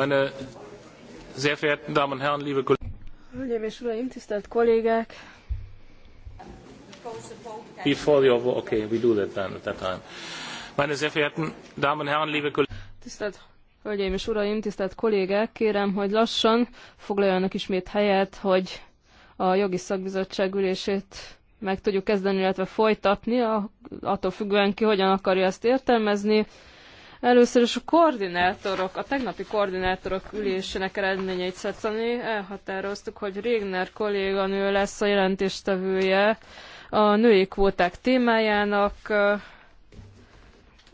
Meine sehr verehrten Damen und Herren, liebe Kollegen. Hölgyeim és Uraim, tisztelt kollégák! Before your vote, okay, we do that then at that time. Meine sehr verehrten Damen und Herren, liebe Kollegen! Tisztelt Hölgyeim és Uraim, tisztelt kollégák, kérem, hogy lassan foglaljanak ismét helyet, hogy a jogi szakbizottság ülését meg tudjuk kezdeni, illetve folytatni, attól függően ki hogyan akarja ezt értelmezni. Először is a koordinátorok, a tegnapi koordinátorok ülésének eredményeit szetszani. Elhatároztuk, hogy Régner kolléganő lesz a jelentéstevője a női kvóták témájának,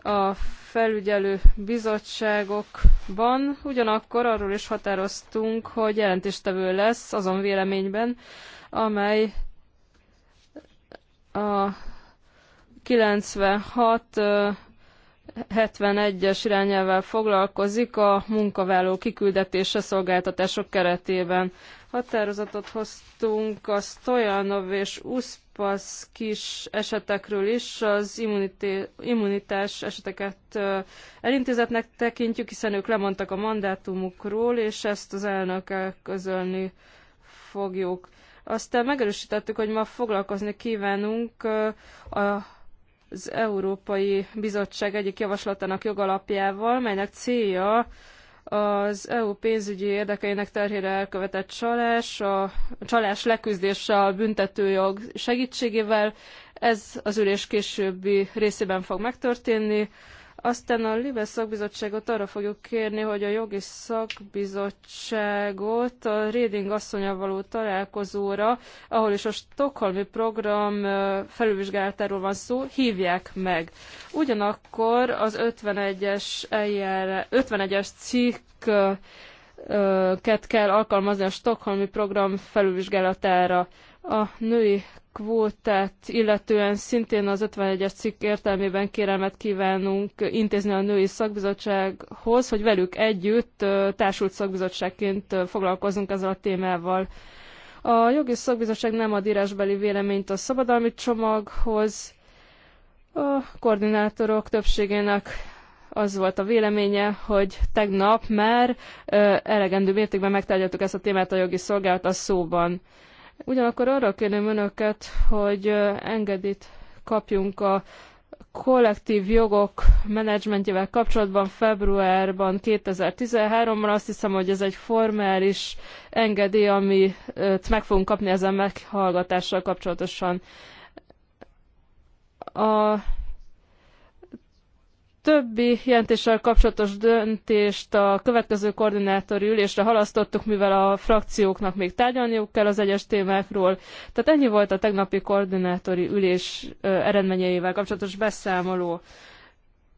a felügyelő bizottságokban, ugyanakkor arról is határoztunk, hogy jelentéstevő lesz azon véleményben, amely a 96 71-es irányelvvel foglalkozik a munkavállaló kiküldetése szolgáltatások keretében. Határozatot hoztunk a Stojanov és Uspasz kis esetekről is, az immunité, immunitás eseteket elintézetnek tekintjük, hiszen ők lemondtak a mandátumukról, és ezt az elnökkel közölni fogjuk. Aztán megerősítettük, hogy ma foglalkozni kívánunk a az Európai Bizottság egyik javaslatának jogalapjával, melynek célja az EU pénzügyi érdekeinek terhére elkövetett csalás, a csalás leküzdése a büntetőjog segítségével. Ez az ülés későbbi részében fog megtörténni. Aztán a Libe szakbizottságot arra fogjuk kérni, hogy a jogi szakbizottságot a Reding asszonya való találkozóra, ahol is a Stockholmi program felülvizsgálatáról van szó, hívják meg. Ugyanakkor az 51-es, eljár, 51-es cikk ket kell alkalmazni a Stockholmi program felülvizsgálatára. A női kvótát illetően szintén az 51-es cikk értelmében kérelmet kívánunk intézni a női szakbizottsághoz, hogy velük együtt társult szakbizottságként foglalkozunk ezzel a témával. A jogi szakbizottság nem ad írásbeli véleményt a szabadalmi csomaghoz. A koordinátorok többségének az volt a véleménye, hogy tegnap már elegendő mértékben megtárgyaltuk ezt a témát a jogi szolgálat a szóban. Ugyanakkor arra kérném önöket, hogy engedit kapjunk a kollektív jogok menedzsmentjével kapcsolatban februárban 2013-ban. Azt hiszem, hogy ez egy formális engedély, amit meg fogunk kapni ezen meghallgatással kapcsolatosan. A többi jelentéssel kapcsolatos döntést a következő koordinátori ülésre halasztottuk, mivel a frakcióknak még tárgyalniuk kell az egyes témákról. Tehát ennyi volt a tegnapi koordinátori ülés eredményeivel kapcsolatos beszámoló.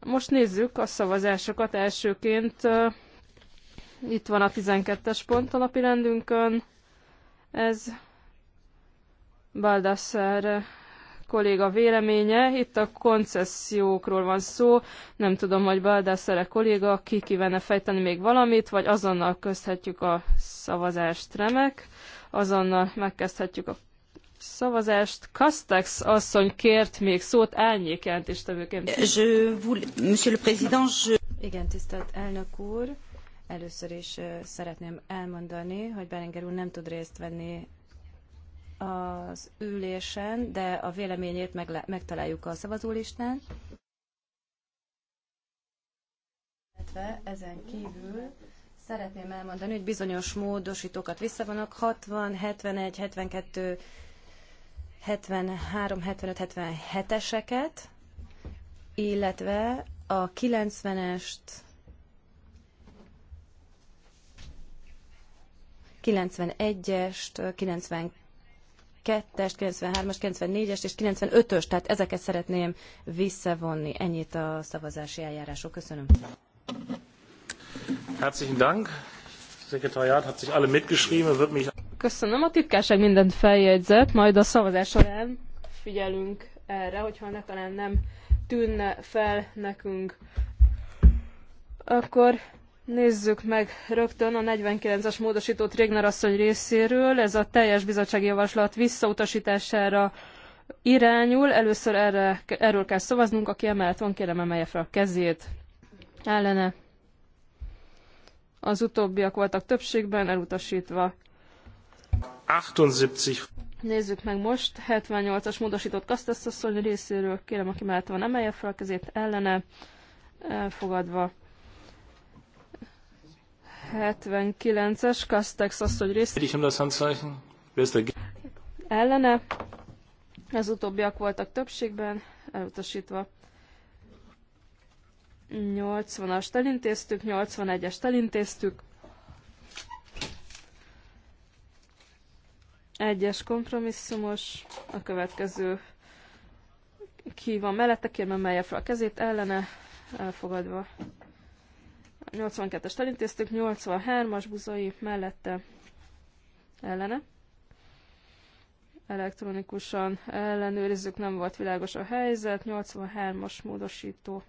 Most nézzük a szavazásokat elsőként. Itt van a 12-es pont a napirendünkön. Ez Baldassar kolléga véleménye. Itt a koncesziókról van szó. Nem tudom, hogy Baldászere kolléga ki kívánne fejteni még valamit, vagy azonnal közhetjük a szavazást remek. Azonnal megkezdhetjük a szavazást. Castex asszony kért még szót álnyék jelentéstevőként. Je, monsieur le président, je... Igen, tisztelt elnök úr. Először is szeretném elmondani, hogy Berenger úr nem tud részt venni az ülésen, de a véleményét meg, megtaláljuk a szavazólistán. ezen kívül szeretném elmondani, hogy bizonyos módosítókat visszavonok. 60, 71, 72, 73, 75, 77-eseket, illetve a 90-est, 91-est, 92-es, 93-as, 94-es és 95-ös, tehát ezeket szeretném visszavonni. Ennyit a szavazási eljárások. Köszönöm. Herzlichen Dank. Sekretariat hat sich alle mitgeschrieben, wird mich... Köszönöm, a titkárság mindent feljegyzett, majd a szavazás során figyelünk erre, hogyha ne talán nem tűnne fel nekünk. Akkor Nézzük meg rögtön a 49-es módosított Régner asszony részéről. Ez a teljes bizottsági javaslat visszautasítására irányul. Először erre, erről kell szavaznunk. Aki emellett van, kérem emelje fel a kezét. Ellene. Az utóbbiak voltak többségben elutasítva. 78. Nézzük meg most. 78-as módosított Kasztasz asszony részéről. Kérem, aki mellett van, emelje fel a kezét. Ellene. Elfogadva. 79-es, Kastex asszony részt. Ellene. Ez utóbbiak voltak többségben, elutasítva. 80-ast elintéztük, 81-est elintéztük. Egyes kompromisszumos, a következő ki van mellette, kérem emelje fel a kezét, ellene, elfogadva. 82-est elintéztük, 83-as buzai mellette ellene. Elektronikusan ellenőrizzük, nem volt világos a helyzet. 83-as módosító.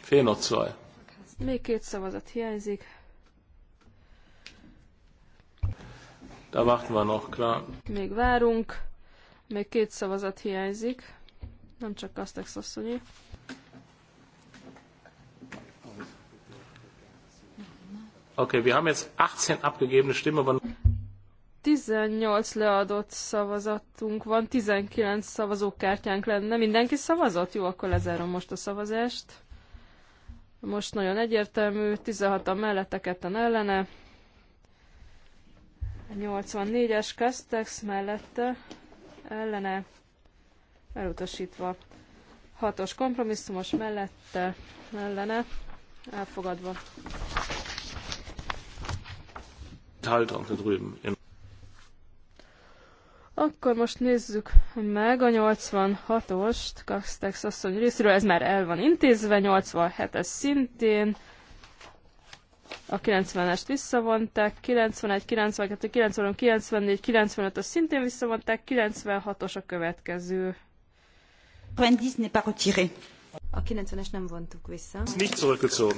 Fénocvaj. Még két szavazat hiányzik. Da warten wir noch, klar. Még várunk. Még két szavazat hiányzik. Nem csak Kastex asszonyi. Okay, wir haben jetzt 18 abgegebene Stimmen, aber 18 leadott szavazatunk van, 19 szavazókártyánk lenne. Mindenki szavazott? Jó, akkor lezárom most a szavazást. Most nagyon egyértelmű, 16 a mellette, 2 ellene. 84-es Castex mellette ellene elutasítva. 6-os kompromisszumos mellette ellene elfogadva. Akkor most nézzük meg a 86-ost Castex asszony részéről, ez már el van intézve, 87-es szintén, a 90-est visszavonták, 91, 92, 93, 94, 95 ös szintén visszavonták, 96-os a következő. A 90-es nem vontuk vissza.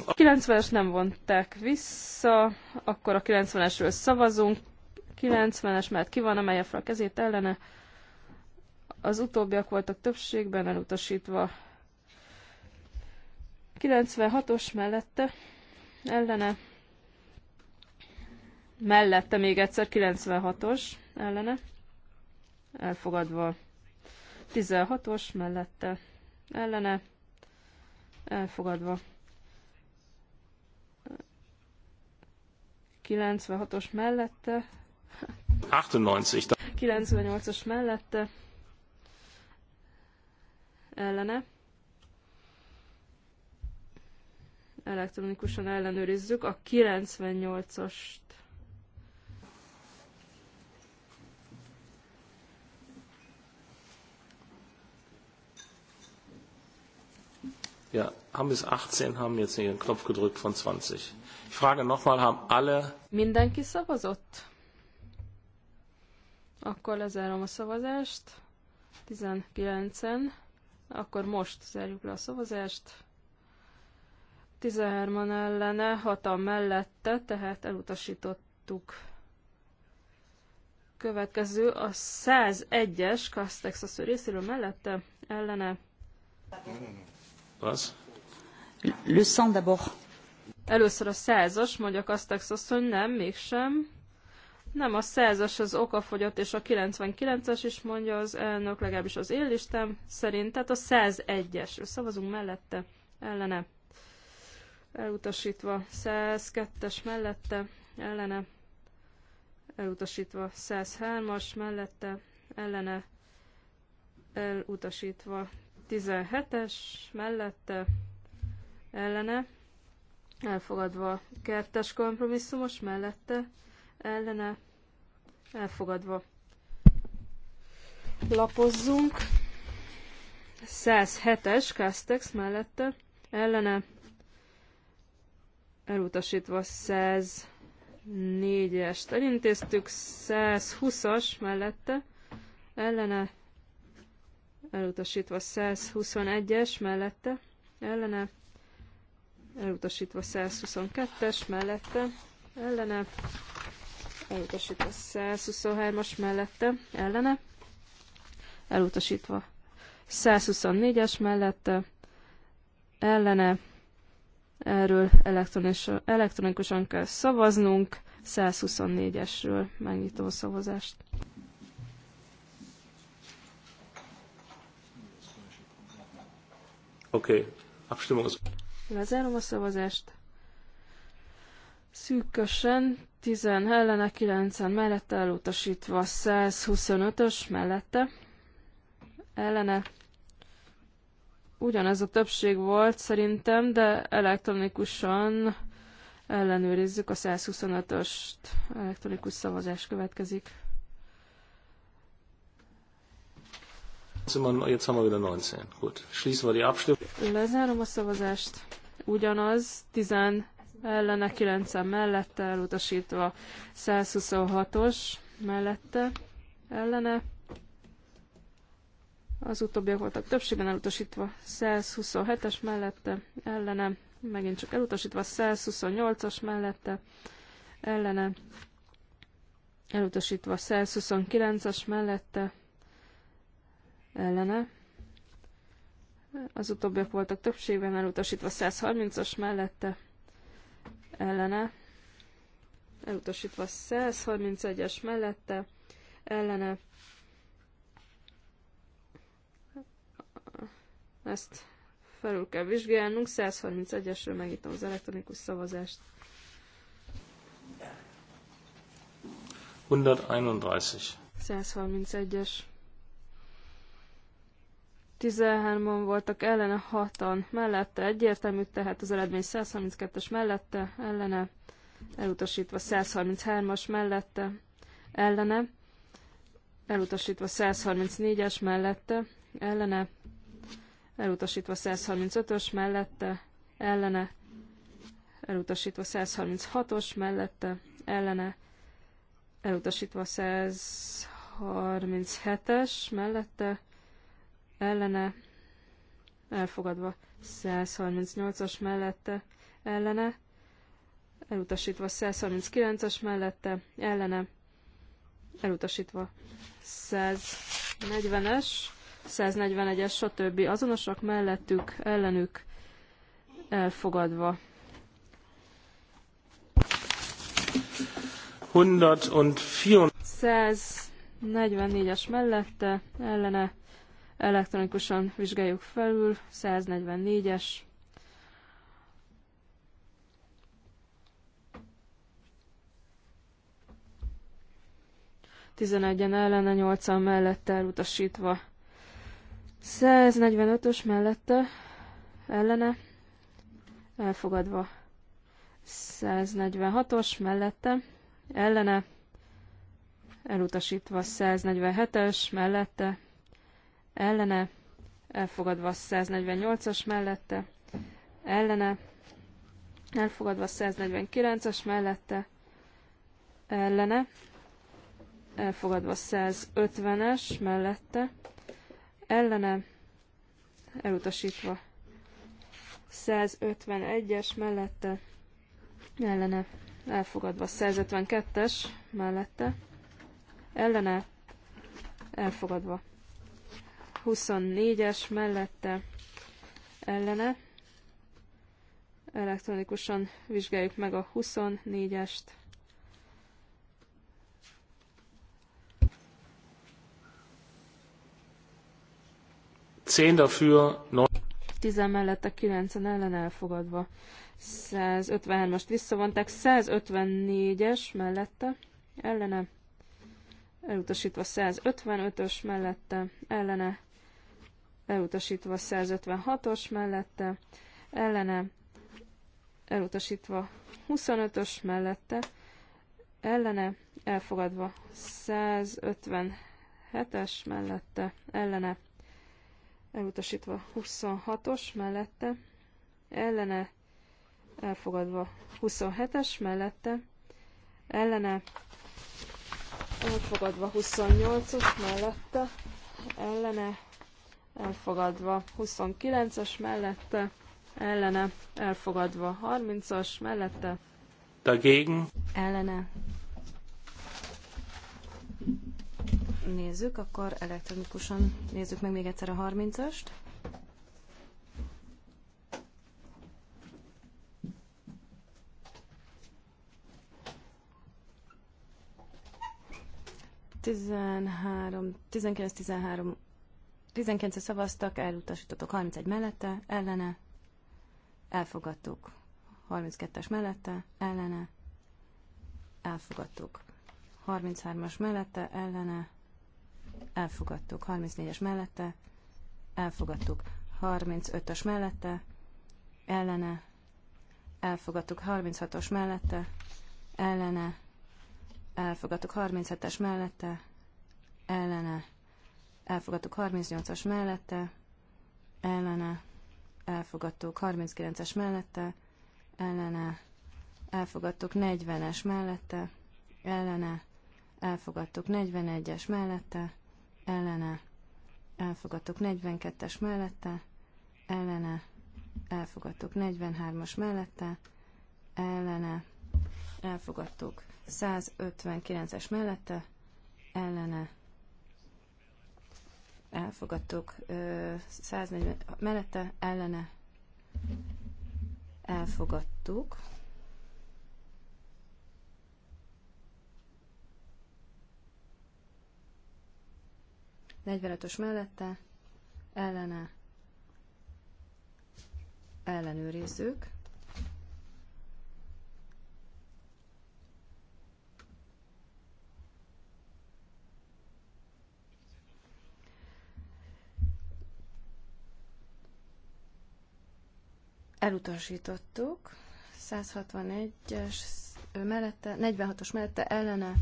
A 90-es nem vonták vissza, akkor a 90-esről szavazunk. 90-es, mert ki van, emelje fel a kezét ellene. Az utóbbiak voltak többségben elutasítva. 96-os mellette ellene. Mellette még egyszer 96-os ellene. Elfogadva. 16-os mellette ellene. Elfogadva. 96-os mellette. 98. 98-os mellette. Ellene. elektronikusan ellenőrizzük a 98-ast. Ja, haben bis 18, haben jetzt den Knopf gedrückt von 20. Ich frage nochmal, haben alle... Mindenki szavazott? Akkor lezárom a szavazást. 19-en. Akkor most zárjuk le a szavazást. 13-an ellene, 6 mellette, tehát elutasítottuk. Következő a 101-es Castex a részéről mellette, ellene. Az? Le sang d'abord. Először a százas, mondja Castex asszony, nem, mégsem. Nem, a százas az okafogyott, és a 99-es is mondja az elnök, legalábbis az én listám szerint. Tehát a 101 es szavazunk mellette, ellene elutasítva 102-es mellette, ellene, elutasítva 103-as mellette, ellene, elutasítva 17-es mellette, ellene, elfogadva kertes kompromisszumos mellette, ellene, elfogadva. Lapozzunk. 107-es Castex mellette, ellene elutasítva 104-est elintéztük, 120-as mellette, ellene elutasítva 121-es mellette, ellene elutasítva 122-es mellette, ellene elutasítva 123-as mellette, ellene elutasítva 124-es mellette, ellene Erről elektronikusan kell szavaznunk. 124-esről megnyitom a szavazást. Oké, okay. abstimmung. Lezárom a szavazást. Szűkösen 10 ellene, 9 mellette elutasítva, 125-ös mellette ellene ugyanez a többség volt szerintem, de elektronikusan ellenőrizzük a 125-öst. Elektronikus szavazás következik. Lezárom a szavazást. Ugyanaz, 10 ellene, 9 mellette, elutasítva 126-os mellette, ellene az utóbbiak voltak többségben elutasítva 127-es mellette, ellene, megint csak elutasítva 128-as mellette, ellene, elutasítva 129-as mellette, ellene. Az utóbbiak voltak többségben elutasítva 130-as mellette, ellene, elutasítva 131-es mellette, ellene, Ezt felül kell vizsgálnunk. 131-esről megnyitom az elektronikus szavazást. 131. 131-es. 13-an voltak ellene, 6-an mellette, egyértelmű, tehát az eredmény 132-es mellette, ellene, elutasítva 133-as mellette, ellene, elutasítva 134-es mellette, ellene, elutasítva 135-ös mellette, ellene, elutasítva 136-os mellette, ellene, elutasítva 137-es mellette, ellene, elfogadva 138-as mellette, ellene, elutasítva 139-as mellette, ellene, elutasítva 140-es, 141-es, stb. azonosak mellettük, ellenük elfogadva. 144-es mellette, ellene elektronikusan vizsgáljuk felül, 144-es. Tizenegyen ellene, nyolcan mellett elutasítva. 145-ös mellette ellene elfogadva. 146-os mellette ellene elutasítva 147-es mellette ellene elfogadva 148-as mellette ellene elfogadva 149-as mellette ellene elfogadva 150-es mellette ellene elutasítva. 151-es mellette ellene elfogadva. 152-es mellette ellene elfogadva. 24-es mellette ellene elektronikusan vizsgáljuk meg a 24-est. 10 dafür, 10 mellette 9 ellen elfogadva. 153-ast visszavonták, 154-es mellette, ellene, elutasítva 155-ös mellette, ellene, elutasítva 156-os mellette, ellene, elutasítva 25-ös mellette, ellene, elfogadva 157-es mellette, ellene, elutasítva 26-os mellette, ellene elfogadva 27-es mellette, ellene elfogadva 28-os mellette, ellene elfogadva 29-es mellette, ellene elfogadva 30-as mellette, dagegen ellene nézzük, akkor elektronikusan nézzük meg még egyszer a 30-ast. Tizenhárom, 19 szavaztak, elutasítottak 31 mellette, ellene, elfogadtuk. 32-es mellette, ellene, elfogadtuk. 33-as mellette, ellene, elfogadtuk. 34-es mellette, elfogadtuk. 35-ös mellette, ellene, elfogadtuk. 36-os mellette, ellene, elfogadtuk. 37-es mellette, ellene, elfogadtuk. 38-as mellette, ellene, elfogadtuk. 39-es mellette, ellene, elfogadtuk. 40-es mellette, ellene, elfogadtuk 41-es mellette, ellene elfogadtuk 42-es mellette, ellene elfogadtuk 43-as mellette, ellene elfogadtuk 159-es mellette, ellene elfogadtuk 140 mellette, ellene elfogadtuk 45-ös mellette, ellene, ellenőrizzük. Elutasítottuk. 161-es mellette, 46-os mellette ellene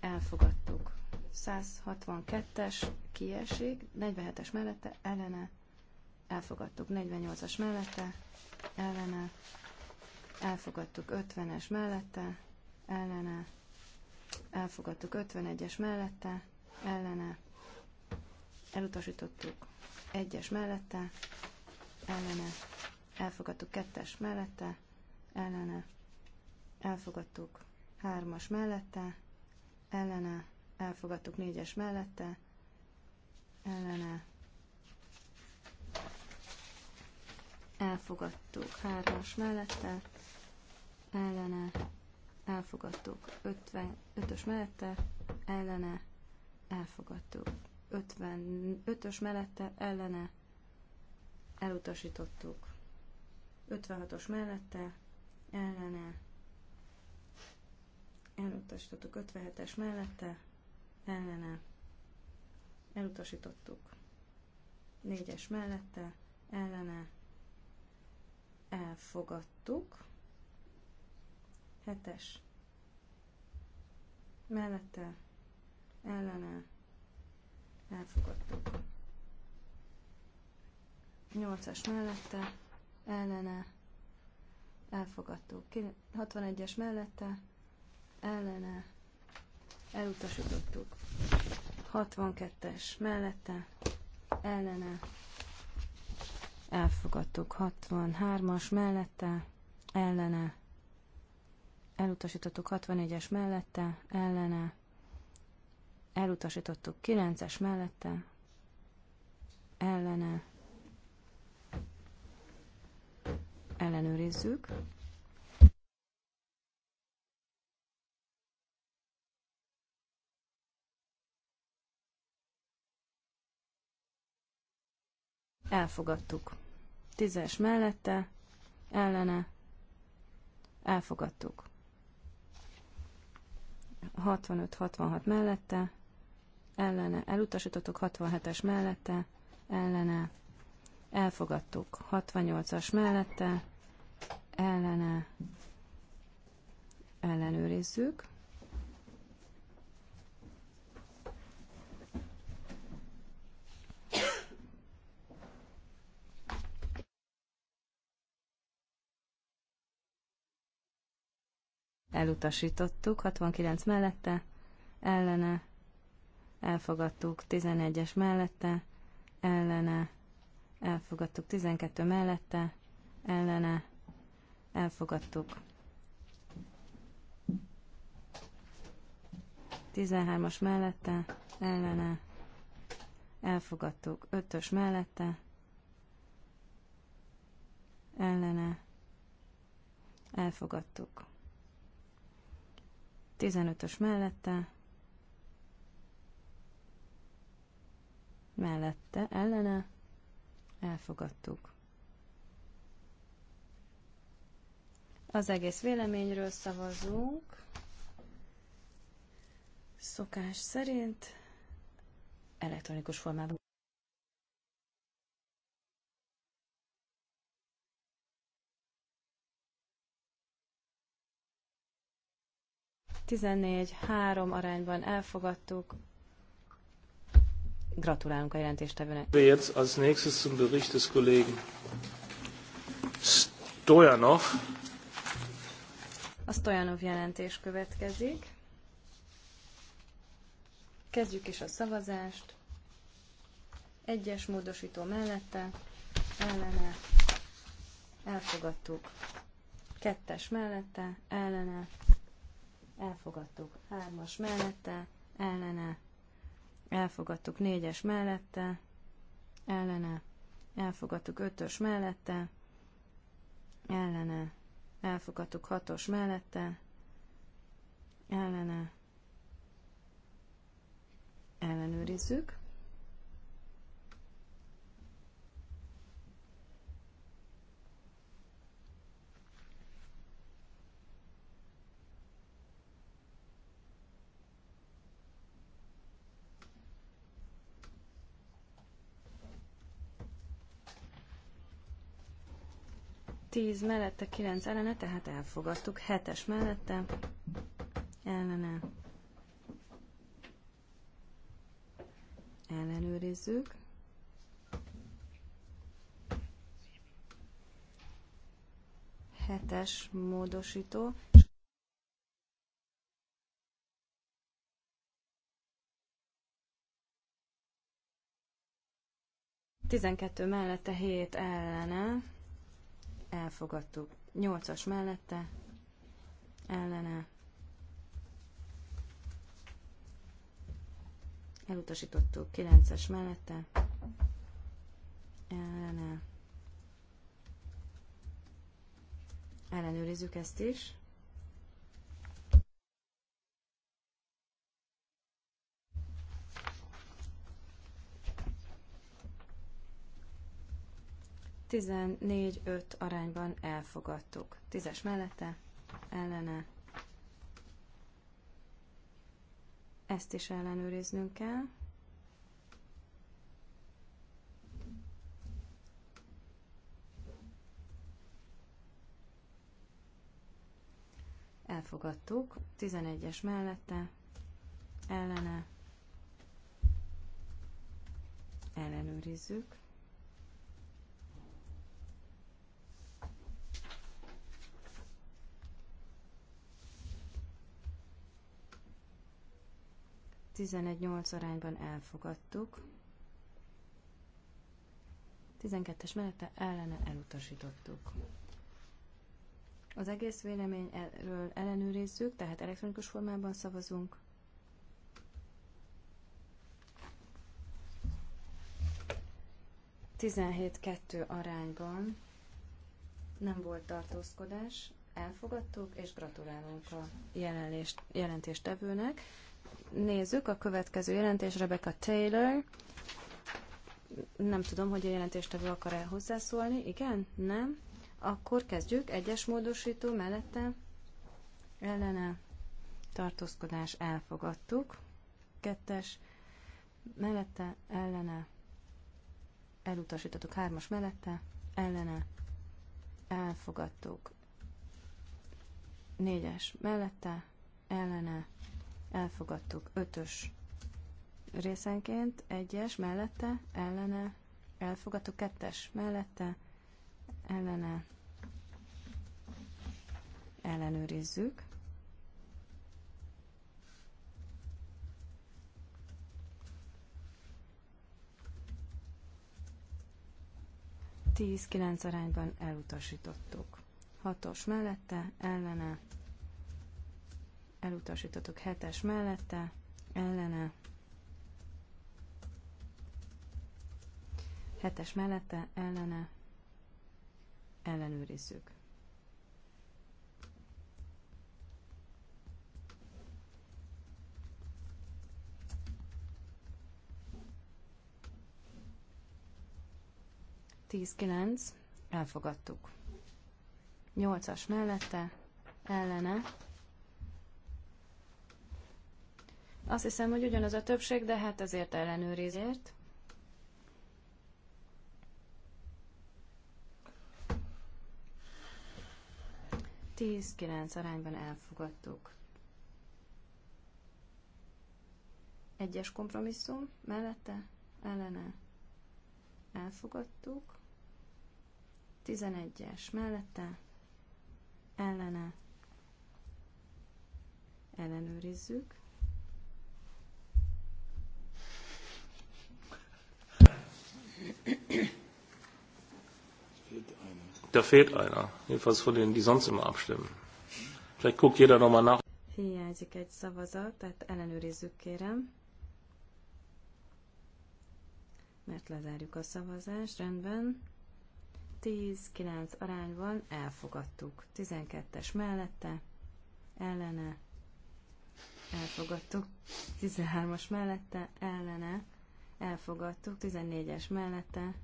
elfogadtuk. 162-es kiesik, 47-es mellette ellene elfogadtuk, 48-as mellette ellene elfogadtuk, 50-es mellette ellene elfogadtuk, 51-es mellette ellene elutasítottuk, 1-es mellette ellene elfogadtuk, 2-es mellette ellene elfogadtuk, 3-as mellette ellene elfogadtuk négyes mellette, ellene elfogadtuk hármas mellette, ellene elfogadtuk 55-ös mellette, ellene elfogadtuk 55-ös mellette, ellene elutasítottuk 56-os mellette, ellene elutasítottuk 57-es mellette, ne, ne, ne. Elutasítottuk. Négyes mellette, ellene, elfogadtuk. Hetes. Mellette, ellene, elfogadtuk. Nyolcas mellette, ellene, elfogadtuk. 61-es mellette, ellene, elutasítottuk. 62-es mellette, ellene, elfogadtuk. 63-as mellette, ellene, elutasítottuk. 64-es mellette, ellene, elutasítottuk. 9-es mellette, ellene, ellenőrizzük. Elfogadtuk. Tízes mellette, ellene, elfogadtuk. 65-66 mellette, ellene, elutasítottuk 67-es mellette, ellene, elfogadtuk 68-as mellette, ellene, ellenőrizzük. elutasítottuk, 69 mellette, ellene, elfogadtuk, 11-es mellette, ellene, elfogadtuk, 12 mellette, ellene, elfogadtuk. 13-as mellette, ellene, elfogadtuk, 5-ös mellette, ellene, elfogadtuk. 15-ös mellette, mellette, ellene, elfogadtuk. Az egész véleményről szavazunk. Szokás szerint elektronikus formában. 14-3 arányban elfogadtuk. Gratulálunk a jelentéstevőnek. Jetzt als nächstes zum Bericht des Kollegen Stojanov. A Stojanov jelentés következik. Kezdjük is a szavazást. Egyes módosító mellette, ellene, elfogadtuk. Kettes mellette, ellene, elfogadtuk. Hármas mellette, ellene, elfogadtuk. Négyes mellette, ellene, elfogadtuk. Ötös mellette, ellene, elfogadtuk. Hatos mellette, ellene, ellenőrizzük. 10 mellette, 9 ellene, tehát elfogadtuk. 7-es mellette, ellene. Ellenőrizzük. Hetes módosító. Tizenkettő mellette hét ellene elfogadtuk. 8-as mellette, ellene, elutasítottuk. 9-es mellette, ellene, ellenőrizzük ezt is. 14-5 arányban elfogadtuk. 10-es mellette, ellene. Ezt is ellenőriznünk kell. Elfogadtuk. 11-es mellette, ellene. Ellenőrizzük. 11-8 arányban elfogadtuk. 12-es mellette ellene elutasítottuk. Az egész véleményről ellenőrizzük, tehát elektronikus formában szavazunk. Tizenhét-kettő arányban nem volt tartózkodás, elfogadtuk, és gratulálunk a jelentéstevőnek nézzük a következő jelentés, Rebecca Taylor. Nem tudom, hogy a jelentéstevő akar-e hozzászólni. Igen? Nem? Akkor kezdjük. Egyes módosító mellette ellene tartózkodás elfogadtuk. Kettes mellette ellene elutasítottuk. Hármas mellette ellene elfogadtuk. Négyes mellette ellene elfogadtuk. Ötös részenként, egyes, mellette, ellene, elfogadtuk. Kettes, mellette, ellene, ellenőrizzük. Tíz-kilenc arányban elutasítottuk. Hatos mellette, ellene, elutasítottuk hetes mellette, ellene, hetes mellette, ellene, ellenőrizzük. Tíz kilenc, elfogadtuk. Nyolcas mellette, ellene, Azt hiszem, hogy ugyanaz a többség, de hát azért ellenőrizért. Tíz kilenc arányban elfogadtuk. Egyes kompromisszum mellette, ellene elfogadtuk. Tizenegyes mellette, ellene ellenőrizzük. Da fehlt einer. Jedenfalls von denen, die sonst immer abstimmen. Vielleicht guckt jeder nochmal nach. Hiányzik egy szavazat, tehát ellenőrizzük kérem. Mert lezárjuk a szavazást, rendben. 10-9 arányban elfogadtuk. 12-es mellette, ellene, elfogadtuk. 13-as mellette, ellene, elfogadtuk, 14-es mellette,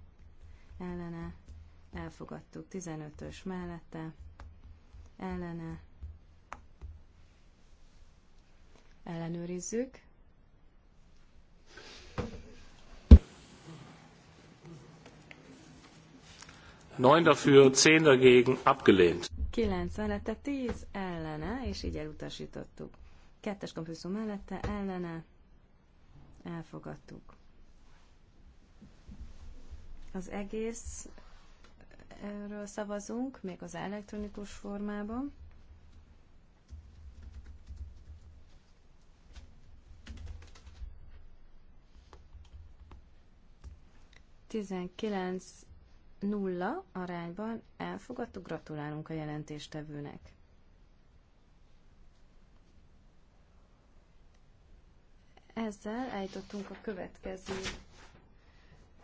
ellene, elfogadtuk, 15-ös mellette, ellene, ellenőrizzük. Neun dafür, zehn dagegen, abgelehnt. Kilenc mellette, tíz ellene, és így elutasítottuk. Kettes kompromisszum mellette, ellene, elfogadtuk az egész erről szavazunk, még az elektronikus formában. Tizenkilenc nulla arányban elfogadtuk, gratulálunk a jelentéstevőnek. Ezzel eljutottunk a következő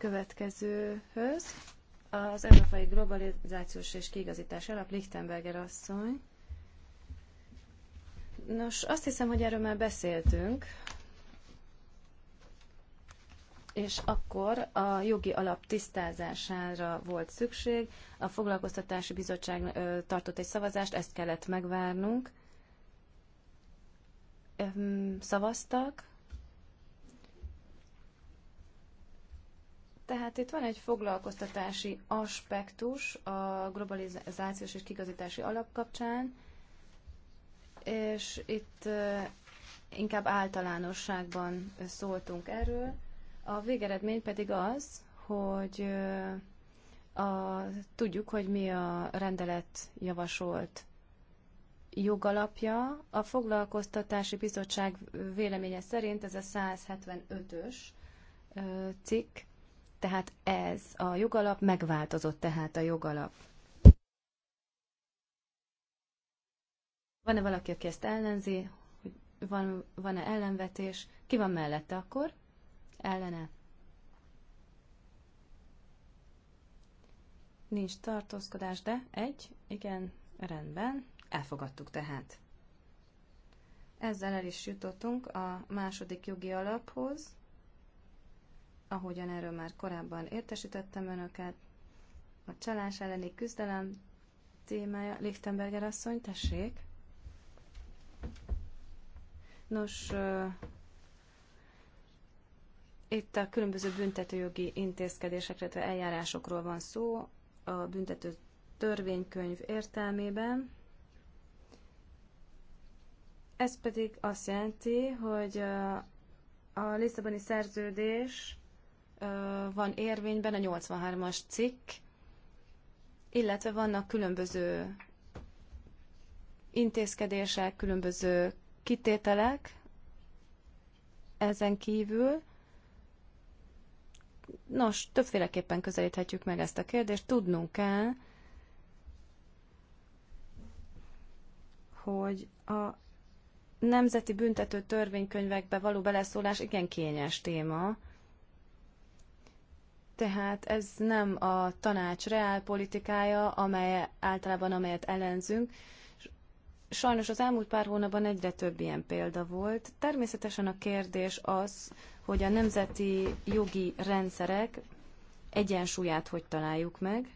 következőhöz. Az Európai Globalizációs és Kiigazítás Alap Lichtenberger asszony. Nos, azt hiszem, hogy erről már beszéltünk, és akkor a jogi alap tisztázására volt szükség. A foglalkoztatási bizottság tartott egy szavazást, ezt kellett megvárnunk. Szavaztak, Tehát itt van egy foglalkoztatási aspektus a globalizációs és kigazítási alap kapcsán, és itt inkább általánosságban szóltunk erről. A végeredmény pedig az, hogy a, tudjuk, hogy mi a rendelet javasolt jogalapja. A foglalkoztatási bizottság véleménye szerint ez a 175-ös cikk, tehát ez a jogalap megváltozott tehát a jogalap. Van-e valaki, aki ezt ellenzi? Van, van-e ellenvetés? Ki van mellette akkor? Ellene? Nincs tartózkodás, de egy, igen, rendben, elfogadtuk tehát. Ezzel el is jutottunk a második jogi alaphoz ahogyan erről már korábban értesítettem önöket, a csalás elleni küzdelem témája. Lichtenberger asszony, tessék! Nos, itt a különböző büntetőjogi intézkedésekre, illetve eljárásokról van szó a büntető törvénykönyv értelmében. Ez pedig azt jelenti, hogy a Lisszaboni szerződés van érvényben a 83-as cikk, illetve vannak különböző intézkedések, különböző kitételek ezen kívül. Nos, többféleképpen közelíthetjük meg ezt a kérdést. Tudnunk kell, hogy a nemzeti büntető törvénykönyvekbe való beleszólás igen kényes téma, tehát ez nem a tanács reálpolitikája, amely általában amelyet ellenzünk. Sajnos az elmúlt pár hónapban egyre több ilyen példa volt. Természetesen a kérdés az, hogy a nemzeti jogi rendszerek egyensúlyát hogy találjuk meg.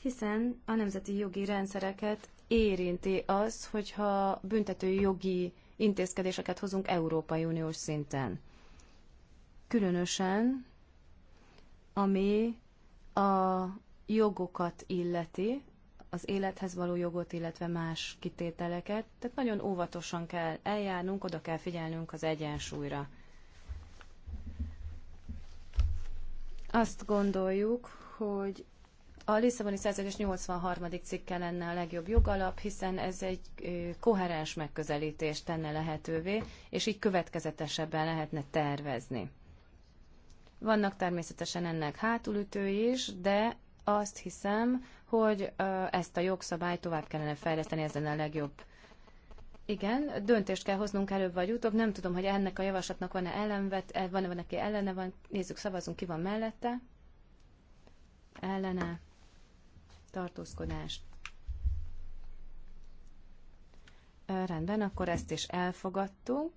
Hiszen a nemzeti jogi rendszereket érinti az, hogyha büntető jogi intézkedéseket hozunk Európai Uniós szinten. Különösen, ami a jogokat illeti, az élethez való jogot, illetve más kitételeket. Tehát nagyon óvatosan kell eljárnunk, oda kell figyelnünk az egyensúlyra. Azt gondoljuk, hogy a Lisszaboni szerződés 83. cikke lenne a legjobb jogalap, hiszen ez egy koherens megközelítést tenne lehetővé, és így következetesebben lehetne tervezni. Vannak természetesen ennek hátulütői is, de azt hiszem, hogy ezt a jogszabályt tovább kellene fejleszteni, ez lenne a legjobb. Igen, döntést kell hoznunk előbb vagy utóbb. Nem tudom, hogy ennek a javaslatnak van-e ellenvet, e, van-e van, aki ellene van. Nézzük, szavazunk, ki van mellette. Ellene tartózkodást. Rendben, akkor ezt is elfogadtuk.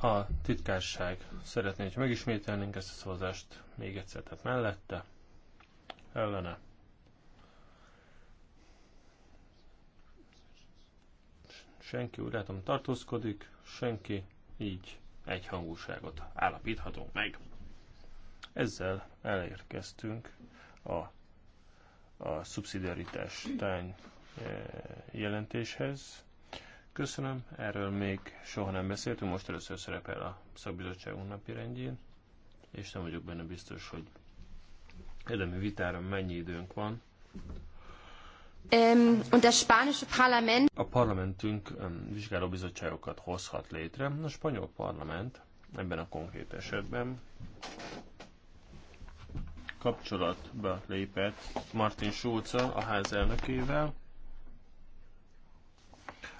A titkárság szeretné, hogy megismételnénk ezt a szavazást még egyszer, tehát mellette, ellene. Senki úgy látom tartózkodik senki, így egyhangúságot állapíthatunk meg. Ezzel elérkeztünk a, a szubszidiaritás tány e, jelentéshez. Köszönöm, erről még soha nem beszéltünk, most először szerepel a szakbizottságunk napi rendjén, és nem vagyok benne biztos, hogy érdemi vitára mennyi időnk van. A parlamentünk vizsgálóbizottságokat hozhat létre. A spanyol parlament ebben a konkrét esetben kapcsolatba lépett Martin schulz a házelnökével,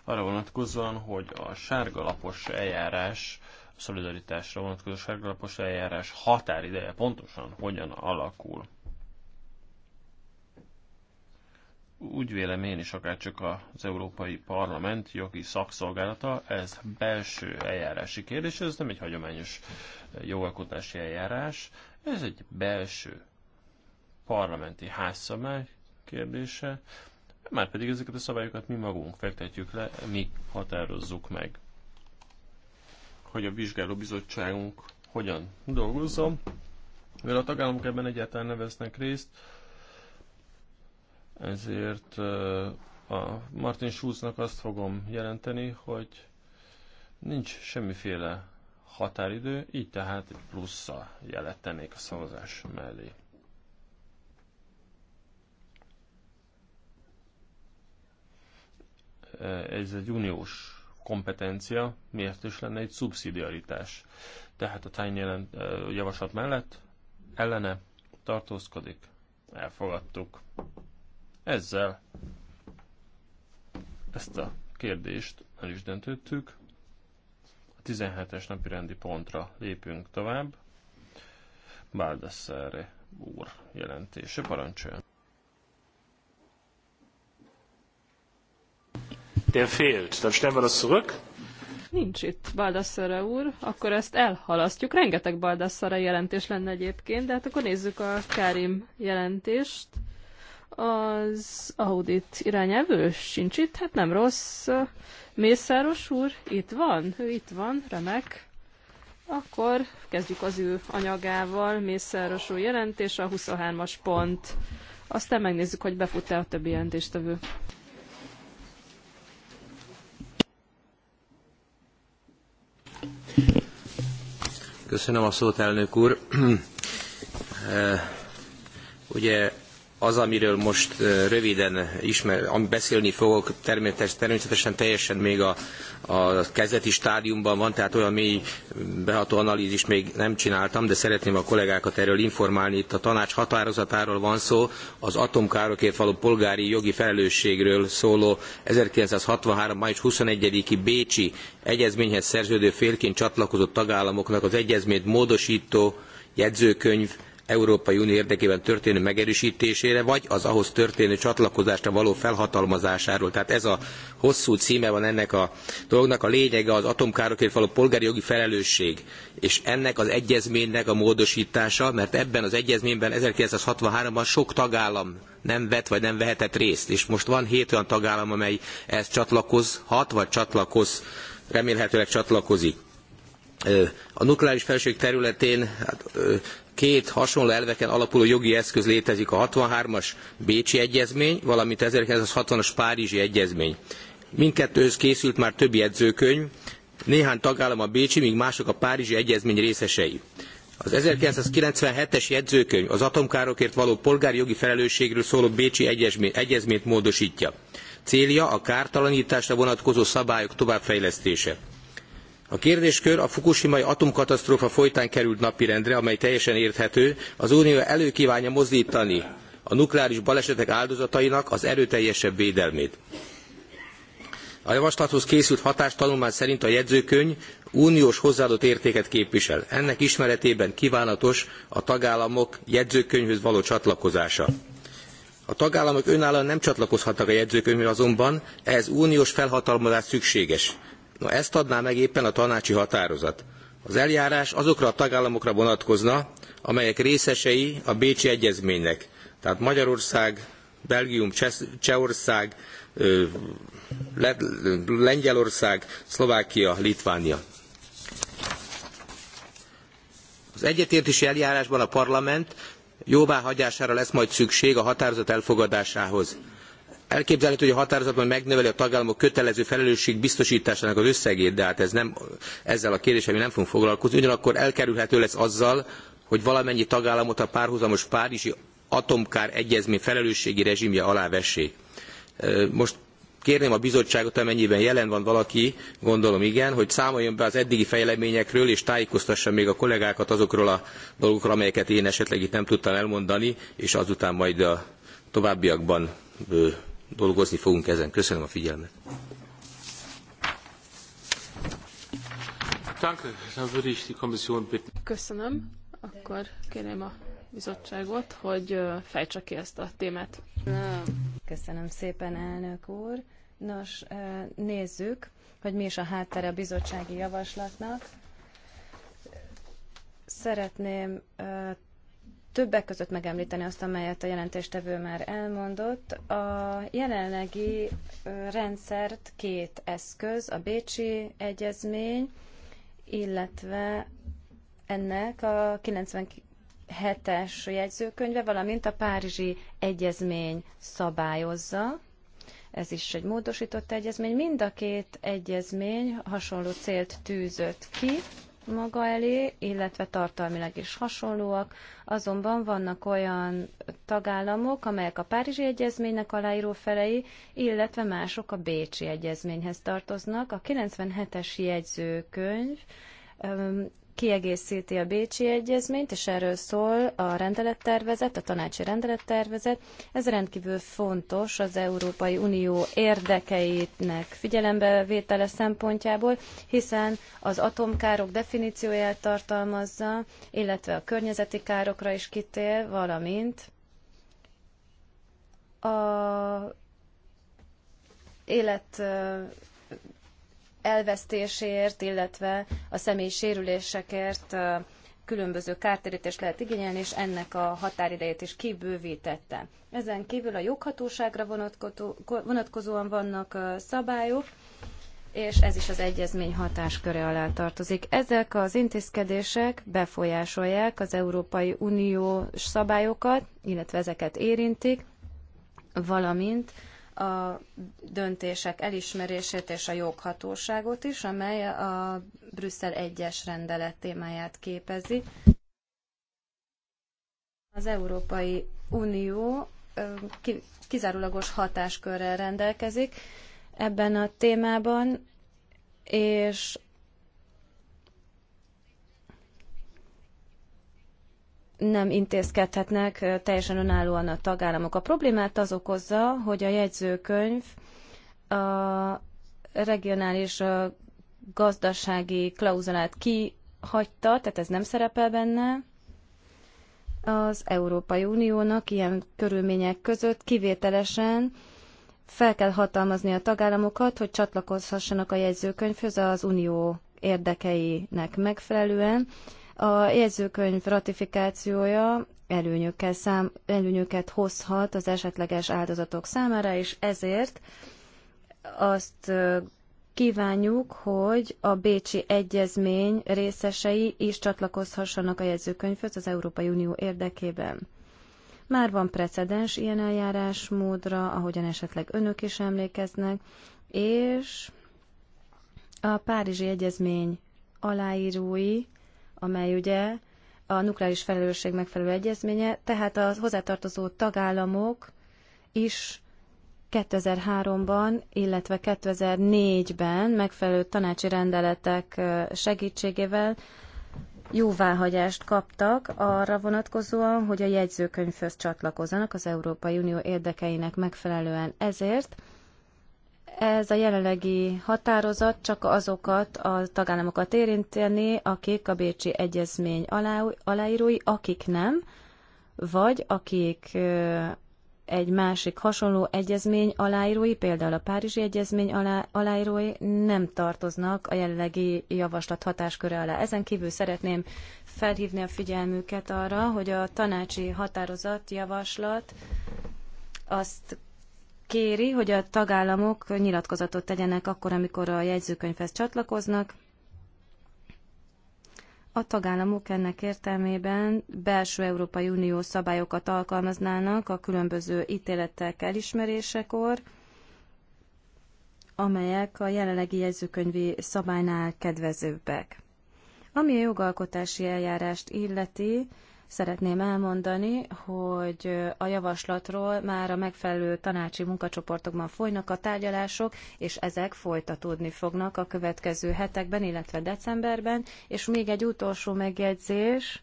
arra vonatkozóan, hogy a sárgalapos eljárás, a szolidaritásra vonatkozó sárgalapos eljárás határideje pontosan hogyan alakul. Úgy vélem én is, akárcsak az Európai Parlament jogi szakszolgálata, ez belső eljárási kérdés, ez nem egy hagyományos eh, jogalkotási eljárás, ez egy belső parlamenti házszabály kérdése, már pedig ezeket a szabályokat mi magunk fektetjük le, mi határozzuk meg. Hogy a vizsgálóbizottságunk hogyan dolgozzon, mivel a tagállamok ebben egyáltalán neveznek részt, ezért a Martin Schulznak azt fogom jelenteni, hogy nincs semmiféle határidő, így tehát egy plusza jelet tennék a szavazás mellé. Ez egy uniós kompetencia, miért is lenne egy szubszidiaritás. Tehát a tájny jelent, javaslat mellett ellene tartózkodik, elfogadtuk. Ezzel ezt a kérdést el is döntöttük. A 17-es napi rendi pontra lépünk tovább. Baldassare úr jelentése parancsolja. Der fehlt. Dann stellen wir das zurück. Nincs itt Baldassare úr, akkor ezt elhalasztjuk. Rengeteg Baldassare jelentés lenne egyébként, de hát akkor nézzük a Kárim jelentést az audit irányelvő sincs itt, hát nem rossz. Mészáros úr, itt van, ő itt van, remek. Akkor kezdjük az ő anyagával, Mészáros úr jelentés, a 23-as pont. Aztán megnézzük, hogy befut-e a többi jelentéstevő. Köszönöm a szót, elnök úr. Eh, ugye az, amiről most röviden ismer, ami beszélni fogok, természetesen, természetesen teljesen még a, a kezdeti stádiumban van, tehát olyan mély beható analízis még nem csináltam, de szeretném a kollégákat erről informálni. Itt a tanács határozatáról van szó, az atomkárokért való polgári jogi felelősségről szóló 1963. május 21-i Bécsi egyezményhez szerződő félként csatlakozott tagállamoknak az egyezményt módosító jegyzőkönyv Európai Unió érdekében történő megerősítésére, vagy az ahhoz történő csatlakozásra való felhatalmazásáról. Tehát ez a hosszú címe van ennek a dolognak. A lényege az atomkárokért való polgári jogi felelősség, és ennek az egyezménynek a módosítása, mert ebben az egyezményben 1963-ban sok tagállam nem vett vagy nem vehetett részt, és most van hét olyan tagállam, amely ehhez csatlakozhat, vagy csatlakoz, remélhetőleg csatlakozik. A nukleáris felség területén hát, két hasonló elveken alapuló jogi eszköz létezik, a 63-as Bécsi Egyezmény, valamint 1960-as Párizsi Egyezmény. Mindkettőhöz készült már több jegyzőkönyv, néhány tagállam a Bécsi, míg mások a Párizsi Egyezmény részesei. Az 1997-es jegyzőkönyv az atomkárokért való polgári jogi felelősségről szóló Bécsi egyezmény, egyezményt módosítja. Célja a kártalanításra vonatkozó szabályok továbbfejlesztése a kérdéskör a fukushimai atomkatasztrófa folytán került napirendre amely teljesen érthető az unió elő kvánja mozdtani a nukleáris balesetek áldozatainak az erőteljesebb védelmét. A javaslathoz készült hatástanulmány szerint a jegyzőkönyv uniós hozzáadott értéket képvisel. Ennek ismeretében kívánatos a tagállamok jegyzőkönyvhöz való csatlakozása. A tagállamok önállóan nem csatlakozhatnak a jegyzőkönyvhöz azonban ehhez uniós felhatalmazás szükséges. Na ezt adná meg éppen a tanácsi határozat. Az eljárás azokra a tagállamokra vonatkozna, amelyek részesei a Bécsi Egyezménynek. Tehát Magyarország, Belgium, Cseh Csehország, Le Lengyelország, Szlovákia, Litvánia. Az egyetértési eljárásban a parlament jóváhagyására lesz majd szükség a határozat elfogadásához. Elképzelhető, hogy a határozatban megnöveli a tagállamok kötelező felelősség biztosításának az összegét, de hát ez nem, ezzel a kérdéssel mi nem fogunk foglalkozni. Ugyanakkor elkerülhető lesz azzal, hogy valamennyi tagállamot a párhuzamos Párizsi atomkár egyezmény felelősségi rezsimje alá vessék. Most kérném a bizottságot, amennyiben jelen van valaki, gondolom igen, hogy számoljon be az eddigi fejleményekről, és tájékoztassa még a kollégákat azokról a dolgokról, amelyeket én esetleg itt nem tudtam elmondani, és azután majd a továbbiakban dolgozni fogunk ezen. Köszönöm a figyelmet. Köszönöm. Akkor kérem a bizottságot, hogy fejtse ki ezt a témát. Köszönöm szépen, elnök úr. Nos, nézzük, hogy mi is a háttere a bizottsági javaslatnak. Szeretném többek között megemlíteni azt, amelyet a jelentéstevő már elmondott. A jelenlegi rendszert két eszköz, a Bécsi Egyezmény, illetve ennek a 97-es jegyzőkönyve, valamint a Párizsi Egyezmény szabályozza. Ez is egy módosított egyezmény. Mind a két egyezmény hasonló célt tűzött ki maga elé, illetve tartalmilag is hasonlóak, azonban vannak olyan tagállamok, amelyek a Párizsi Egyezménynek aláíró felei, illetve mások a Bécsi Egyezményhez tartoznak. A 97-es jegyzőkönyv kiegészíti a Bécsi Egyezményt, és erről szól a rendelettervezet, a tanácsi rendelettervezet. Ez rendkívül fontos az Európai Unió érdekeinek vétele szempontjából, hiszen az atomkárok definícióját tartalmazza, illetve a környezeti károkra is kitér, valamint a élet elvesztésért, illetve a személyi sérülésekért különböző kártérítést lehet igényelni, és ennek a határidejét is kibővítette. Ezen kívül a joghatóságra vonatkozóan vannak szabályok, és ez is az egyezmény hatásköre alá tartozik. Ezek az intézkedések befolyásolják az Európai Uniós szabályokat, illetve ezeket érintik, valamint a döntések elismerését és a joghatóságot is, amely a Brüsszel egyes rendelet témáját képezi. Az Európai Unió kizárólagos hatáskörrel rendelkezik ebben a témában, és nem intézkedhetnek teljesen önállóan a tagállamok. A problémát az okozza, hogy a jegyzőkönyv a regionális gazdasági klauzulát kihagyta, tehát ez nem szerepel benne. Az Európai Uniónak ilyen körülmények között kivételesen fel kell hatalmazni a tagállamokat, hogy csatlakozhassanak a jegyzőkönyvhöz az unió érdekeinek megfelelően a jegyzőkönyv ratifikációja előnyökkel szám, előnyöket hozhat az esetleges áldozatok számára, és ezért azt kívánjuk, hogy a Bécsi Egyezmény részesei is csatlakozhassanak a jegyzőkönyvhöz az Európai Unió érdekében. Már van precedens ilyen eljárásmódra, ahogyan esetleg önök is emlékeznek, és a Párizsi Egyezmény aláírói amely ugye a nukleáris felelősség megfelelő egyezménye, tehát a hozzátartozó tagállamok is 2003-ban, illetve 2004-ben megfelelő tanácsi rendeletek segítségével jóváhagyást kaptak arra vonatkozóan, hogy a jegyzőkönyvhöz csatlakozzanak az Európai Unió érdekeinek megfelelően. Ezért ez a jelenlegi határozat csak azokat a tagállamokat érinteni, akik a Bécsi Egyezmény alá, aláírói, akik nem, vagy akik egy másik hasonló egyezmény aláírói, például a Párizsi Egyezmény alá, aláírói nem tartoznak a jelenlegi javaslat hatásköre alá. Ezen kívül szeretném felhívni a figyelmüket arra, hogy a tanácsi határozat javaslat azt kéri, hogy a tagállamok nyilatkozatot tegyenek akkor, amikor a jegyzőkönyvhez csatlakoznak. A tagállamok ennek értelmében belső Európai Unió szabályokat alkalmaznának a különböző ítéletek elismerésekor, amelyek a jelenlegi jegyzőkönyvi szabálynál kedvezőbbek. Ami a jogalkotási eljárást illeti, Szeretném elmondani, hogy a javaslatról már a megfelelő tanácsi munkacsoportokban folynak a tárgyalások, és ezek folytatódni fognak a következő hetekben, illetve decemberben. És még egy utolsó megjegyzés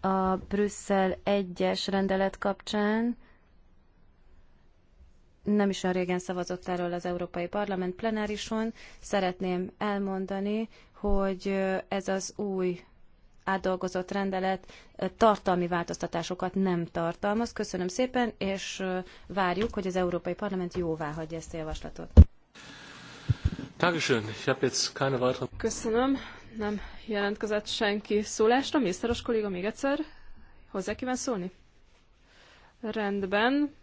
a Brüsszel egyes rendelet kapcsán nem is olyan régen szavazott erről az Európai Parlament plenárison. Szeretném elmondani, hogy ez az új átdolgozott rendelet tartalmi változtatásokat nem tartalmaz. Köszönöm szépen, és várjuk, hogy az Európai Parlament jóvá hagyja ezt a javaslatot. Köszönöm. Nem jelentkezett senki szólásra. Mészáros kolléga még egyszer hozzá kíván szólni? Rendben.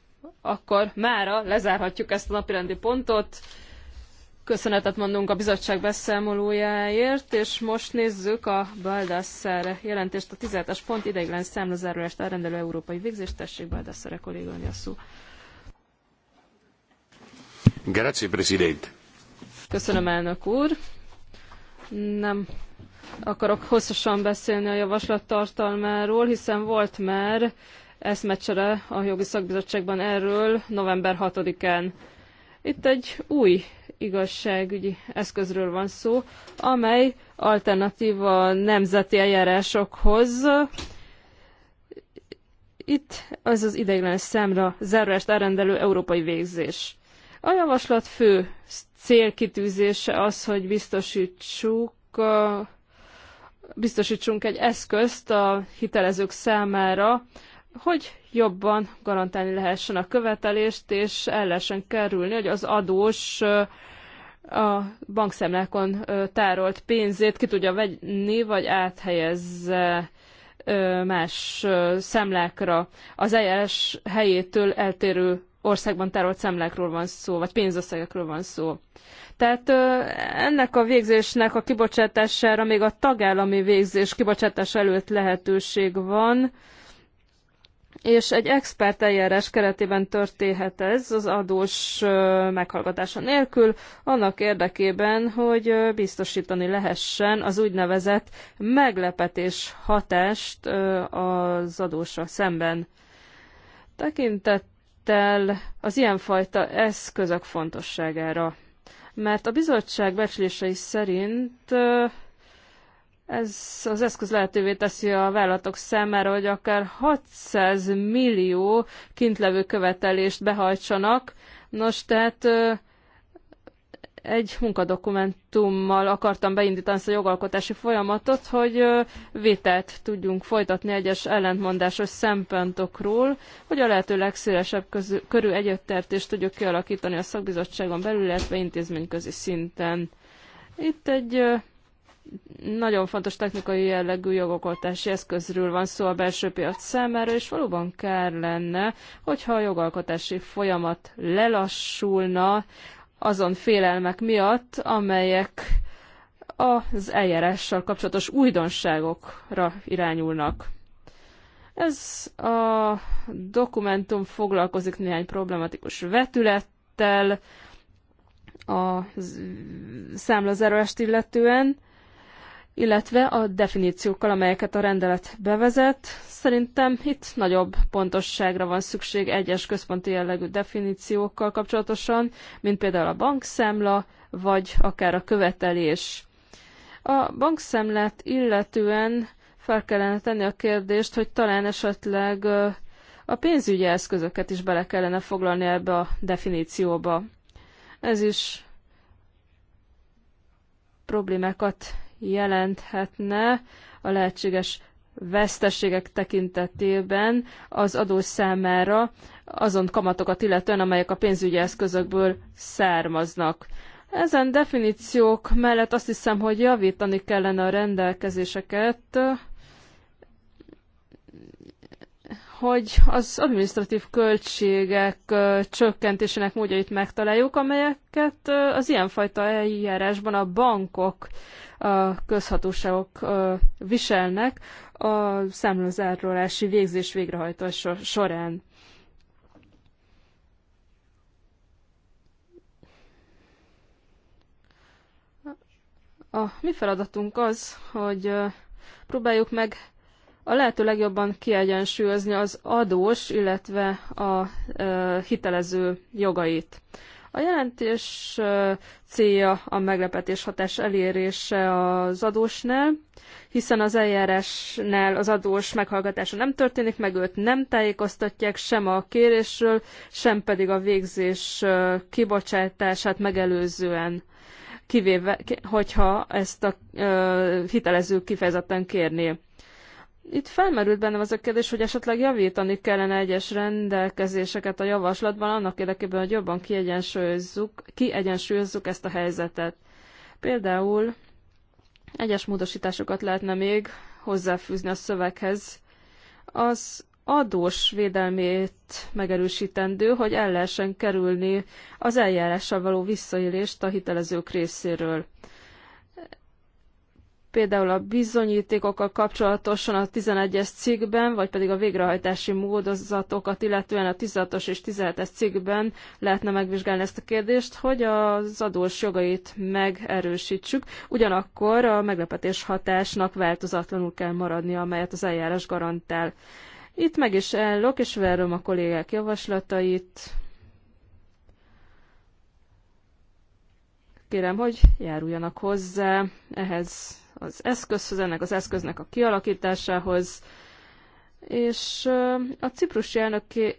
Akkor mára lezárhatjuk ezt a napirendi pontot köszönetet mondunk a bizottság beszámolójáért, és most nézzük a Baldassare jelentést, a 17-es pont ideiglenes számlazárulást elrendelő európai végzést. Tessék, Baldassare kolléganő a szó. Grazie, Presidente. Köszönöm, elnök úr. Nem akarok hosszasan beszélni a javaslat tartalmáról, hiszen volt már eszmecsere a jogi szakbizottságban erről november 6-án. Itt egy új igazságügyi eszközről van szó, amely alternatíva nemzeti eljárásokhoz. Itt az az ideiglenes számra zárást elrendelő európai végzés. A javaslat fő célkitűzése az, hogy biztosítsuk biztosítsunk egy eszközt a hitelezők számára, hogy jobban garantálni lehessen a követelést, és el lehessen kerülni, hogy az adós a bankszemlákon tárolt pénzét ki tudja venni, vagy áthelyezze más szemlákra. Az eljárás helyétől eltérő országban tárolt szemlákról van szó, vagy pénzösszegekről van szó. Tehát ennek a végzésnek a kibocsátására még a tagállami végzés kibocsátása előtt lehetőség van, és egy expert eljárás keretében történhet ez az adós meghallgatása nélkül, annak érdekében, hogy biztosítani lehessen az úgynevezett meglepetés hatást az adósra szemben. Tekintettel az ilyenfajta eszközök fontosságára, mert a bizottság becslései szerint ez az eszköz lehetővé teszi a vállalatok számára, hogy akár 600 millió kintlevő követelést behajtsanak. Nos, tehát egy munkadokumentummal akartam beindítani ezt a jogalkotási folyamatot, hogy vételt tudjunk folytatni egyes ellentmondásos szempontokról, hogy a lehető legszélesebb körül körű egyetértést tudjuk kialakítani a szakbizottságon belül, illetve intézményközi szinten. Itt egy nagyon fontos technikai jellegű jogalkotási eszközről van szó a belső piac számára, és valóban kár lenne, hogyha a jogalkotási folyamat lelassulna azon félelmek miatt, amelyek az eljárással kapcsolatos újdonságokra irányulnak. Ez a dokumentum foglalkozik néhány problematikus vetülettel, a számlazárást illetően, illetve a definíciókkal, amelyeket a rendelet bevezet. Szerintem itt nagyobb pontosságra van szükség egyes központi jellegű definíciókkal kapcsolatosan, mint például a bankszámla, vagy akár a követelés. A bankszámlát illetően fel kellene tenni a kérdést, hogy talán esetleg a pénzügyi eszközöket is bele kellene foglalni ebbe a definícióba. Ez is problémákat jelenthetne a lehetséges veszteségek tekintetében az adó számára azon kamatokat illetően, amelyek a pénzügyi eszközökből származnak. Ezen definíciók mellett azt hiszem, hogy javítani kellene a rendelkezéseket, hogy az administratív költségek csökkentésének módjait megtaláljuk, amelyeket az ilyenfajta eljárásban a bankok, a közhatóságok viselnek a számlazárolási végzés végrehajtás során. A mi feladatunk az, hogy próbáljuk meg a lehető legjobban kiegyensúlyozni az adós, illetve a hitelező jogait. A jelentés célja a meglepetés hatás elérése az adósnál, hiszen az eljárásnál az adós meghallgatása nem történik, meg őt nem tájékoztatják sem a kérésről, sem pedig a végzés kibocsátását megelőzően kivéve, hogyha ezt a hitelező kifejezetten kérné. Itt felmerült bennem az a kérdés, hogy esetleg javítani kellene egyes rendelkezéseket a javaslatban, annak érdekében, hogy jobban kiegyensúlyozzuk, kiegyensúlyozzuk ezt a helyzetet. Például egyes módosításokat lehetne még hozzáfűzni a szöveghez. Az adós védelmét megerősítendő, hogy el lehessen kerülni az eljárással való visszaélést a hitelezők részéről például a bizonyítékokkal kapcsolatosan a 11-es cikkben, vagy pedig a végrehajtási módozatokat, illetően a 16-os és 17-es cikkben lehetne megvizsgálni ezt a kérdést, hogy az adós jogait megerősítsük. Ugyanakkor a meglepetés hatásnak változatlanul kell maradnia, amelyet az eljárás garantál. Itt meg is ellok, és verröm a kollégák javaslatait. Kérem, hogy járuljanak hozzá ehhez az eszközhöz, ennek az eszköznek a kialakításához, és a ciprusi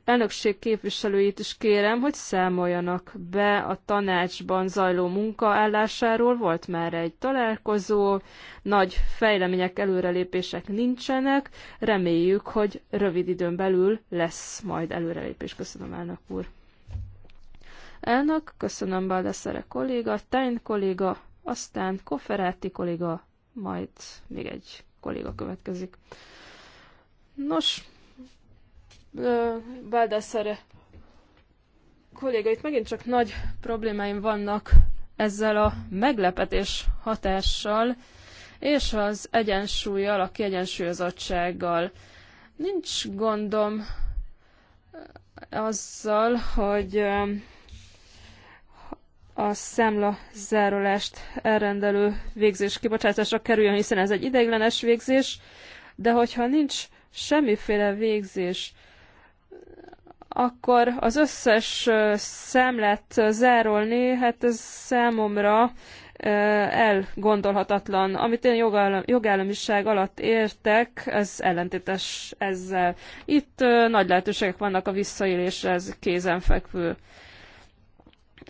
elnökség képviselőit is kérem, hogy számoljanak be a tanácsban zajló munkaállásáról. Volt már egy találkozó, nagy fejlemények, előrelépések nincsenek. Reméljük, hogy rövid időn belül lesz majd előrelépés. Köszönöm, elnök úr. Elnök, köszönöm Baldeszere kolléga, Tein kolléga, aztán Koferáti kolléga, majd még egy kolléga következik. Nos, Baldassare kolléga, itt megint csak nagy problémáim vannak ezzel a meglepetés hatással, és az egyensúlyjal, a kiegyensúlyozottsággal. Nincs gondom azzal, hogy a számla zárolást elrendelő végzés kibocsátásra kerüljön, hiszen ez egy ideiglenes végzés, de hogyha nincs semmiféle végzés, akkor az összes számlát zárolni, hát ez számomra elgondolhatatlan. Amit én jogállam, jogállamiság alatt értek, ez ellentétes ezzel. Itt nagy lehetőségek vannak a visszaélésre, ez kézenfekvő.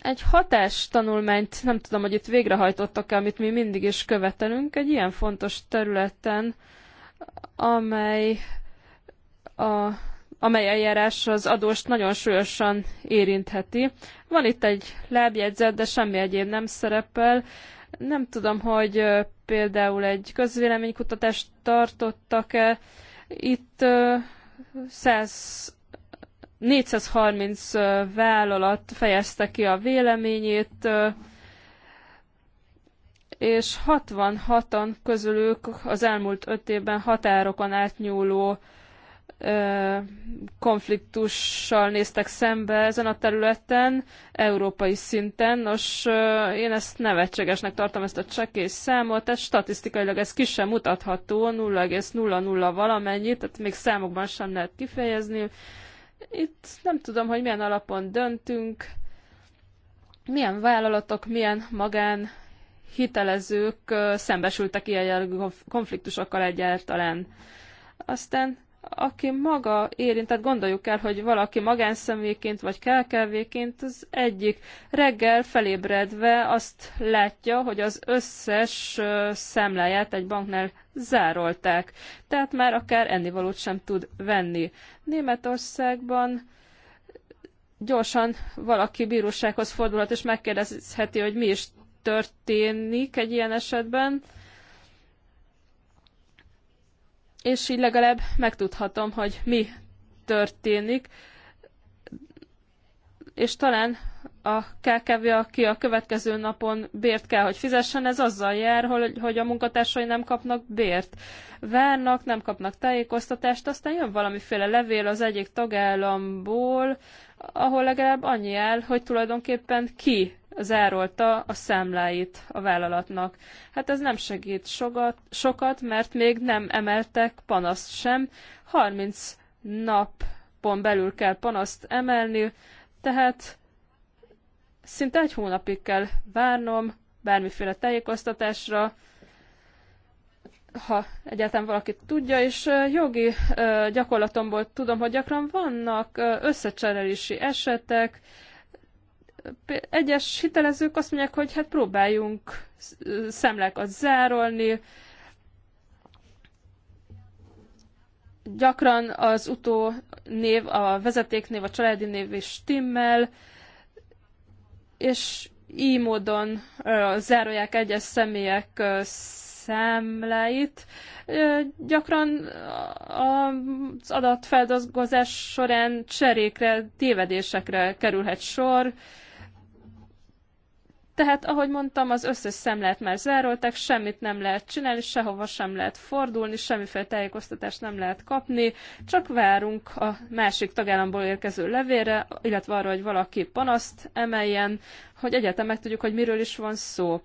Egy hatástanulmányt nem tudom, hogy itt végrehajtottak-e, amit mi mindig is követelünk, egy ilyen fontos területen, amely a amely eljárás az adóst nagyon súlyosan érintheti. Van itt egy lábjegyzet, de semmi egyéb nem szerepel. Nem tudom, hogy például egy közvéleménykutatást tartottak-e. Itt 100 430 vállalat fejezte ki a véleményét, és 66-an közülük az elmúlt öt évben határokon átnyúló konfliktussal néztek szembe ezen a területen, európai szinten. Nos, én ezt nevetségesnek tartom, ezt a csekés számot, ez statisztikailag ez ki sem mutatható, 0,00 valamennyit, tehát még számokban sem lehet kifejezni. Itt nem tudom, hogy milyen alapon döntünk, milyen vállalatok, milyen magán hitelezők szembesültek ilyen konfliktusokkal egyáltalán. Aztán aki maga érintett, gondoljuk el, hogy valaki magánszemélyként vagy kelkelvéként az egyik reggel felébredve azt látja, hogy az összes számláját egy banknál zárolták. Tehát már akár ennivalót sem tud venni. Németországban gyorsan valaki bírósághoz fordulhat és megkérdezheti, hogy mi is történik egy ilyen esetben és így legalább megtudhatom, hogy mi történik, és talán a KKV, aki a következő napon bért kell, hogy fizessen, ez azzal jár, hogy, hogy a munkatársai nem kapnak bért. Várnak, nem kapnak tájékoztatást, aztán jön valamiféle levél az egyik tagállamból, ahol legalább annyi áll, hogy tulajdonképpen ki zárolta a számláit a vállalatnak. Hát ez nem segít sokat, sokat mert még nem emeltek panaszt sem. 30 napon belül kell panaszt emelni, tehát szinte egy hónapig kell várnom bármiféle tájékoztatásra, ha egyáltalán valaki tudja, és jogi gyakorlatomból tudom, hogy gyakran vannak összecserelési esetek, egyes hitelezők azt mondják, hogy hát próbáljunk szemlekat zárolni, gyakran az utó név, a vezetéknév, a családi név is stimmel, és így módon zárolják egyes személyek számláit. gyakran az adatfeldolgozás során cserékre, tévedésekre kerülhet sor, tehát, ahogy mondtam, az összes szemlet már zárolták, semmit nem lehet csinálni, sehova sem lehet fordulni, semmiféle tájékoztatást nem lehet kapni, csak várunk a másik tagállamból érkező levélre, illetve arra, hogy valaki panaszt emeljen, hogy egyáltalán meg tudjuk, hogy miről is van szó.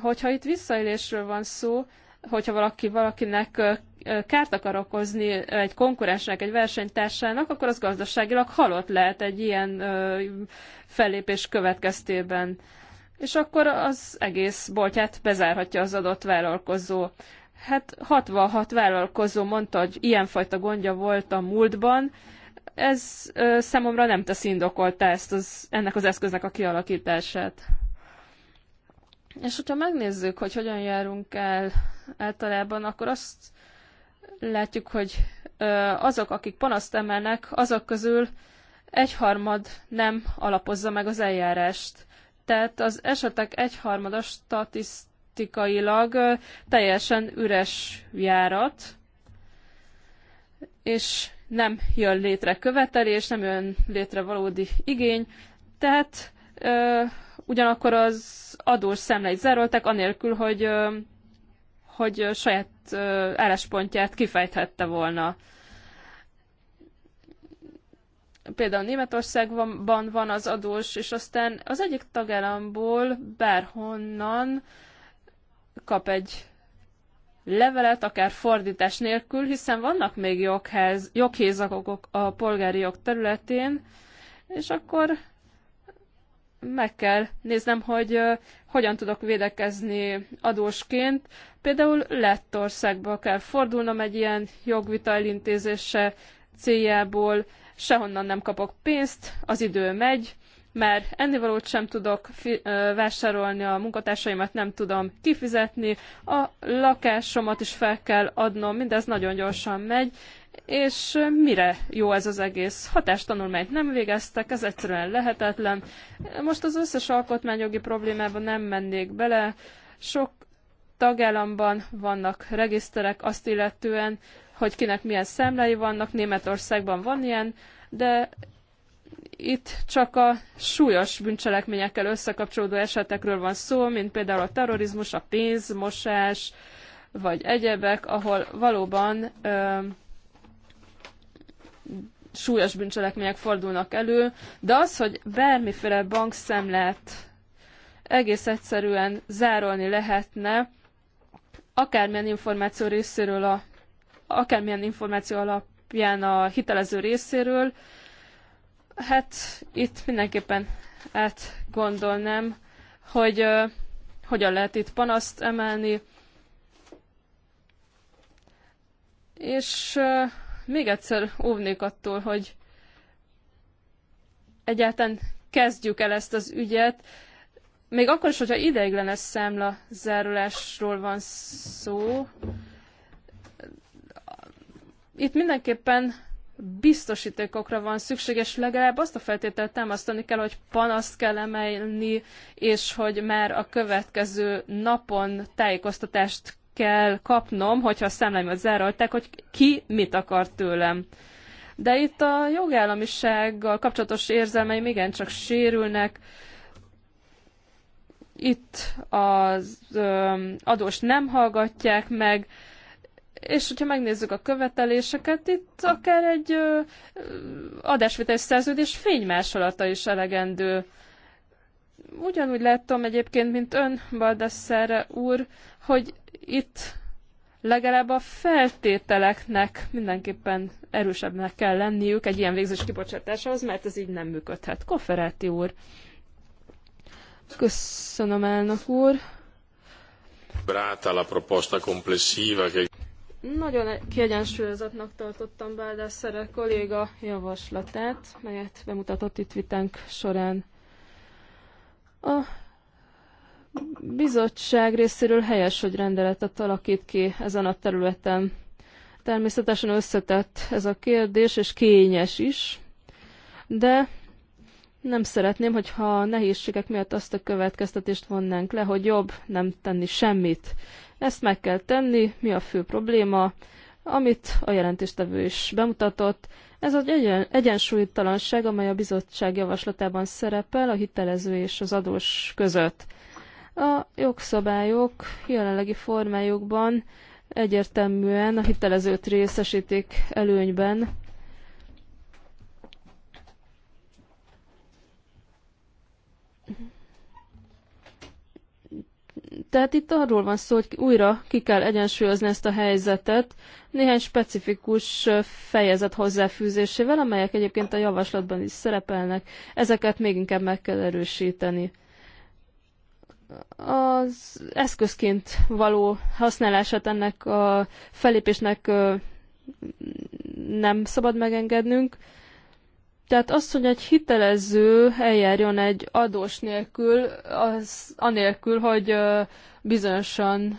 Hogyha itt visszaélésről van szó, hogyha valaki valakinek kárt akar okozni egy konkurensnek, egy versenytársának, akkor az gazdaságilag halott lehet egy ilyen fellépés következtében. És akkor az egész boltját bezárhatja az adott vállalkozó. Hát 66 vállalkozó mondta, hogy ilyenfajta gondja volt a múltban, ez ö, számomra nem tesz indokolta ezt az, ennek az eszköznek a kialakítását. És hogyha megnézzük, hogy hogyan járunk el általában, akkor azt látjuk, hogy azok, akik panaszt emelnek, azok közül egyharmad nem alapozza meg az eljárást. Tehát az esetek egyharmada statisztikailag teljesen üres járat, és nem jön létre követelés, nem jön létre valódi igény, tehát ugyanakkor az adós szemleit zárolták, anélkül, hogy hogy saját álláspontját kifejthette volna. Például Németországban van az adós, és aztán az egyik tagállamból bárhonnan kap egy levelet, akár fordítás nélkül, hiszen vannak még joghez, joghézakok a polgári jog területén, és akkor meg kell néznem, hogy hogyan tudok védekezni adósként, Például Lettországba kell fordulnom egy ilyen jogvita elintézése céljából, sehonnan nem kapok pénzt, az idő megy, mert ennivalót sem tudok vásárolni, a munkatársaimat nem tudom kifizetni, a lakásomat is fel kell adnom, mindez nagyon gyorsan megy, és mire jó ez az egész? Hatástanulmányt nem végeztek, ez egyszerűen lehetetlen. Most az összes alkotmányjogi problémába nem mennék bele, sok tagállamban vannak regiszterek azt illetően, hogy kinek milyen számlái vannak, Németországban van ilyen, de itt csak a súlyos bűncselekményekkel összekapcsolódó esetekről van szó, mint például a terrorizmus, a pénzmosás, vagy egyebek, ahol valóban ö, súlyos bűncselekmények fordulnak elő, de az, hogy bármiféle bankszemlet egész egyszerűen zárolni lehetne, akármilyen információ részéről, a, akármilyen információ alapján a hitelező részéről, hát itt mindenképpen átgondolnám, hogy uh, hogyan lehet itt panaszt emelni. És uh, még egyszer óvnék attól, hogy egyáltalán kezdjük el ezt az ügyet, még akkor is, hogyha ideiglenes számla zárulásról van szó, itt mindenképpen biztosítékokra van szükség, és legalább azt a feltételt támasztani kell, hogy panaszt kell emelni, és hogy már a következő napon tájékoztatást kell kapnom, hogyha a számlámat zárolták, hogy ki mit akar tőlem. De itt a jogállamisággal kapcsolatos érzelmeim igencsak sérülnek, itt az adós nem hallgatják meg, és hogyha megnézzük a követeléseket, itt akár egy adásvételi szerződés fénymásolata is elegendő. Ugyanúgy láttam egyébként, mint ön, Baldassare úr, hogy itt legalább a feltételeknek mindenképpen erősebbnek kell lenniük egy ilyen végzés kibocsátásához, mert ez így nem működhet. Koferáti úr. Köszönöm, elnök úr. la proposta complessiva che... Nagyon kiegyensúlyozottnak tartottam a kolléga javaslatát, melyet bemutatott itt vitánk során. A bizottság részéről helyes, hogy rendeletet alakít ki ezen a területen. Természetesen összetett ez a kérdés, és kényes is, de nem szeretném, hogyha a nehézségek miatt azt a következtetést vonnánk le, hogy jobb nem tenni semmit. Ezt meg kell tenni, mi a fő probléma, amit a jelentéstevő is bemutatott. Ez az egyen, egyensúlytalanság, amely a bizottság javaslatában szerepel a hitelező és az adós között. A jogszabályok jelenlegi formájukban egyértelműen a hitelezőt részesítik előnyben Tehát itt arról van szó, hogy újra ki kell egyensúlyozni ezt a helyzetet néhány specifikus fejezet hozzáfűzésével, amelyek egyébként a javaslatban is szerepelnek. Ezeket még inkább meg kell erősíteni. Az eszközként való használását ennek a felépésnek nem szabad megengednünk. Tehát az, hogy egy hitelező eljárjon egy adós nélkül, az anélkül, hogy bizonyosan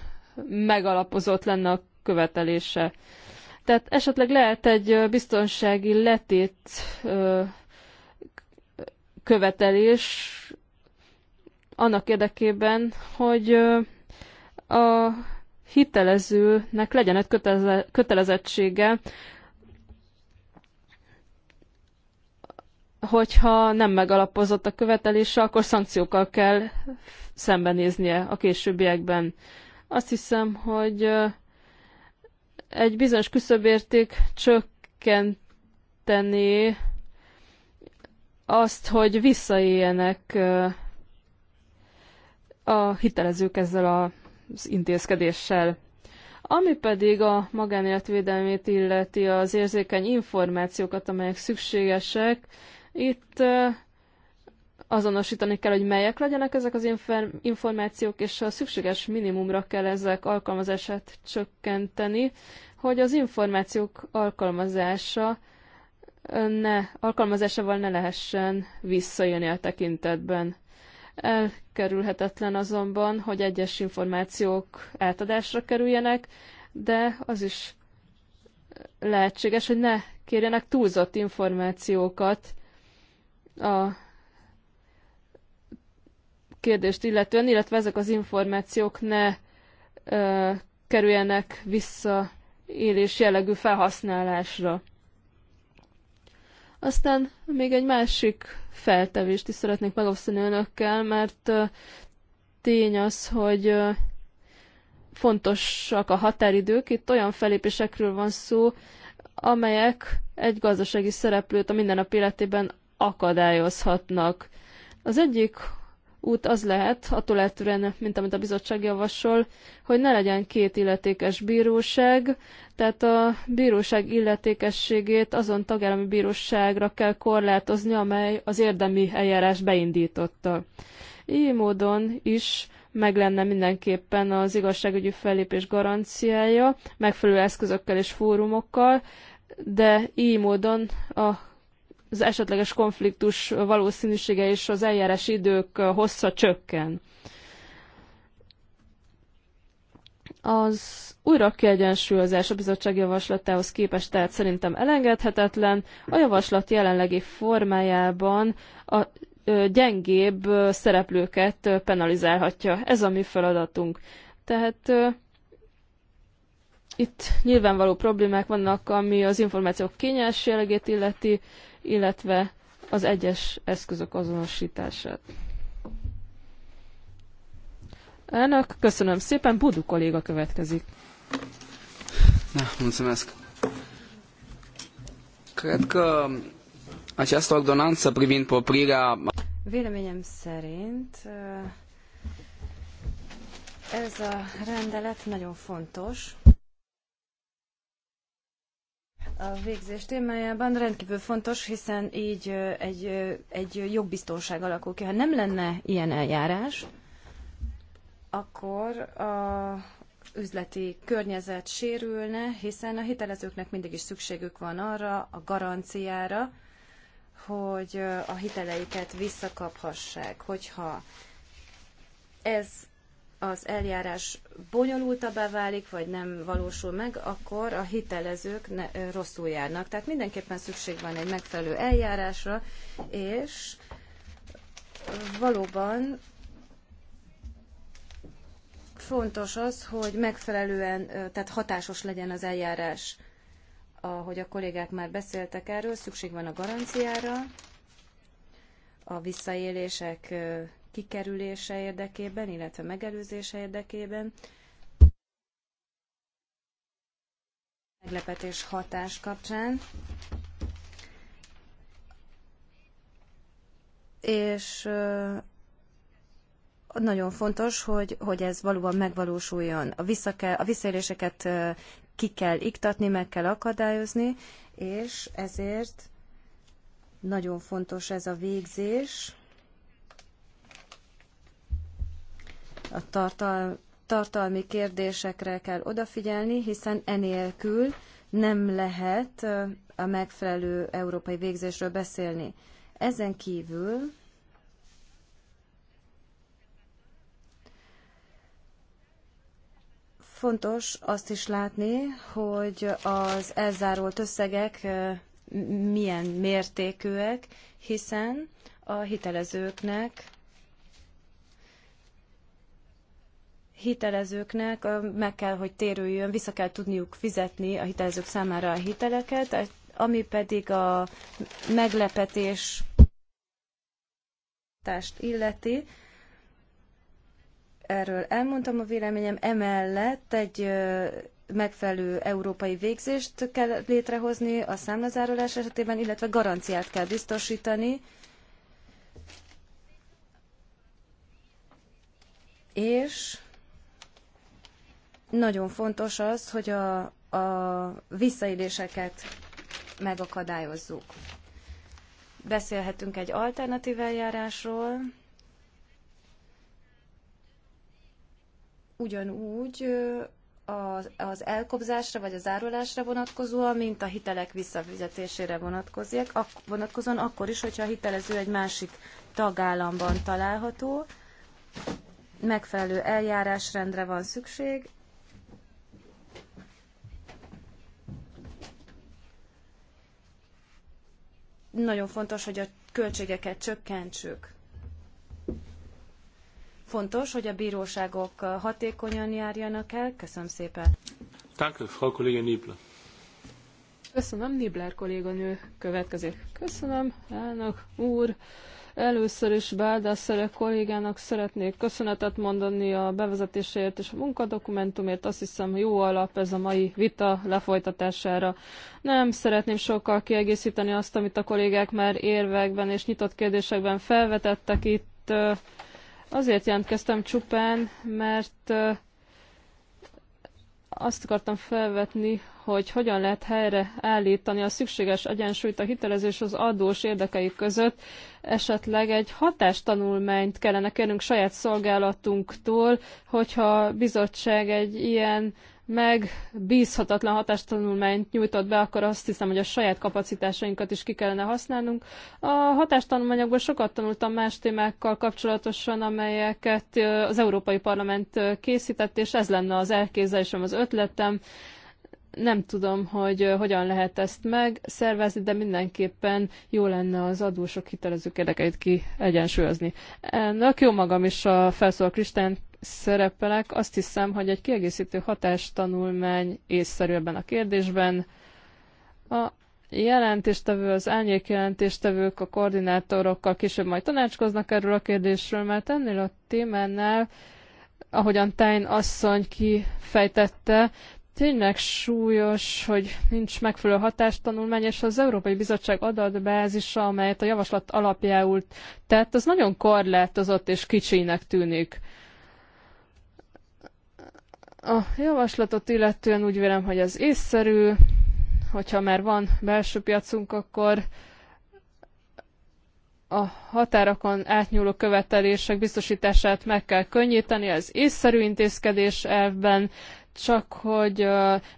megalapozott lenne a követelése. Tehát esetleg lehet egy biztonsági letét követelés annak érdekében, hogy a hitelezőnek legyen egy kötelezettsége hogyha nem megalapozott a követelése, akkor szankciókkal kell szembenéznie a későbbiekben. Azt hiszem, hogy egy bizonyos küszöbérték csökkenteni azt, hogy visszaéljenek a hitelezők ezzel az intézkedéssel. Ami pedig a magánéletvédelmét illeti az érzékeny információkat, amelyek szükségesek, itt azonosítani kell, hogy melyek legyenek ezek az információk, és a szükséges minimumra kell ezek alkalmazását csökkenteni, hogy az információk alkalmazása ne, alkalmazásával ne lehessen visszajönni a tekintetben. Elkerülhetetlen azonban, hogy egyes információk átadásra kerüljenek, de az is lehetséges, hogy ne kérjenek túlzott információkat, a kérdést illetően, illetve ezek az információk ne ö, kerüljenek vissza élés jellegű felhasználásra. Aztán még egy másik feltevést is szeretnék megosztani önökkel, mert ö, tény az, hogy ö, fontosak a határidők. Itt olyan felépésekről van szó, amelyek egy gazdasági szereplőt a mindennapi életében akadályozhatnak. Az egyik út az lehet, attól eltűrően, mint amit a bizottság javasol, hogy ne legyen két illetékes bíróság, tehát a bíróság illetékességét azon tagállami bíróságra kell korlátozni, amely az érdemi eljárás beindította. Így módon is meg lenne mindenképpen az igazságügyi fellépés garanciája, megfelelő eszközökkel és fórumokkal, de így módon a az esetleges konfliktus valószínűsége és az eljárás idők hossza csökken. Az újra kiegyensúlyozás a bizottság javaslatához képest, tehát szerintem elengedhetetlen. A javaslat jelenlegi formájában a gyengébb szereplőket penalizálhatja. Ez a mi feladatunk. Tehát itt nyilvánvaló problémák vannak, ami az információk kényes jellegét illeti, illetve az egyes eszközök azonosítását. Elnök, köszönöm szépen, Budu kolléga következik. Na, mulțumesc. Cred că această ordonanță privind poprirea... Véleményem szerint eh, ez a rendelet nagyon fontos, a végzés témájában rendkívül fontos, hiszen így egy, egy jogbiztonság alakul ki. Ha nem lenne ilyen eljárás, akkor a üzleti környezet sérülne, hiszen a hitelezőknek mindig is szükségük van arra, a garanciára, hogy a hiteleiket visszakaphassák. Hogyha ez az eljárás bonyolultabbá válik, vagy nem valósul meg, akkor a hitelezők ne, rosszul járnak. Tehát mindenképpen szükség van egy megfelelő eljárásra, és valóban fontos az, hogy megfelelően, tehát hatásos legyen az eljárás. Ahogy a kollégák már beszéltek erről, szükség van a garanciára, a visszaélések kikerülése érdekében, illetve megelőzése érdekében meglepetés hatás kapcsán. És nagyon fontos, hogy, hogy ez valóban megvalósuljon. A, vissza kell, a visszaéléseket ki kell iktatni, meg kell akadályozni, és ezért nagyon fontos ez a végzés, a tartal, tartalmi kérdésekre kell odafigyelni, hiszen enélkül nem lehet a megfelelő európai végzésről beszélni. Ezen kívül fontos azt is látni, hogy az elzárolt összegek milyen mértékűek, hiszen a hitelezőknek hitelezőknek meg kell, hogy térüljön, vissza kell tudniuk fizetni a hitelezők számára a hiteleket, ami pedig a meglepetés illeti. Erről elmondtam a véleményem, emellett egy megfelelő európai végzést kell létrehozni a számlazárolás esetében, illetve garanciát kell biztosítani, és nagyon fontos az, hogy a, a visszaéléseket megakadályozzuk. Beszélhetünk egy alternatív eljárásról, ugyanúgy az, az elkobzásra vagy a zárulásra vonatkozóan, mint a hitelek visszafizetésére vonatkozik, ak, vonatkozóan akkor is, hogyha a hitelező egy másik tagállamban található, megfelelő eljárásrendre van szükség, nagyon fontos, hogy a költségeket csökkentsük. Fontos, hogy a bíróságok hatékonyan járjanak el. Köszönöm szépen. Danke, Frau Kollegin Niebler. Köszönöm, Nibler kolléganő következik. Köszönöm, elnök úr. Először is Báldászere kollégának szeretnék köszönetet mondani a bevezetéséért és a munkadokumentumért. Azt hiszem, jó alap ez a mai vita lefolytatására. Nem szeretném sokkal kiegészíteni azt, amit a kollégák már érvekben és nyitott kérdésekben felvetettek itt. Azért jelentkeztem csupán, mert azt akartam felvetni, hogy hogyan lehet helyre állítani a szükséges egyensúlyt a hitelezés az adós érdekei között. Esetleg egy hatástanulmányt kellene kérnünk saját szolgálatunktól, hogyha a bizottság egy ilyen meg bízhatatlan hatástanulmányt nyújtott be, akkor azt hiszem, hogy a saját kapacitásainkat is ki kellene használnunk. A hatástanulmányokból sokat tanultam más témákkal kapcsolatosan, amelyeket az Európai Parlament készített, és ez lenne az elképzelésem, az ötletem, nem tudom, hogy hogyan lehet ezt megszervezni, de mindenképpen jó lenne az adósok hitelezők érdekeit kiegyensúlyozni. Na, jó magam is a felszólal Kristán szerepelek. Azt hiszem, hogy egy kiegészítő hatástanulmány észszerű ebben a kérdésben. A jelentéstevő, az elnyék jelentéstevők, a koordinátorokkal később majd tanácskoznak erről a kérdésről, mert ennél a témánál ahogyan Tájn asszony kifejtette, tényleg súlyos, hogy nincs megfelelő hatástanulmány, és az Európai Bizottság adatbázisa, amelyet a javaslat alapjául tett, az nagyon korlátozott és kicsinek tűnik. A javaslatot illetően úgy vélem, hogy ez észszerű, hogyha már van belső piacunk, akkor a határokon átnyúló követelések biztosítását meg kell könnyíteni, ez észszerű intézkedés elvben, csak hogy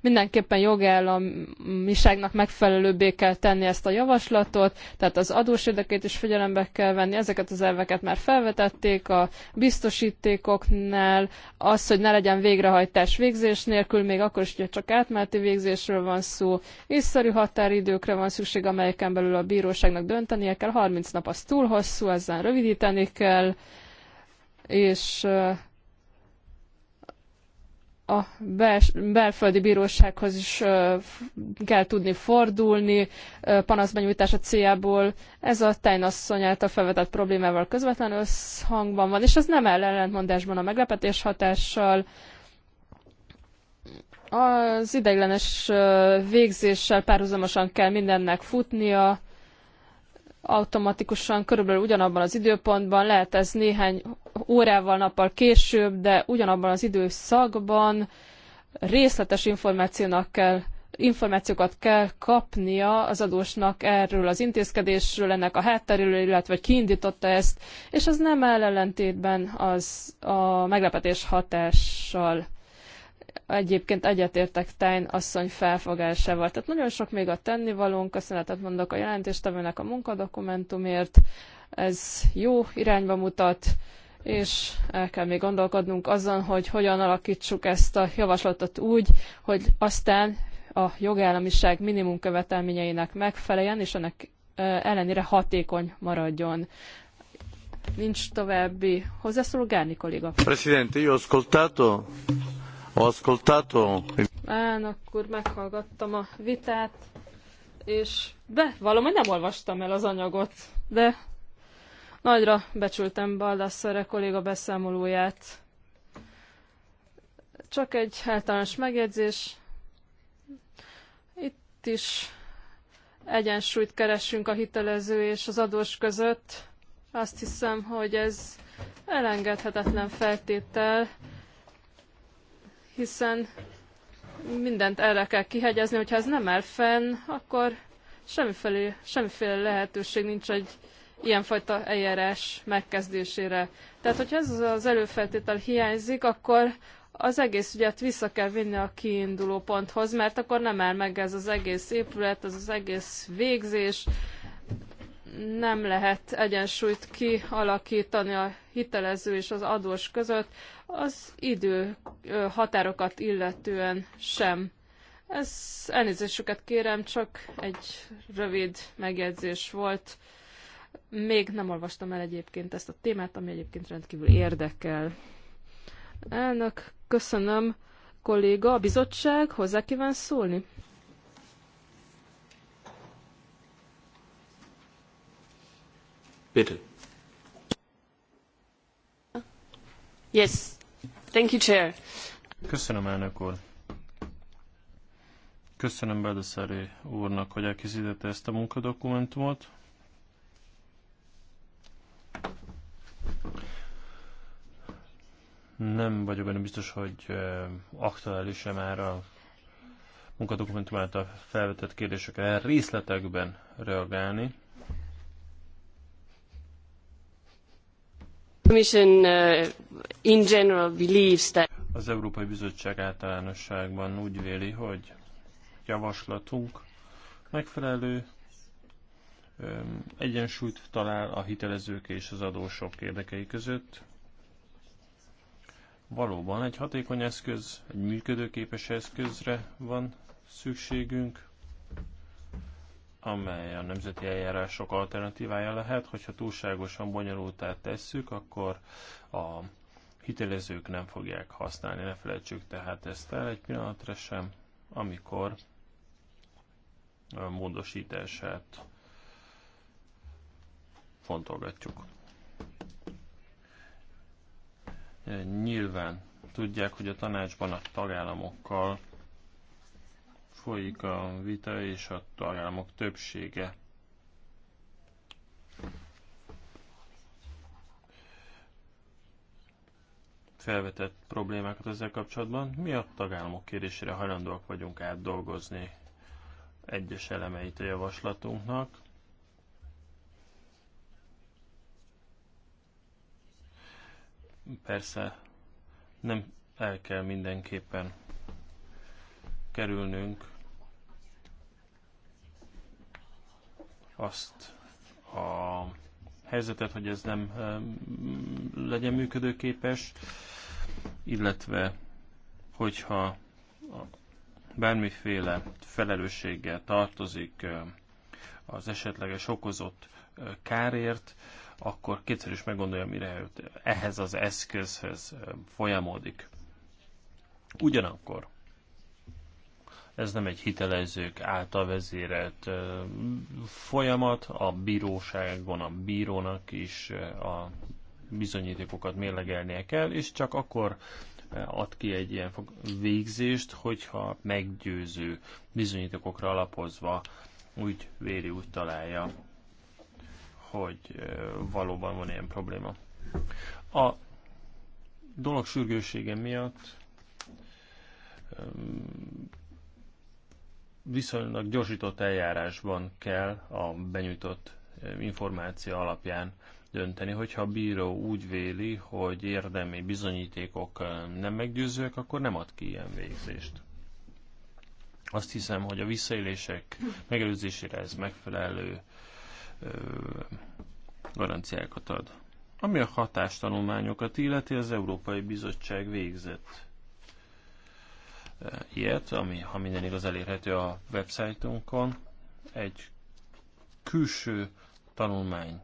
mindenképpen jogállamiságnak megfelelőbbé kell tenni ezt a javaslatot, tehát az adós érdekét is figyelembe kell venni, ezeket az elveket már felvetették a biztosítékoknál, az, hogy ne legyen végrehajtás végzés nélkül, még akkor is, hogy csak átmeneti végzésről van szó, észszerű határidőkre van szükség, amelyeken belül a bíróságnak döntenie kell, 30 nap az túl hosszú, ezzel rövidíteni kell, és a belföldi bírósághoz is kell tudni fordulni panaszbenyújtása céljából. Ez a tejnasszony által felvetett problémával közvetlen összhangban van, és ez nem ellentmondásban a meglepetés hatással, az ideiglenes végzéssel párhuzamosan kell mindennek futnia, automatikusan körülbelül ugyanabban az időpontban, lehet ez néhány órával, nappal később, de ugyanabban az időszakban részletes információnak kell információkat kell kapnia az adósnak erről az intézkedésről, ennek a hátteréről, illetve hogy kiindította ezt, és ez nem áll ellentétben az a meglepetés hatással. Egyébként egyetértek Tein asszony felfogásával. Tehát nagyon sok még a tennivalónk, köszönetet mondok a jelentéstevőnek a munkadokumentumért, ez jó irányba mutat, és el kell még gondolkodnunk azon, hogy hogyan alakítsuk ezt a javaslatot úgy, hogy aztán a jogállamiság minimum követelményeinek megfeleljen, és ennek ellenére hatékony maradjon. Nincs további hozzászóló Gárni kolléga. Presidente, io ho ascoltato Ho ascoltato. Elnök úr, meghallgattam a vitát, és be, valahogy nem olvastam el az anyagot, de nagyra becsültem Baldasszere kolléga beszámolóját. Csak egy általános megjegyzés. Itt is egyensúlyt keresünk a hitelező és az adós között. Azt hiszem, hogy ez elengedhetetlen feltétel hiszen mindent erre kell kihegyezni, hogyha ez nem áll fenn, akkor semmiféle, semmiféle lehetőség nincs egy ilyenfajta eljárás megkezdésére. Tehát, hogyha ez az előfeltétel hiányzik, akkor az egész ügyet vissza kell vinni a kiinduló ponthoz, mert akkor nem áll meg ez az egész épület, ez az egész végzés, nem lehet egyensúlyt kialakítani a hitelező és az adós között, az idő határokat illetően sem. Ez elnézésüket kérem, csak egy rövid megjegyzés volt. Még nem olvastam el egyébként ezt a témát, ami egyébként rendkívül érdekel. Elnök, köszönöm. Kolléga, a bizottság hozzá kíván szólni? Bitte. Yes. Thank you, Chair. Köszönöm, elnök úr. Köszönöm úrnak, hogy elkészítette ezt a munkadokumentumot. Nem vagyok benne biztos, hogy aktuális-e már a munkadokumentum által felvetett kérdésekre részletekben reagálni. Uh, az Európai Bizottság általánosságban úgy véli, hogy javaslatunk megfelelő um, egyensúlyt talál a hitelezők és az adósok érdekei között. Valóban egy hatékony eszköz, egy működőképes eszközre van szükségünk, amely a nemzeti eljárások alternatívája lehet, hogyha túlságosan bonyolultá tesszük, akkor a hitelezők nem fogják használni, ne felejtsük tehát ezt el egy pillanatra sem, amikor a módosítását fontolgatjuk. Nyilván tudják, hogy a tanácsban a tagállamokkal folyik a vita, és a tagállamok többsége felvetett problémákat ezzel kapcsolatban. Mi a tagállamok kérésére hajlandóak vagyunk átdolgozni egyes elemeit a javaslatunknak. Persze nem el kell mindenképpen kerülnünk azt a helyzetet, hogy ez nem eh, legyen működőképes, illetve hogyha bármiféle felelősséggel tartozik eh, az esetleges okozott eh, kárért, akkor kétszer is meggondolja, mire ehhez az eszközhez folyamodik. Ugyanakkor ez nem egy hitelezők által vezérelt folyamat, a bíróságon a bírónak is a bizonyítékokat mérlegelnie kell, és csak akkor ad ki egy ilyen végzést, hogyha meggyőző bizonyítékokra alapozva úgy véri, úgy találja, hogy valóban van ilyen probléma. A dolog sürgősége miatt viszonylag gyorsított eljárásban kell a benyújtott eh, információ alapján dönteni. Hogyha a bíró úgy véli, hogy érdemi bizonyítékok eh, nem meggyőzőek, akkor nem ad ki ilyen végzést. Azt hiszem, hogy a visszaélések megelőzésére ez megfelelő ö, eh, garanciákat ad. Ami a hatástanulmányokat illeti, az Európai Bizottság végzett ilyet, ami, ha minden igaz, elérhető a websájtunkon. Egy külső tanulmányt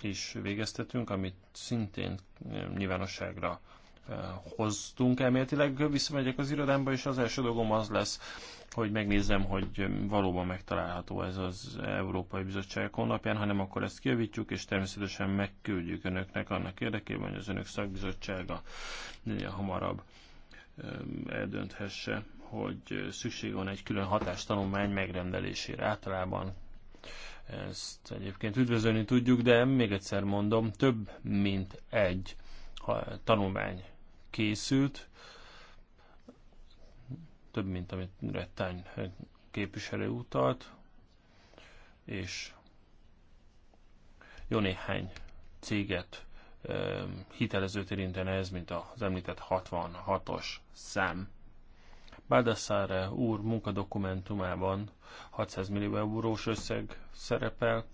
is végeztetünk, amit szintén eh, nyilvánosságra eh, hoztunk elméletileg. Visszamegyek az irodámba, és az első dolgom az lesz, hogy megnézem, hogy valóban megtalálható ez az Európai Bizottság honlapján, hanem akkor ezt kijavítjuk, és természetesen megküldjük önöknek annak érdekében, hogy az önök szakbizottsága minél hamarabb eldönthesse, hogy szükség van egy külön hatástanulmány megrendelésére. Általában ezt egyébként üdvözölni tudjuk, de még egyszer mondom, több mint egy tanulmány készült, több mint amit Rettány képviselő utalt, és jó néhány céget hitelezőt érintene ez, mint az említett 66-os szám. Baldassar úr munkadokumentumában 600 millió eurós összeg szerepel,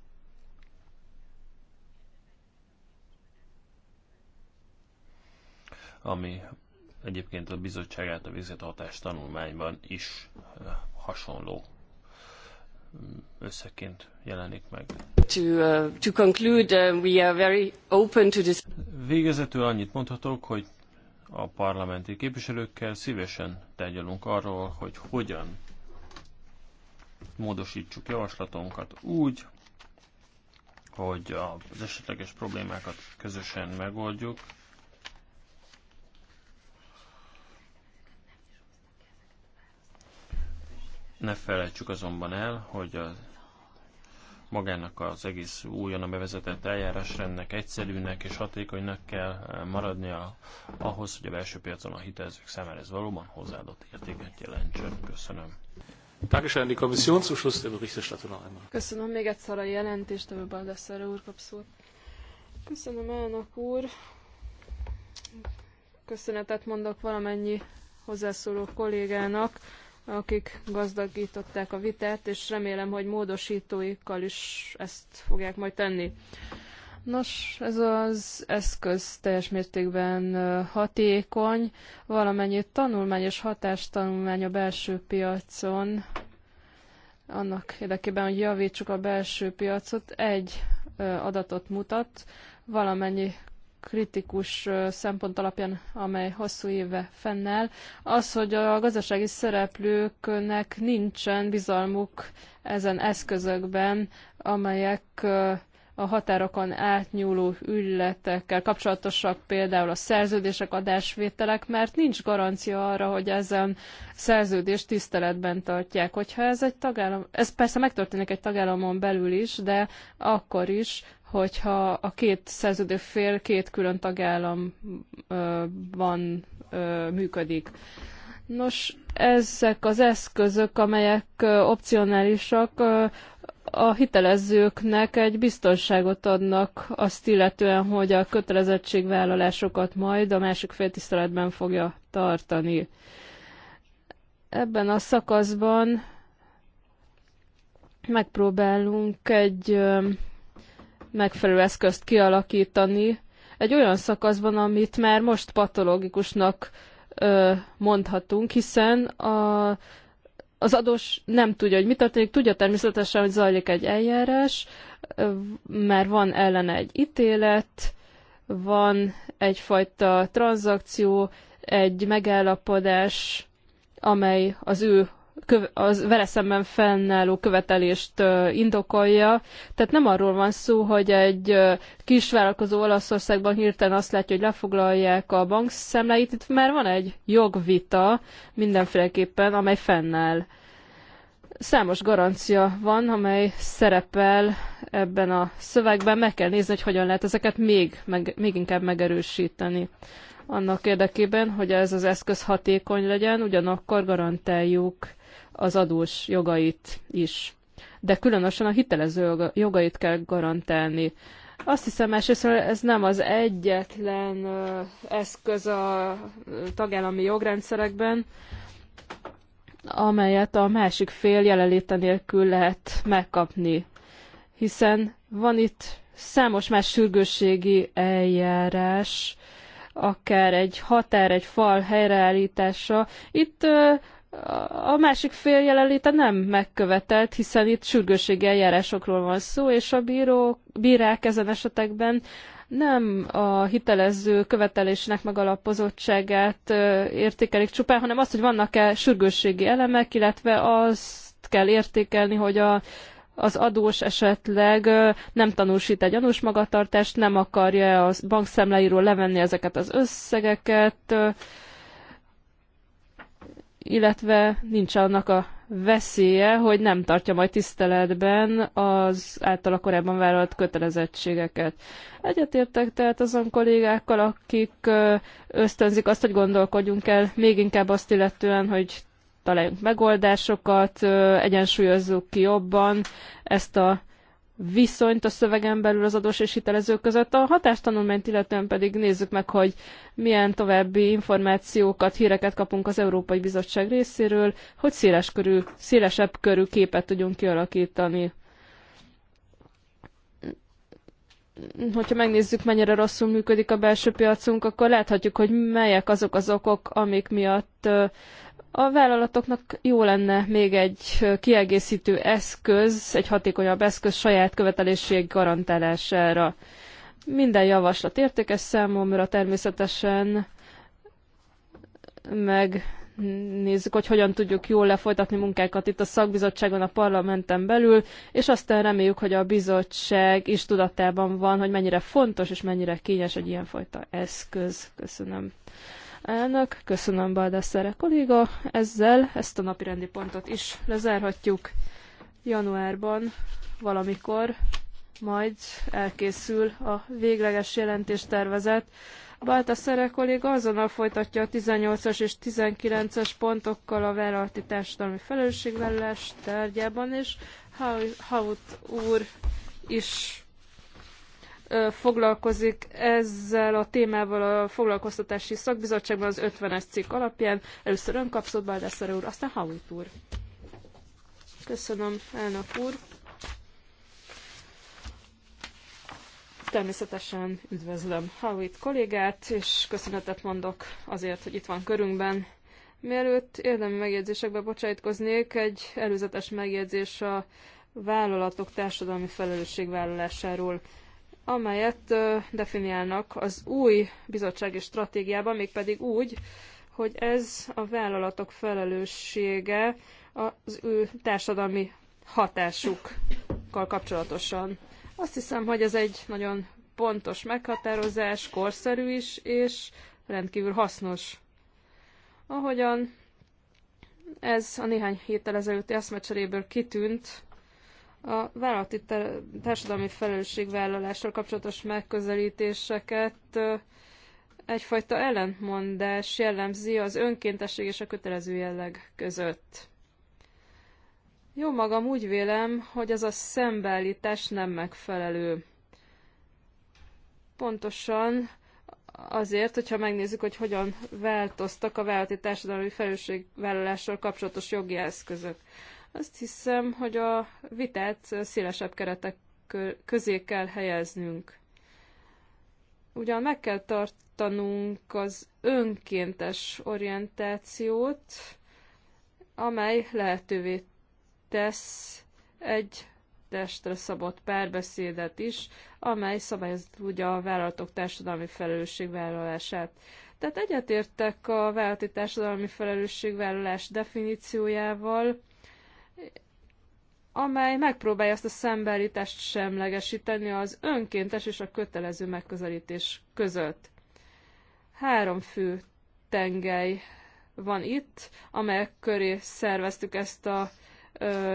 ami egyébként a bizottság által végzett hatástanulmányban is hasonló összeként jelenik meg. To, uh, to conclude, uh, we are very open to this. Végezetül annyit mondhatok, hogy a parlamenti képviselőkkel szívesen tárgyalunk arról, hogy hogyan módosítsuk javaslatunkat úgy, hogy az esetleges problémákat közösen megoldjuk, Ne felejtsük azonban el, hogy a magának az egész újonnan bevezetett eljárásrendnek egyszerűnek és hatékonynak kell eh, maradnia ahhoz, hogy a belső piacon a hitelzők számára ez valóban hozzáadott értéket jelentsen. Köszönöm. Dankeschön, die Kommission der Berichterstattung noch einmal. Köszönöm még egyszer a jelentést, a Baldassare úr kap szót. Köszönöm elnök úr. Köszönetet mondok valamennyi hozzászóló kollégának akik gazdagították a vitát, és remélem, hogy módosítóikkal is ezt fogják majd tenni. Nos, ez az eszköz teljes mértékben hatékony, valamennyi tanulmány és hatástanulmány a belső piacon, annak érdekében, hogy javítsuk a belső piacot, egy adatot mutat, valamennyi kritikus szempont alapján, amely hosszú éve fennáll, az, hogy a gazdasági szereplőknek nincsen bizalmuk ezen eszközökben, amelyek a határokon átnyúló ügyletekkel kapcsolatosak, például a szerződések, adásvételek, mert nincs garancia arra, hogy ezen szerződést tiszteletben tartják. Hogyha ez egy tagállam, ez persze megtörténik egy tagállamon belül is, de akkor is, hogyha a két szerződő fél két külön tagállamban működik. Nos, ezek az eszközök, amelyek opcionálisak, a hitelezőknek egy biztonságot adnak azt illetően, hogy a kötelezettségvállalásokat majd a másik fél tiszteletben fogja tartani. Ebben a szakaszban megpróbálunk egy megfelelő eszközt kialakítani egy olyan szakaszban, amit már most patológikusnak mondhatunk, hiszen a, az adós nem tudja, hogy mi történik, tudja természetesen, hogy zajlik egy eljárás, mert van ellene egy ítélet, van egyfajta tranzakció, egy megállapodás, amely az ő az vele szemben fennálló követelést indokolja. Tehát nem arról van szó, hogy egy kisvállalkozó Olaszországban hirtelen azt látja, hogy lefoglalják a bankszámláit. Itt már van egy jogvita mindenféleképpen, amely fennáll. Számos garancia van, amely szerepel ebben a szövegben. Meg kell nézni, hogy hogyan lehet ezeket még, meg, még inkább megerősíteni annak érdekében, hogy ez az eszköz hatékony legyen, ugyanakkor garantáljuk az adós jogait is. De különösen a hitelező jogait kell garantálni. Azt hiszem, másrészt ez nem az egyetlen eszköz a tagállami jogrendszerekben, amelyet a másik fél jelenléte nélkül lehet megkapni. Hiszen van itt számos más sürgősségi eljárás, akár egy határ, egy fal helyreállítása. Itt a másik fél jelenléte nem megkövetelt, hiszen itt sürgősségi eljárásokról van szó, és a bíró, bírák ezen esetekben nem a hitelező követelésnek megalapozottságát értékelik csupán, hanem azt, hogy vannak-e sürgősségi elemek, illetve azt kell értékelni, hogy a, az adós esetleg nem tanúsít egy gyanús magatartást, nem akarja a bankszámláiról levenni ezeket az összegeket, illetve nincs annak a veszélye, hogy nem tartja majd tiszteletben az a korábban vállalt kötelezettségeket. Egyetértek tehát azon kollégákkal, akik ösztönzik azt, hogy gondolkodjunk el még inkább azt illetően, hogy találjunk megoldásokat, egyensúlyozzuk ki jobban ezt a viszonyt a szövegen belül az adós és hitelező között. A hatástanulmányt illetően pedig nézzük meg, hogy milyen további információkat, híreket kapunk az Európai Bizottság részéről, hogy széles körül, szélesebb körű képet tudjunk kialakítani. Hogyha megnézzük, mennyire rosszul működik a belső piacunk, akkor láthatjuk, hogy melyek azok az okok, amik miatt a vállalatoknak jó lenne még egy kiegészítő eszköz, egy hatékonyabb eszköz saját követeléség garantálására. Minden javaslat értékes számomra természetesen, meg nézzük, hogy hogyan tudjuk jól lefolytatni munkákat itt a szakbizottságon, a parlamenten belül, és aztán reméljük, hogy a bizottság is tudatában van, hogy mennyire fontos és mennyire kényes egy ilyenfajta eszköz. Köszönöm. Elnök, köszönöm Baldasszere kolléga. Ezzel ezt a napirendi pontot is lezárhatjuk. Januárban valamikor majd elkészül a végleges jelentéstervezet. Baltasszere kolléga azonnal folytatja a 18-as és 19-es pontokkal a vállalati társadalmi felelősségvállalás tárgyában, és Haut úr is foglalkozik ezzel a témával a foglalkoztatási szakbizottságban az 50-es cikk alapján. Először ön kapszott, Baldesszer úr, aztán Howitt úr. Köszönöm, elnök úr. Természetesen üdvözlöm Howitt kollégát, és köszönetet mondok azért, hogy itt van körünkben. Mielőtt érdemi megjegyzésekbe bocsájtkoznék, egy előzetes megjegyzés a vállalatok társadalmi felelősségvállalásáról amelyet definiálnak az új bizottsági stratégiában, mégpedig úgy, hogy ez a vállalatok felelőssége az ő társadalmi hatásukkal kapcsolatosan. Azt hiszem, hogy ez egy nagyon pontos meghatározás, korszerű is, és rendkívül hasznos. Ahogyan ez a néhány héttel ezelőtti eszmecseréből kitűnt, a vállalati társadalmi felelősségvállalással kapcsolatos megközelítéseket egyfajta ellentmondás jellemzi az önkéntesség és a kötelező jelleg között. Jó magam úgy vélem, hogy ez a szembeállítás nem megfelelő. Pontosan azért, hogyha megnézzük, hogy hogyan változtak a vállalati társadalmi felelősségvállalással kapcsolatos jogi eszközök. Azt hiszem, hogy a vitát szélesebb keretek közé kell helyeznünk. Ugyan meg kell tartanunk az önkéntes orientációt, amely lehetővé tesz egy testre szabott párbeszédet is, amely szabályozza a vállalatok társadalmi felelősségvállalását. Tehát egyetértek a vállalati társadalmi felelősségvállalás definíciójával, amely megpróbálja ezt a szembeállítást semlegesíteni az önkéntes és a kötelező megközelítés között. Három fő tengely van itt, amelyek köré szerveztük ezt a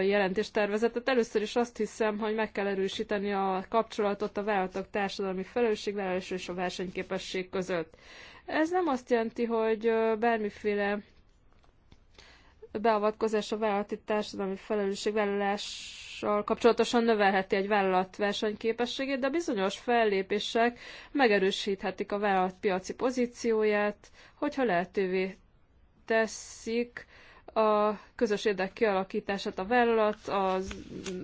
jelentéstervezetet. Először is azt hiszem, hogy meg kell erősíteni a kapcsolatot a vállalatok társadalmi felelősségvállalása és a versenyképesség között. Ez nem azt jelenti, hogy bármiféle beavatkozás a vállalati társadalmi felelősségvállalással kapcsolatosan növelheti egy vállalat versenyképességét, de bizonyos fellépések megerősíthetik a vállalat piaci pozícióját, hogyha lehetővé teszik a közös érdek kialakítását a vállalat, a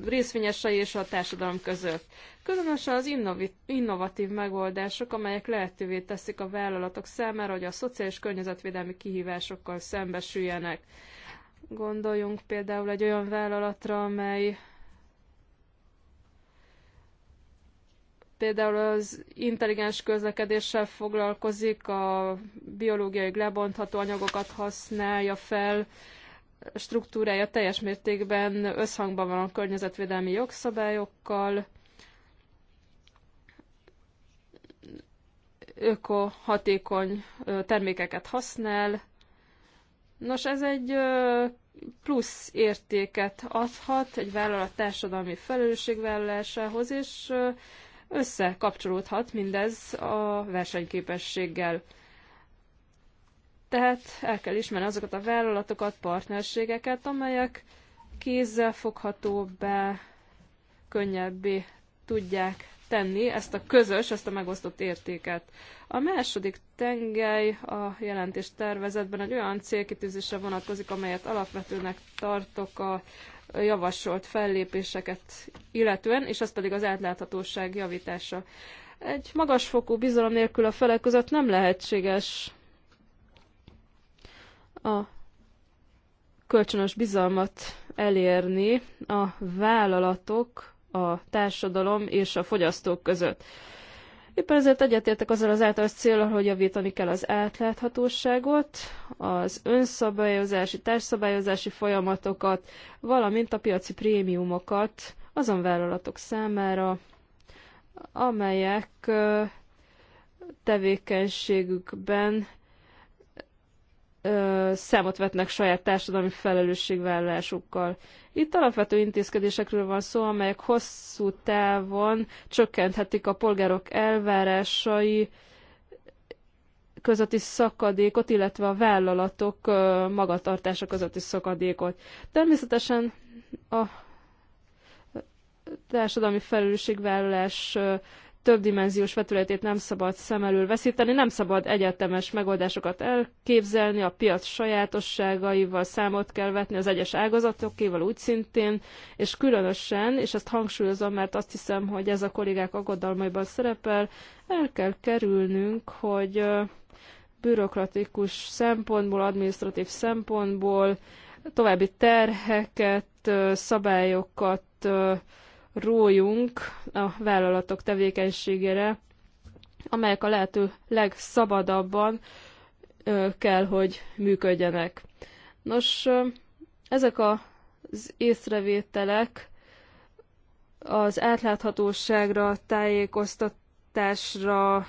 részvényesei és a társadalom között. Különösen az innovatív megoldások, amelyek lehetővé teszik a vállalatok számára, hogy a szociális környezetvédelmi kihívásokkal szembesüljenek. Gondoljunk például egy olyan vállalatra, amely például az intelligens közlekedéssel foglalkozik, a biológiai lebontható anyagokat használja fel, struktúrája teljes mértékben összhangban van a környezetvédelmi jogszabályokkal, ökohatékony termékeket használ, Nos, ez egy plusz értéket adhat egy vállalat társadalmi felelősségvállalásához, és összekapcsolódhat mindez a versenyképességgel. Tehát el kell ismerni azokat a vállalatokat, partnerségeket, amelyek kézzelfoghatóbbá, könnyebbé tudják tenni ezt a közös, ezt a megosztott értéket. A második tengely a jelentés tervezetben egy olyan célkitűzésre vonatkozik, amelyet alapvetőnek tartok a javasolt fellépéseket illetően, és az pedig az átláthatóság javítása. Egy magasfokú bizalom nélkül a felek között nem lehetséges a kölcsönös bizalmat elérni a vállalatok a társadalom és a fogyasztók között. Éppen ezért egyetértek azzal az általános célra, hogy javítani kell az átláthatóságot, az önszabályozási, társszabályozási folyamatokat, valamint a piaci prémiumokat azon vállalatok számára, amelyek tevékenységükben ö, számot vetnek saját társadalmi felelősségvállalásukkal. Itt alapvető intézkedésekről van szó, amelyek hosszú távon csökkenthetik a polgárok elvárásai közötti szakadékot, illetve a vállalatok ö, magatartása közötti szakadékot. Természetesen a társadalmi felelősségvállalás többdimenziós vetületét nem szabad szem elől veszíteni, nem szabad egyetemes megoldásokat elképzelni, a piac sajátosságaival számot kell vetni, az egyes ágazatokéval úgy szintén, és különösen, és ezt hangsúlyozom, mert azt hiszem, hogy ez a kollégák aggodalmaiban szerepel, el kell kerülnünk, hogy bürokratikus szempontból, administratív szempontból további terheket, szabályokat, rójunk a vállalatok tevékenységére, amelyek a lehető legszabadabban kell, hogy működjenek. Nos, ezek az észrevételek az átláthatóságra, tájékoztatásra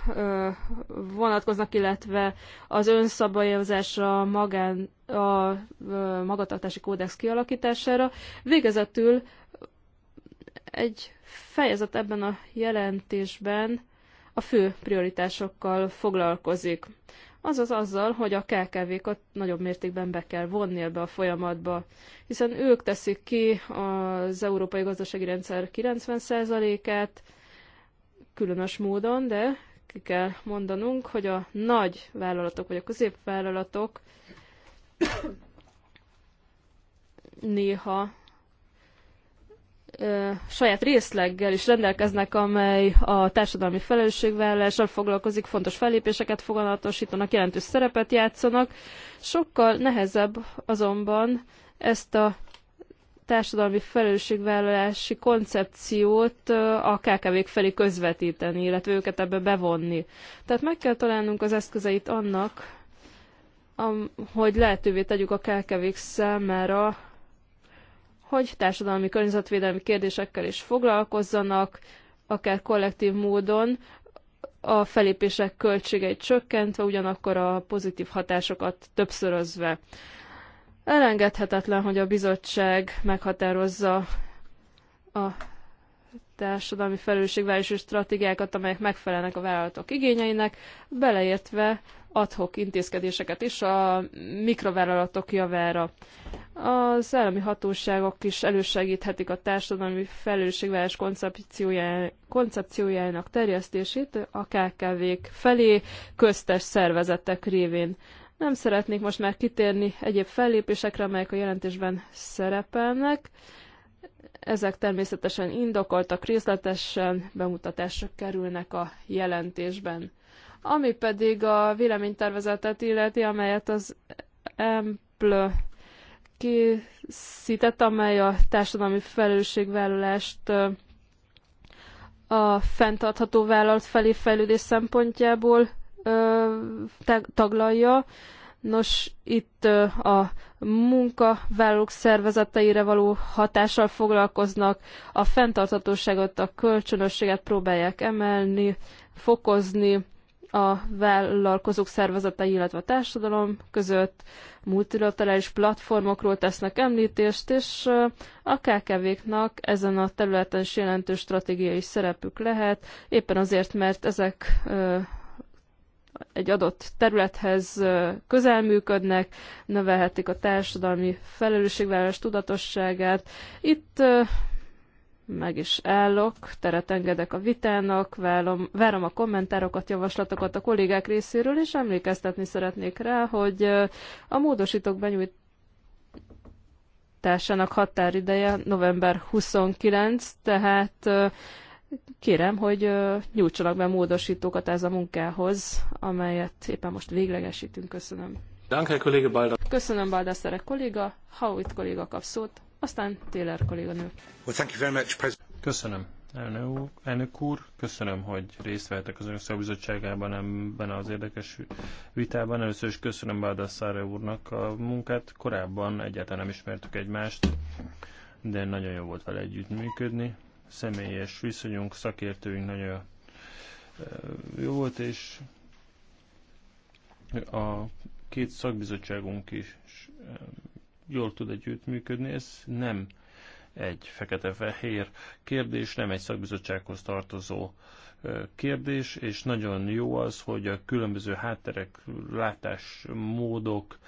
vonatkoznak, illetve az önszabályozásra, magán, a magatartási kódex kialakítására. Végezetül egy fejezet ebben a jelentésben a fő prioritásokkal foglalkozik. Azaz azzal, hogy a KKV-kat nagyobb mértékben be kell vonni ebbe a folyamatba, hiszen ők teszik ki az európai gazdasági rendszer 90%-át, különös módon, de ki kell mondanunk, hogy a nagy vállalatok vagy a középvállalatok néha saját részleggel is rendelkeznek, amely a társadalmi felelősségvállalással foglalkozik, fontos fellépéseket foganatosítanak, jelentős szerepet játszanak. Sokkal nehezebb azonban ezt a társadalmi felelősségvállalási koncepciót a KKV-k felé közvetíteni, illetve őket ebbe bevonni. Tehát meg kell találnunk az eszközeit annak, hogy lehetővé tegyük a KKV-k számára hogy társadalmi környezetvédelmi kérdésekkel is foglalkozzanak, akár kollektív módon, a felépések költségeit csökkentve, ugyanakkor a pozitív hatásokat többszörözve. Elengedhetetlen, hogy a bizottság meghatározza a társadalmi felelősségvállalási stratégiákat, amelyek megfelelnek a vállalatok igényeinek, beleértve adhok intézkedéseket is a mikrovállalatok javára. Az állami hatóságok is elősegíthetik a társadalmi felelősségvállás koncepciójának terjesztését a kkv felé köztes szervezetek révén. Nem szeretnék most már kitérni egyéb fellépésekre, amelyek a jelentésben szerepelnek. Ezek természetesen indokoltak, részletesen bemutatásra kerülnek a jelentésben. Ami pedig a véleménytervezetet illeti, amelyet az EMPL készített, amely a társadalmi felelősségvállalást a fenntartható vállalat felé fejlődés szempontjából taglalja. Nos, itt a munkavállalók szervezeteire való hatással foglalkoznak, a fenntarthatóságot, a kölcsönösséget próbálják emelni, fokozni, a vállalkozók szervezetei, illetve a társadalom között multilaterális platformokról tesznek említést, és a KKV-knak ezen a területen is jelentős stratégiai szerepük lehet, éppen azért, mert ezek egy adott területhez közel működnek, növelhetik a társadalmi felelősségvállalás tudatosságát. Itt meg is állok, teret engedek a vitának, várom, várom a kommentárokat, javaslatokat a kollégák részéről, és emlékeztetni szeretnék rá, hogy a módosítók benyújtásának határideje november 29, tehát kérem, hogy nyújtsanak be módosítókat ez a munkához, amelyet éppen most véglegesítünk. Köszönöm. Danke, kollége Balda. Köszönöm, Baldasszere kolléga. Howitt kolléga kap szót. Aztán Taylor kolléganő. Köszönöm. Elnök, úr, köszönöm, hogy részt vettek az Önök Bizottságában ebben az érdekes vitában. Először is köszönöm Bádászára úrnak a munkát. Korábban egyáltalán nem ismertük egymást, de nagyon jó volt vele együttműködni. Személyes viszonyunk, szakértőink nagyon eh, jó volt, és a két szakbizottságunk is eh, jól tud együttműködni. Ez nem egy fekete-fehér kérdés, nem egy szakbizottsághoz tartozó kérdés, és nagyon jó az, hogy a különböző hátterek, látásmódok,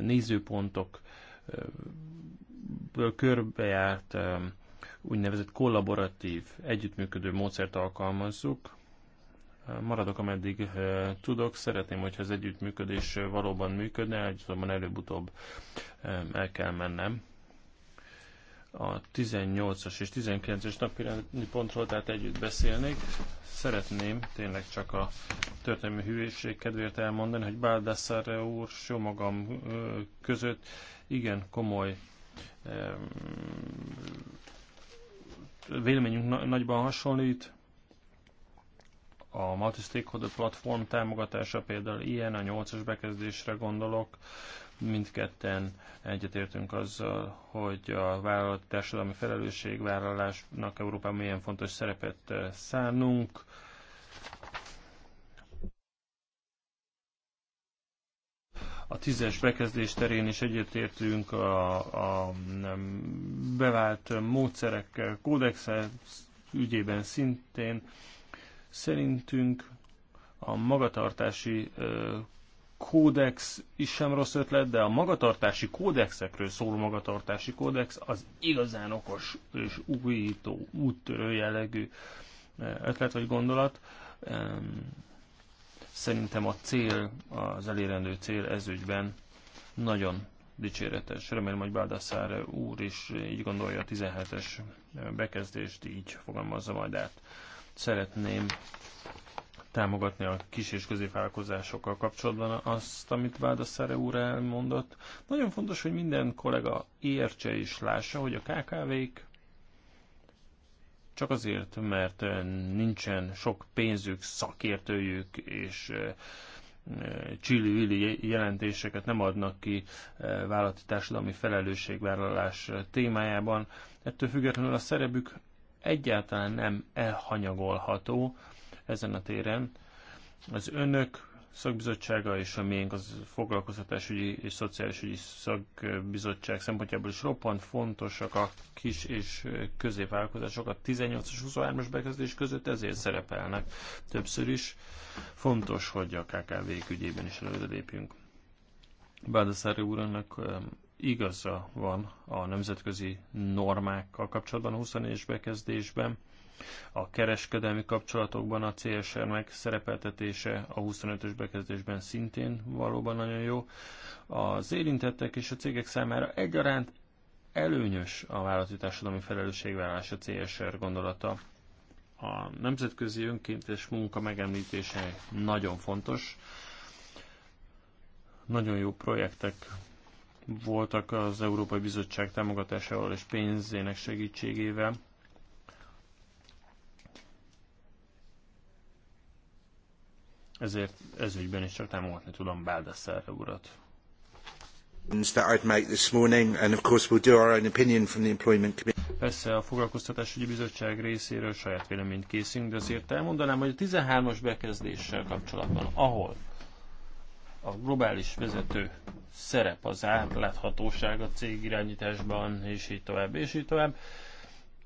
nézőpontok körbejárt úgynevezett kollaboratív, együttműködő módszert alkalmazzuk, Maradok, ameddig eh, tudok. Szeretném, hogyha az együttműködés eh, valóban működne, azonban előbb-utóbb eh, el kell mennem a 18-as és 19-es napirendi pontról, tehát együtt beszélnék. Szeretném tényleg csak a történelmi hűvéség kedvéért elmondani, hogy Baldassare úr, jó magam között igen komoly véleményünk nagyban hasonlít, a multi-stakeholder platform támogatása, például ilyen a nyolcas bekezdésre gondolok, mindketten egyetértünk azzal, hogy a vállalati társadalmi felelősségvállalásnak Európában milyen fontos szerepet eh, szánunk. A tízes bekezdés terén is egyetértünk a, a bevált módszerek kódexe ügyében szintén Szerintünk a magatartási kódex is sem rossz ötlet, de a magatartási kódexekről szóló magatartási kódex az igazán okos és újító, úttörő jellegű ötlet vagy gondolat. Szerintem a cél, az elérendő cél ezügyben nagyon dicséretes. Remélem, hogy Baldassar úr is így gondolja a 17-es bekezdést, így fogalmazza majd át szeretném támogatni a kis és középvállalkozásokkal kapcsolatban azt, amit Szere úr elmondott. Nagyon fontos, hogy minden kollega értse és lássa, hogy a KKV-k csak azért, mert eh, nincsen sok pénzük, szakértőjük és eh, eh, csili-vili jelentéseket nem adnak ki vállalati társadalmi felelősségvállalás témájában. Ettől függetlenül a szerepük egyáltalán nem elhanyagolható ezen a téren. Az önök szakbizottsága és a miénk az foglalkoztatásügyi és szociális ügyi szakbizottság szempontjából is roppant fontosak a kis és középvállalkozások. A 18 és 23-as bekezdés között ezért szerepelnek többször is. Fontos, hogy a KKV-k ügyében is előre lépjünk. Bádaszári úrnak igaza van a nemzetközi normákkal kapcsolatban a 24-es bekezdésben, a kereskedelmi kapcsolatokban a CSR megszerepeltetése a 25-ös bekezdésben szintén valóban nagyon jó. Az érintettek és a cégek számára egyaránt előnyös a vállalati társadalmi felelősségvállalás a CSR gondolata. A nemzetközi önkéntes munka megemlítése nagyon fontos. Nagyon jó projektek voltak az Európai Bizottság támogatásával és pénzének segítségével. Ezért ez ügyben is csak támogatni tudom Báldaszára urat. Persze a Foglalkoztatásügyi Bizottság részéről saját véleményt készünk, de azért elmondanám, hogy a 13-as bekezdéssel kapcsolatban, ahol a globális vezető szerep, az átláthatóság a cég irányításban, és így tovább, és így tovább.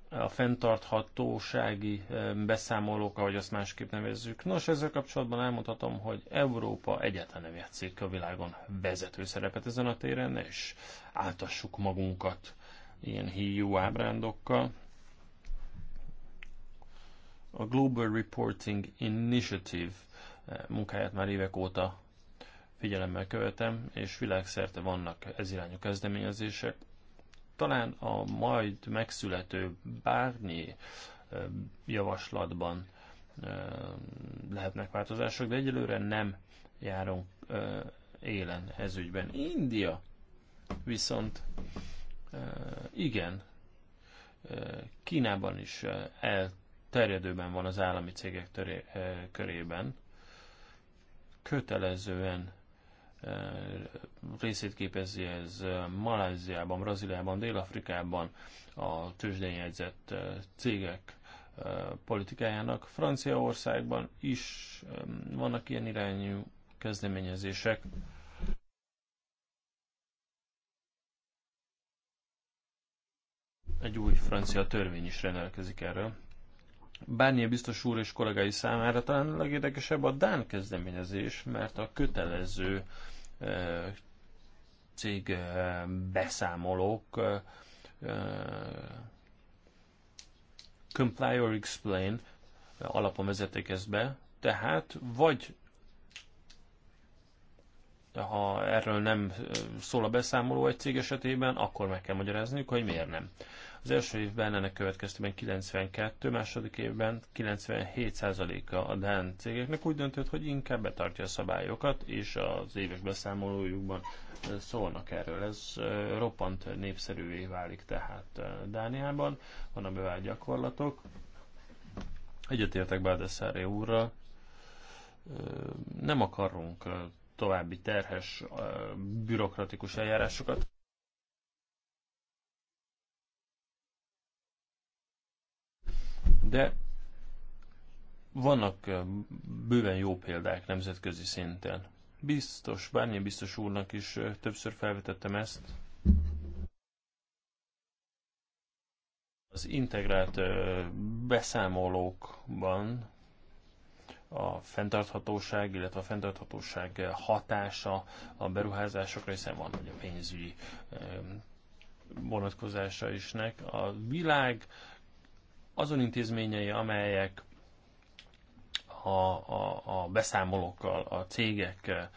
A fenntarthatósági eh, beszámolók, ahogy azt másképp nevezzük. Nos, ezzel kapcsolatban elmondhatom, hogy Európa egyáltalán nem játszik a világon vezető szerepet ezen a téren, és áltassuk magunkat ilyen híjú ábrándokkal. A Global Reporting Initiative eh, munkáját már évek óta figyelemmel követem, és világszerte vannak ez irányú kezdeményezések. Talán a majd megszülető bárnyi javaslatban lehetnek változások, de egyelőre nem járunk élen ez ügyben. India viszont igen, Kínában is elterjedőben van az állami cégek töré, körében, kötelezően részét képezi ez Maláziában, Brazíliában, Dél-Afrikában a tőzsdén jegyzett cégek politikájának. Franciaországban is vannak ilyen irányú kezdeményezések. Egy új francia törvény is rendelkezik erről. Bárnyi biztos úr és kollégái számára talán a legérdekesebb a Dán kezdeményezés, mert a kötelező cég beszámolók comply or explain alapon vezetik ezt be, tehát vagy ha erről nem szól a beszámoló egy cég esetében, akkor meg kell magyarázniuk, hogy miért nem. Az első évben ennek következtében 92, második évben 97%-a a Dán cégeknek úgy döntött, hogy inkább betartja a szabályokat, és az éves beszámolójukban szólnak erről. Ez roppant népszerűvé válik tehát Dániában, van a bevált gyakorlatok. Egyetértek Bádeszáré úrra. nem akarunk további terhes, bürokratikus eljárásokat. de vannak eh, bőven jó példák nemzetközi szinten. Biztos, bármilyen biztos úrnak is eh, többször felvetettem ezt. Az integrált eh, beszámolókban a fenntarthatóság, illetve a fenntarthatóság hatása a beruházásokra, hiszen van a pénzügyi vonatkozása isnek. A világ azon intézményei, amelyek a, a, a beszámolókkal, a cégek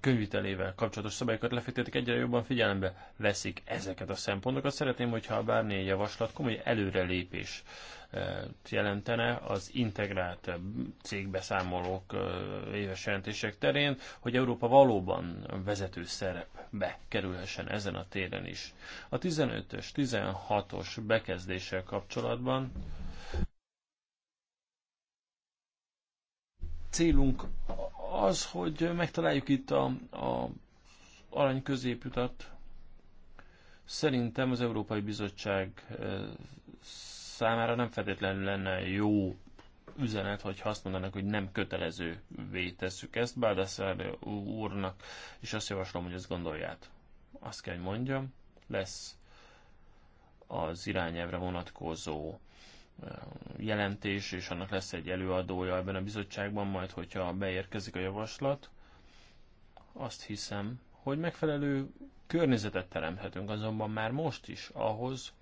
könyvitelével kapcsolatos szabályokat lefektetik, egyre jobban figyelembe veszik ezeket a szempontokat. Szeretném, hogyha bármilyen javaslat komoly előrelépés jelentene az integrált cégbeszámolók éves jelentések terén, hogy Európa valóban vezető szerepbe kerülhessen ezen a téren is. A 15-ös, 16-os bekezdéssel kapcsolatban célunk az, hogy megtaláljuk itt a, a arany középutat, szerintem az Európai Bizottság eh, számára nem feltétlenül lenne jó üzenet, hogy azt mondanak, hogy nem kötelező tesszük ezt. Báldászer úrnak és azt javaslom, hogy ezt gondolját. Azt kell, hogy mondjam, lesz az irányelvre vonatkozó jelentés, és annak lesz egy előadója ebben a bizottságban, majd hogyha beérkezik a javaslat. Azt hiszem, hogy megfelelő környezetet teremthetünk azonban már most is ahhoz,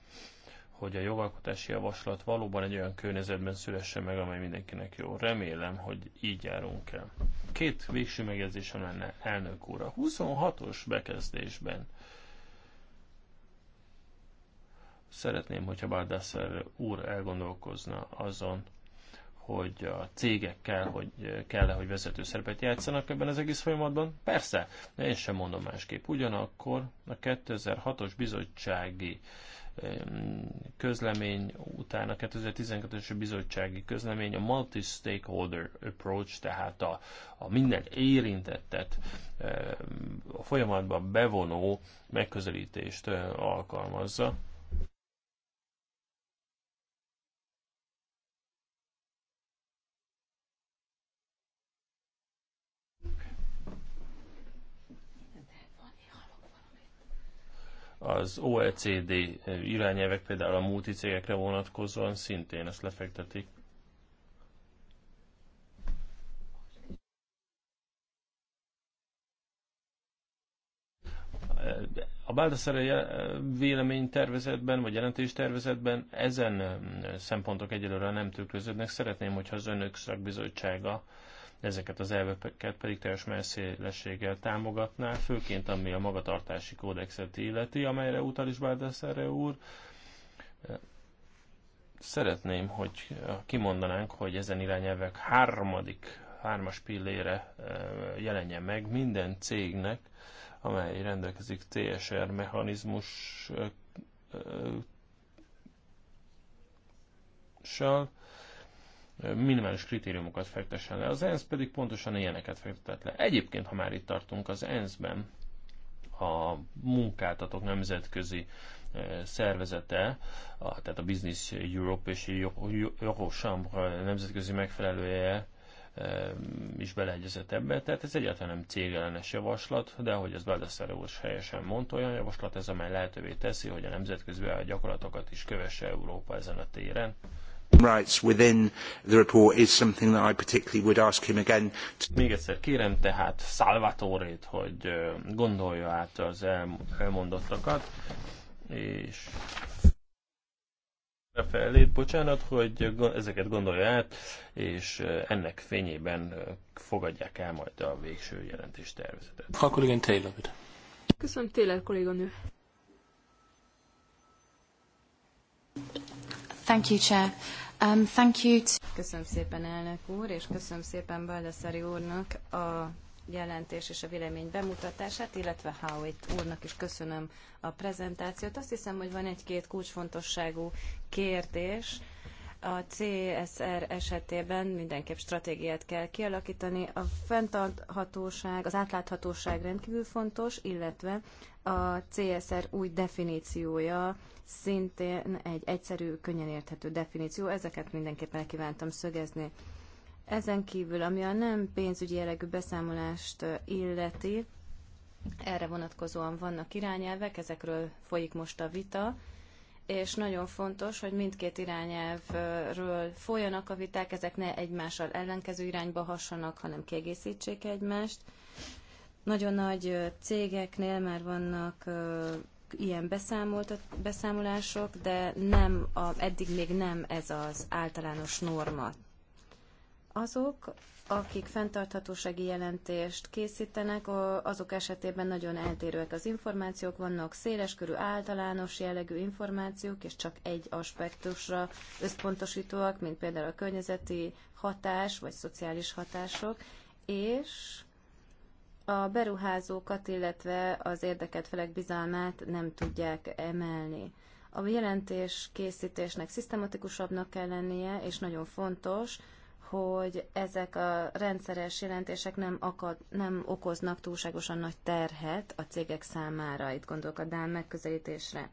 hogy a jogalkotási javaslat valóban egy olyan környezetben szülesse meg, amely mindenkinek jó. Remélem, hogy így járunk el. Két végső megjegyzésem lenne, elnök úr. A 26-os bekezdésben Szeretném, hogyha Baldasser úr elgondolkozna azon, hogy a cégek kell, hogy kell-e, hogy vezető szerepet játszanak ebben az egész folyamatban? Persze, de én sem mondom másképp. Ugyanakkor a 2006-os bizottsági közlemény után a 2012-es bizottsági közlemény a multi-stakeholder approach, tehát a, a minden érintettet a folyamatban bevonó megközelítést alkalmazza. Az OECD irányelvek például a multicégekre vonatkozóan szintén ezt lefektetik. A Báldaszerre véleménytervezetben, vagy jelentéstervezetben ezen szempontok egyelőre nem tükröződnek. Szeretném, hogyha az önök szakbizottsága ezeket az elveket pedig teljes messzélességgel támogatná, főként ami a magatartási kódexet illeti, amelyre utal is Bárdeszere úr. Szeretném, hogy kimondanánk, hogy ezen irányelvek harmadik, hármas pillére eh, jelenjen meg minden cégnek, amely rendelkezik TSR mechanizmus minimális kritériumokat fektessen le. Az ENSZ pedig pontosan ilyeneket fektetett le. Egyébként, ha már itt tartunk, az ENSZ-ben a munkáltatók nemzetközi e, szervezete, a, tehát a Business Europe és Eurochambre nemzetközi megfelelője e, is beleegyezett ebbe, tehát ez egyáltalán nem cégellenes javaslat, de ahogy az Baldassare úr helyesen mondta, olyan javaslat ez, amely lehetővé teszi, hogy a nemzetközi gyakorlatokat is kövesse Európa ezen a téren rights within the report is something that I particularly would ask him again. Még egyszer kérem tehát Salvatorét, hogy gondolja át az elmondottakat, és felét, bocsánat, hogy ezeket gondolja át, és ennek fényében fogadják el majd a végső jelentés tervezetet. Ha kollégán Taylor. Köszönöm, Taylor kolléganő. Thank you, Chair. Um, thank you to... Köszönöm szépen, elnök úr, és köszönöm szépen Baldessari úrnak a jelentés és a vélemény bemutatását, illetve Howitt úrnak is köszönöm a prezentációt. Azt hiszem, hogy van egy-két kulcsfontosságú kérdés, a CSR esetében mindenképp stratégiát kell kialakítani. A fenntarthatóság, az átláthatóság rendkívül fontos, illetve a CSR új definíciója szintén egy egyszerű, könnyen érthető definíció. Ezeket mindenképpen kívántam szögezni. Ezen kívül, ami a nem pénzügyi jellegű beszámolást illeti, erre vonatkozóan vannak irányelvek, ezekről folyik most a vita és nagyon fontos, hogy mindkét irányelvről folyanak a viták, ezek ne egymással ellenkező irányba hassanak, hanem kiegészítsék egymást. Nagyon nagy cégeknél már vannak ilyen beszámolások, de nem a, eddig még nem ez az általános norma. Azok, akik fenntarthatósági jelentést készítenek, azok esetében nagyon eltérőek az információk, vannak széleskörű általános jellegű információk, és csak egy aspektusra összpontosítóak, mint például a környezeti hatás, vagy szociális hatások, és a beruházókat, illetve az érdeket felek bizalmát nem tudják emelni. A jelentés készítésnek szisztematikusabbnak kell lennie, és nagyon fontos, hogy ezek a rendszeres jelentések nem, akad, nem okoznak túlságosan nagy terhet a cégek számára, itt gondolok a Dán megközelítésre.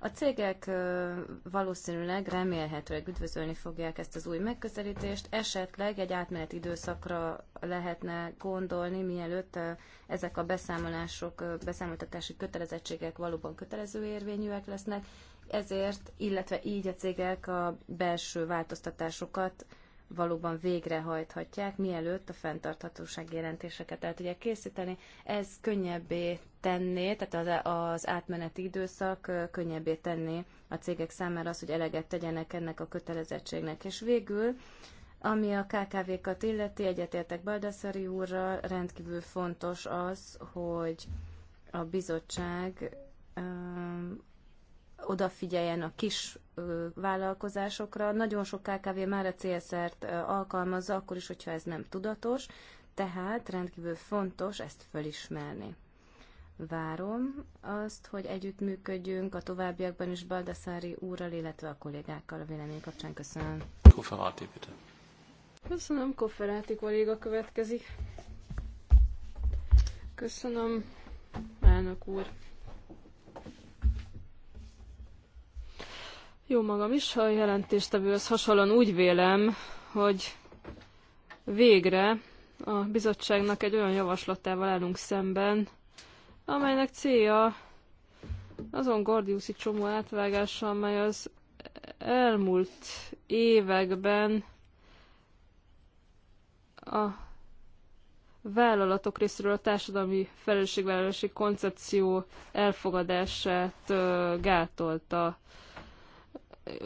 A cégek valószínűleg remélhetőleg üdvözölni fogják ezt az új megközelítést, esetleg egy átmeneti időszakra lehetne gondolni, mielőtt ezek a beszámolások, beszámoltatási kötelezettségek valóban kötelező érvényűek lesznek, ezért, illetve így a cégek a belső változtatásokat valóban végrehajthatják, mielőtt a fenntarthatóság jelentéseket el tudják készíteni. Ez könnyebbé tenné, tehát az, átmeneti időszak könnyebbé tenni a cégek számára az, hogy eleget tegyenek ennek a kötelezettségnek. És végül, ami a KKV-kat illeti, egyetértek Baldassari úrral, rendkívül fontos az, hogy a bizottság odafigyeljen a kis vállalkozásokra. Nagyon sok KKV már a célszert alkalmazza, akkor is, hogyha ez nem tudatos, tehát rendkívül fontos ezt fölismerni. Várom azt, hogy együttműködjünk a továbbiakban is Baldaszári úrral, illetve a kollégákkal a vélemény kapcsán. Köszönöm. Kofferáti, bitte. Köszönöm, Kofferáti kolléga következik. Köszönöm, elnök úr. Jó magam is, a jelentéstevőhöz hasonlóan úgy vélem, hogy végre a bizottságnak egy olyan javaslatával állunk szemben, amelynek célja azon Gordiuszi csomó átvágása, amely az elmúlt években a vállalatok részéről a társadalmi felelősségvállalási koncepció elfogadását gátolta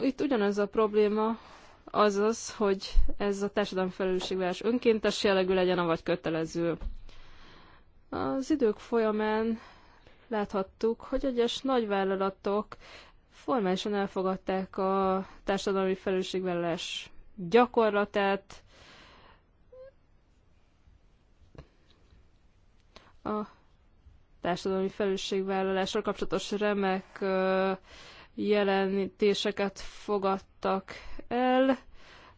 itt ugyanaz a probléma, az az, hogy ez a társadalmi felelősségvállás önkéntes jellegű legyen, vagy kötelező. Az idők folyamán láthattuk, hogy egyes nagyvállalatok formálisan elfogadták a társadalmi felelősségvállás gyakorlatát, a társadalmi felelősségvállalásra kapcsolatos remek uh, jelentéseket fogadtak el,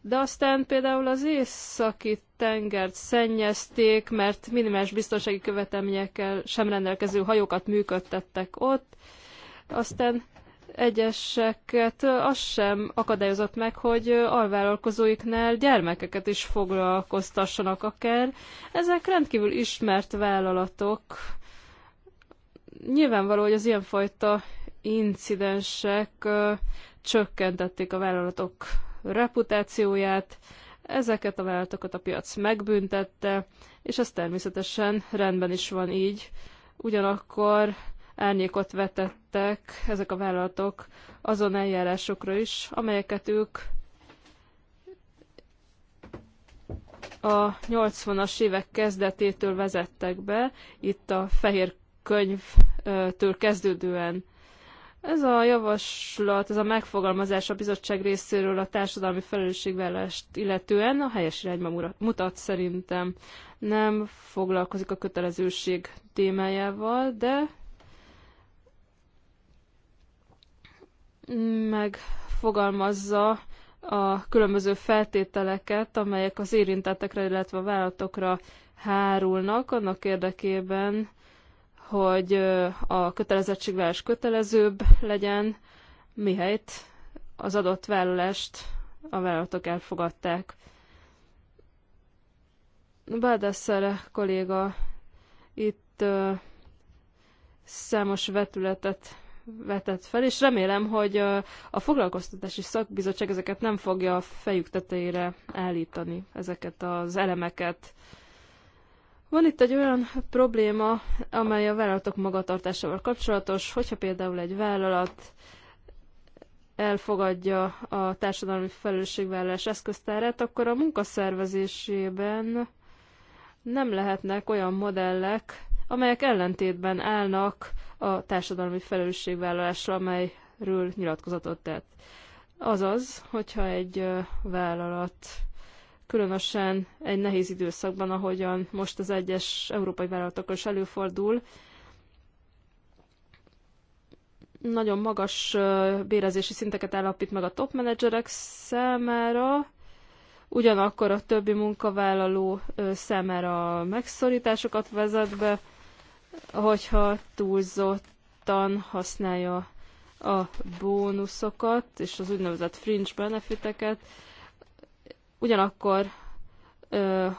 de aztán például az északi tengert szennyezték, mert minimális biztonsági követelményekkel sem rendelkező hajókat működtettek ott. Aztán egyeseket az sem akadályozott meg, hogy alvállalkozóiknál gyermekeket is foglalkoztassanak akár. Ezek rendkívül ismert vállalatok. Nyilvánvaló, hogy az ilyenfajta incidensek csökkentették a vállalatok reputációját, ezeket a vállalatokat a piac megbüntette, és ez természetesen rendben is van így. Ugyanakkor árnyékot vetettek ezek a vállalatok azon eljárásokra is, amelyeket ők a 80-as évek kezdetétől vezettek be, itt a fehér könyvtől kezdődően. Ez a javaslat, ez a megfogalmazás a bizottság részéről a társadalmi felelősségvállást illetően a helyes irányba mutat szerintem. Nem foglalkozik a kötelezőség témájával, de megfogalmazza a különböző feltételeket, amelyek az érintettekre, illetve a vállalatokra hárulnak annak érdekében, hogy a kötelezettségvállalás kötelezőbb legyen, mihelyt az adott vállalást a vállalatok elfogadták. Bádászere kolléga itt ö, számos vetületet vetett fel, és remélem, hogy ö, a foglalkoztatási szakbizottság ezeket nem fogja a fejük tetejére állítani, ezeket az elemeket. Van itt egy olyan probléma, amely a vállalatok magatartásával kapcsolatos, hogyha például egy vállalat elfogadja a társadalmi felelősségvállalás eszköztárát, akkor a munkaszervezésében nem lehetnek olyan modellek, amelyek ellentétben állnak a társadalmi felelősségvállalásra, amelyről nyilatkozatot tett. Azaz, hogyha egy vállalat különösen egy nehéz időszakban, ahogyan most az egyes európai vállalatokon is előfordul, nagyon magas bérezési szinteket állapít meg a top menedzserek számára, ugyanakkor a többi munkavállaló számára megszorításokat vezet be, hogyha túlzottan használja a bónuszokat és az úgynevezett fringe benefiteket, ugyanakkor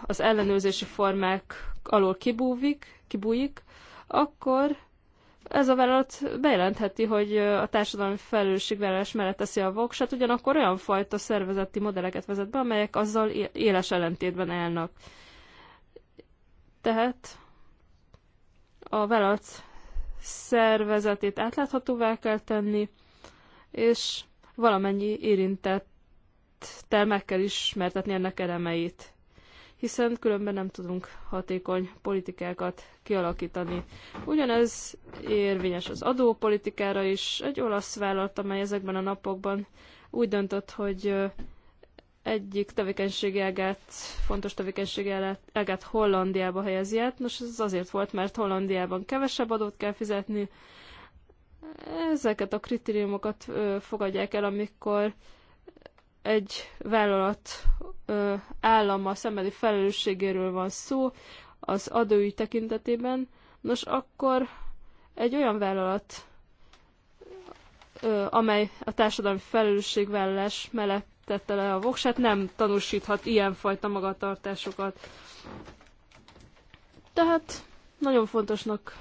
az ellenőrzési formák alól kibúvik, kibújik, akkor ez a vállalat bejelentheti, hogy a társadalmi felelősségvállalás mellett teszi a voksát, ugyanakkor olyan fajta szervezeti modelleket vezet be, amelyek azzal éles ellentétben állnak. Tehát a vállalat szervezetét átláthatóvá kell tenni, és valamennyi érintett tel meg kell ismertetni ennek elemeit, hiszen különben nem tudunk hatékony politikákat kialakítani. Ugyanez érvényes az adópolitikára is. Egy olasz vállalat, amely ezekben a napokban úgy döntött, hogy egyik tevékenységi ágát, fontos tevékenységi ágát Hollandiába helyezi át. Nos, ez azért volt, mert Hollandiában kevesebb adót kell fizetni. Ezeket a kritériumokat fogadják el, amikor egy vállalat ö, állama szembeni felelősségéről van szó az adóügy tekintetében, nos akkor egy olyan vállalat, ö, amely a társadalmi felelősségvállalás mellett tette le a voksát, nem tanúsíthat ilyenfajta magatartásokat. Tehát nagyon fontosnak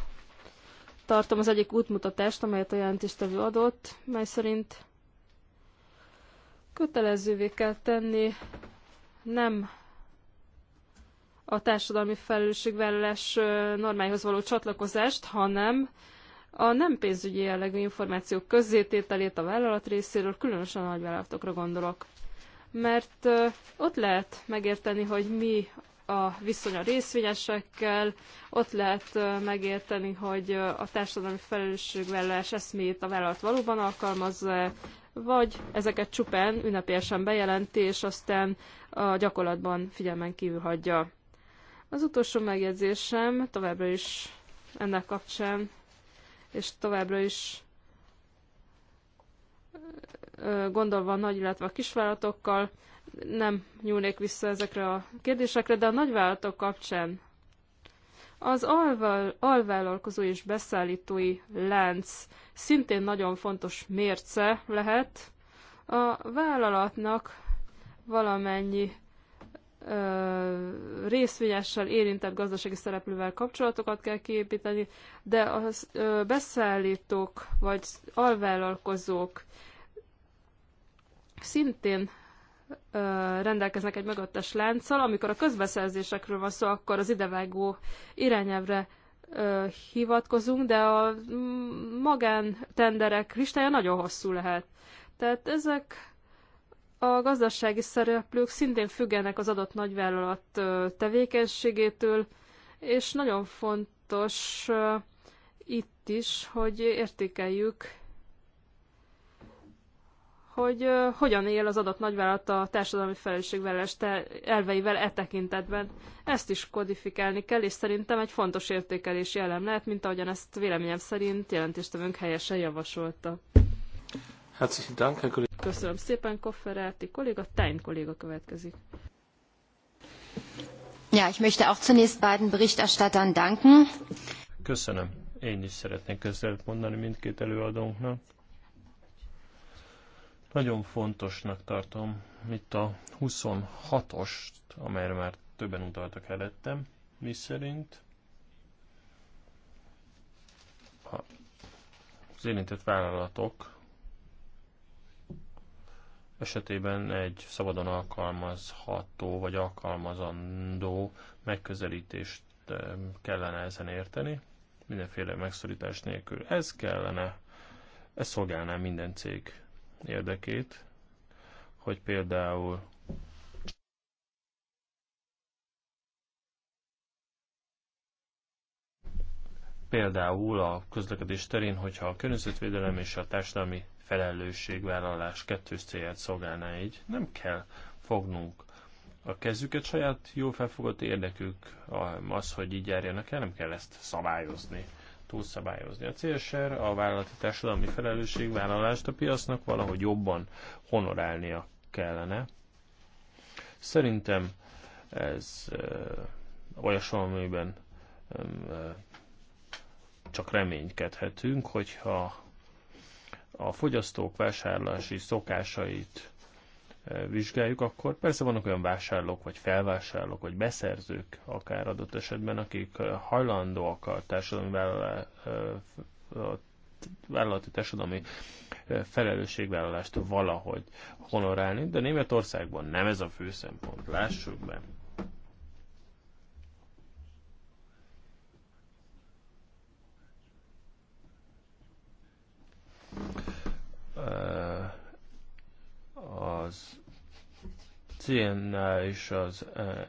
tartom az egyik útmutatást, amelyet a jelentéstevő adott, mely szerint kötelezővé kell tenni nem a társadalmi felelősségvállalás normáihoz való csatlakozást, hanem a nem pénzügyi jellegű információk közzétételét a vállalat részéről, különösen a nagyvállalatokra gondolok. Mert ott lehet megérteni, hogy mi a viszony a részvényesekkel, ott lehet megérteni, hogy a társadalmi felelősségvállalás eszmét a vállalat valóban alkalmazza, vagy ezeket csupán ünnepélyesen bejelenti, és aztán a gyakorlatban figyelmen kívül hagyja. Az utolsó megjegyzésem továbbra is ennek kapcsán, és továbbra is gondolva a nagy, illetve a kisvállalatokkal, nem nyúlnék vissza ezekre a kérdésekre, de a nagyvállalatok kapcsán az alvállalkozó és beszállítói lánc szintén nagyon fontos mérce lehet. A vállalatnak valamennyi ö, részvényessel érintett gazdasági szereplővel kapcsolatokat kell kiépíteni, de a beszállítók vagy alvállalkozók szintén rendelkeznek egy mögöttes lánccal. Amikor a közbeszerzésekről van szó, akkor az idevágó irányelvre hivatkozunk, de a magántenderek listája nagyon hosszú lehet. Tehát ezek a gazdasági szereplők szintén függenek az adott nagyvállalat tevékenységétől, és nagyon fontos itt is, hogy értékeljük hogy hogyan él az adott nagyvállalat a társadalmi felelősségvállalás elveivel e tekintetben. Ezt is kodifikálni kell, és szerintem egy fontos értékelési elem lehet, mint ahogyan ezt véleményem szerint jelentéstevőnk helyesen javasolta. Herzlichen Dank, Herr Kollege. Köszönöm szépen, Kofferáti kolléga. Tein kolléga következik. Ja, ich möchte auch zunächst beiden Berichterstattern danken. Köszönöm. Én is szeretnék köszönet mondani mindkét előadónknak. Nagyon fontosnak tartom itt a 26-ost, amelyre már többen utaltak előttem, mi szerint az érintett vállalatok esetében egy szabadon alkalmazható vagy alkalmazandó megközelítést kellene ezen érteni, mindenféle megszorítás nélkül. Ez kellene, ez szolgálná minden cég érdekét, hogy például például a közlekedés terén, hogyha a környezetvédelem és a társadalmi felelősségvállalás kettős célját szolgálná így, nem kell fognunk a kezüket, saját jó felfogott érdekük az, hogy így járjanak el, nem kell ezt szabályozni túlszabályozni. A CSR a vállalati társadalmi felelősségvállalást a piacnak valahogy jobban honorálnia kellene. Szerintem ez olyasmi, amiben csak reménykedhetünk, hogyha a fogyasztók vásárlási szokásait vizsgáljuk, akkor persze vannak olyan vásárlók, vagy felvásárlók, vagy beszerzők akár adott esetben, akik hajlandóak a társadalmi vállalati társadalmi felelősségvállalást valahogy honorálni, de Németországban nem ez a fő szempont. Lássuk be! Uh az cn és az eh,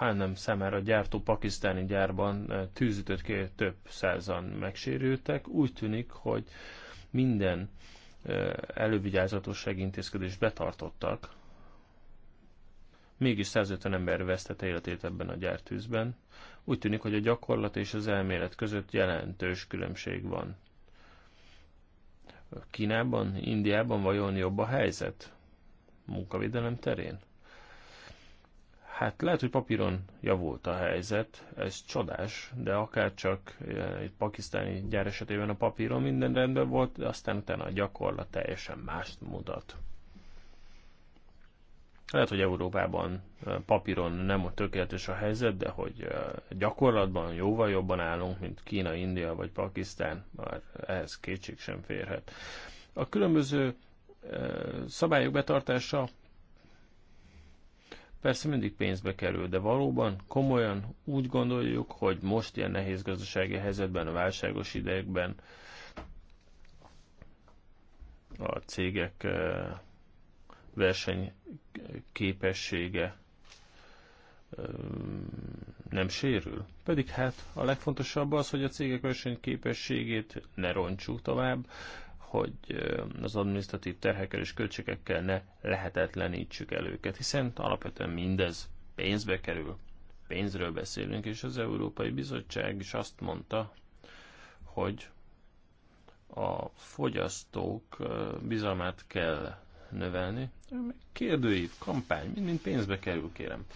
eh, szemer a gyártó pakisztáni gyárban eh, tűzütött ki, több százan megsérültek. Úgy tűnik, hogy minden elővigyázatosság intézkedést betartottak. Mégis 150 ember vesztette életét ebben a gyártűzben. Úgy tűnik, hogy a gyakorlat és az elmélet között jelentős különbség van. Kínában, Indiában vajon jobb a helyzet munkavédelem terén? Hát lehet, hogy papíron javult a helyzet, ez csodás, de akár csak egy eh, pakisztáni gyár esetében a papíron minden rendben volt, de aztán utána a gyakorlat teljesen mást mutat. Lehet, hogy Európában papíron nem a tökéletes a helyzet, de hogy gyakorlatban jóval jobban állunk, mint Kína, India vagy Pakisztán, már ehhez kétség sem férhet. A különböző szabályok betartása persze mindig pénzbe kerül, de valóban komolyan úgy gondoljuk, hogy most ilyen nehéz gazdasági helyzetben, a válságos idejekben a cégek képessége nem sérül. Pedig hát a legfontosabb az, hogy a cégek versenyképességét ne roncsuk tovább, hogy az adminisztratív terhekkel és költségekkel ne lehetetlenítsük el őket, hiszen alapvetően mindez pénzbe kerül. Pénzről beszélünk, és az Európai Bizottság is azt mondta, hogy a fogyasztók bizalmát kell növelni. Kérdőív, kampány, mind pénzbe kerül, kérem.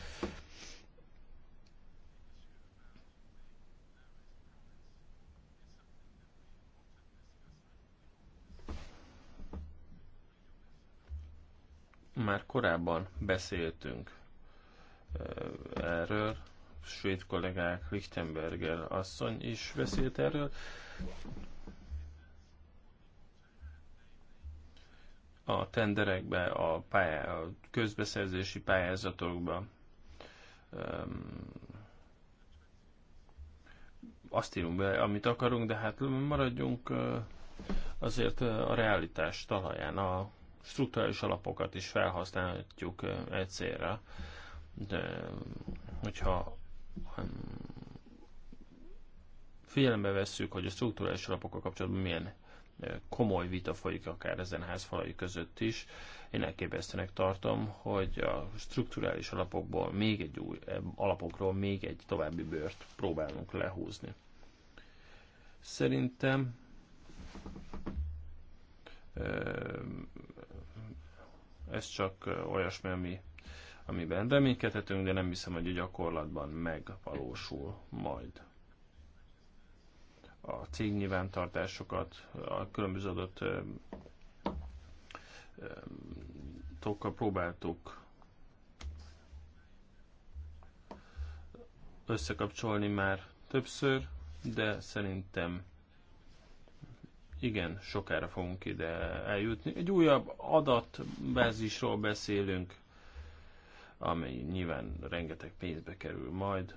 Már korábban beszéltünk erről, svéd kollégák, Lichtenberger asszony is beszélt erről. a tenderekbe, a, pályá, a közbeszerzési pályázatokba. Azt írunk be, amit akarunk, de hát maradjunk azért a realitás talaján. A struktúrális alapokat is felhasználhatjuk egy célra. De, hogyha figyelembe vesszük, hogy a struktúrális alapokkal kapcsolatban milyen komoly vita folyik akár ezen házfalai között is. Én elképesztőnek tartom, hogy a strukturális alapokból még egy új eh, alapokról még egy további bört próbálunk lehúzni. Szerintem eh, ez csak eh, olyasmi, ami, amiben reménykedhetünk, de nem hiszem, hogy a gyakorlatban megvalósul majd a cég nyilvántartásokat, a különböző adott tokkal próbáltuk összekapcsolni már többször, de szerintem igen, sokára fogunk ide eljutni. Egy újabb adatbázisról beszélünk, amely nyilván rengeteg pénzbe kerül majd.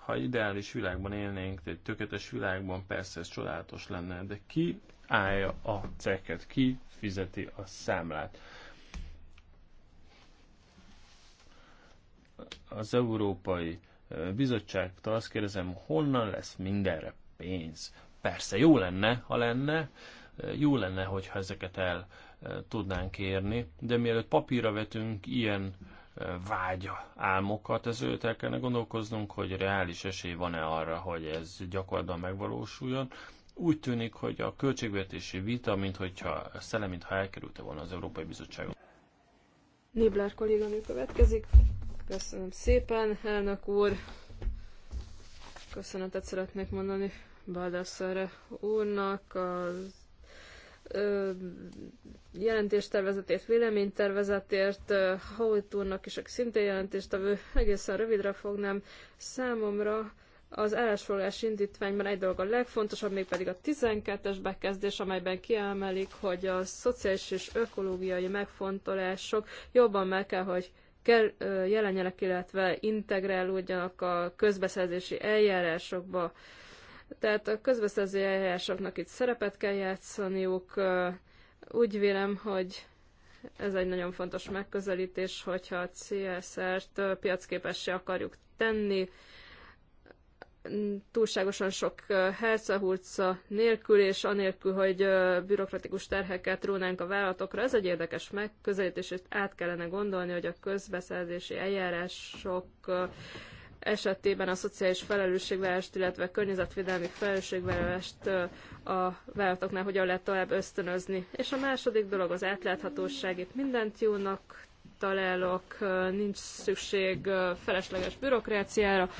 Ha ideális világban élnénk, egy tökéletes világban persze ez csodálatos lenne, de ki állja a ceket, ki fizeti a számlát? Az Európai bizottság azt kérdezem, honnan lesz mindenre pénz? Persze jó lenne, ha lenne, jó lenne, hogyha ezeket el tudnánk érni, de mielőtt papírra vetünk ilyen uh, vágya, álmokat, őt el kellene gondolkoznunk, hogy reális esély van-e arra, hogy ez gyakorlatban megvalósuljon. Úgy tűnik, hogy a költségvetési vita, mint hogyha szele, mintha elkerülte volna az Európai Bizottságon. Niblár kolléganő következik. Köszönöm szépen, elnök úr. Köszönetet szeretnék mondani Baldasszere úrnak, az jelentéstervezetért, véleménytervezetért, Howitt úrnak is, aki szintén jelentéstevő, egészen rövidre fognám számomra. Az állásfoglalási indítványban egy dolog a legfontosabb, mégpedig a 12-es bekezdés, amelyben kiemelik, hogy a szociális és ökológiai megfontolások jobban meg kell, hogy kell, jelenjenek, illetve integrálódjanak a közbeszerzési eljárásokba. Tehát a közbeszerző eljárásoknak itt szerepet kell játszaniuk. Úgy vélem, hogy ez egy nagyon fontos megközelítés, hogyha a CSR-t piacképessé akarjuk tenni, túlságosan sok hercehurca nélkül, és anélkül, hogy bürokratikus terheket rónánk a vállalatokra. Ez egy érdekes megközelítés, és át kellene gondolni, hogy a közbeszerzési eljárások esetében a szociális felelősségvállalást, illetve környezetvédelmi felelősségvállalást a vállalatoknál hogyan lehet tovább ösztönözni. És a második dolog az átláthatóság. Itt mindent jónak találok, nincs szükség felesleges bürokráciára.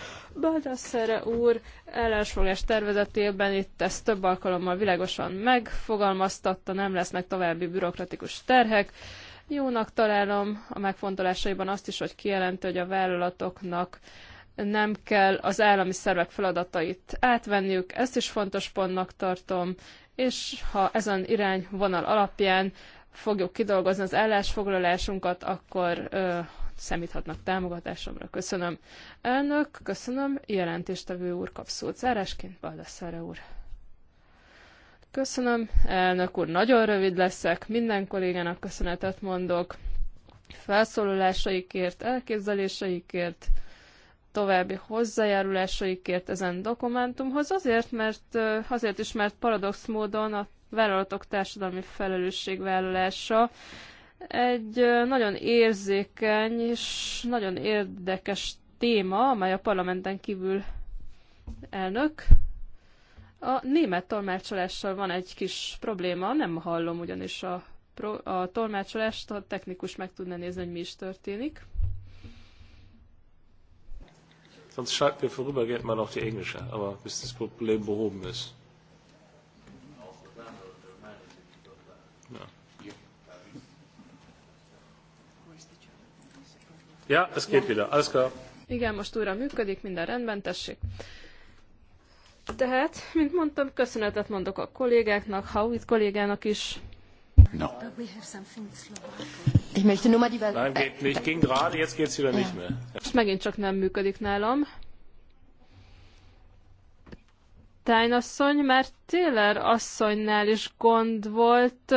Baldasszere úr ellensfogás tervezetében itt ezt több alkalommal világosan megfogalmaztatta, nem lesznek további bürokratikus terhek. Jónak találom a megfontolásaiban azt is, hogy kijelenti, hogy a vállalatoknak nem kell az állami szervek feladatait átvenniük, ezt is fontos pontnak tartom, és ha ezen irányvonal alapján fogjuk kidolgozni az állásfoglalásunkat, akkor ö, számíthatnak támogatásomra. Köszönöm. Elnök, köszönöm. Jelentéstevő úr kap szót. Zárásként Baldasszere úr. Köszönöm. Elnök úr, nagyon rövid leszek. Minden kollégának köszönetet mondok. Felszólalásaikért, elképzeléseikért további hozzájárulásaikért ezen dokumentumhoz, azért, mert, azért is, mert paradox módon a vállalatok társadalmi felelősségvállalása egy nagyon érzékeny és nagyon érdekes téma, amely a parlamenten kívül elnök. A német tolmácsolással van egy kis probléma, nem hallom ugyanis a, a tolmácsolást, a technikus meg tudna nézni, hogy mi is történik. Sonst schreibt mir vorübergehend mal noch die englische, aber bis das Problem behoben ist. Ja, es geht wieder. Alles klar. Igen, most újra működik, minden rendben, tessék. Tehát, mint mondtam, köszönetet mondok a kollégáknak, Howitt kollégának is. No. Ich möchte nur mal die Welt. Nein, geht nicht. Ging gerade, jetzt geht's wieder nicht mehr. Most megint csak nem működik nálam. Tájnasszony, mert Taylor asszonynál is gond volt.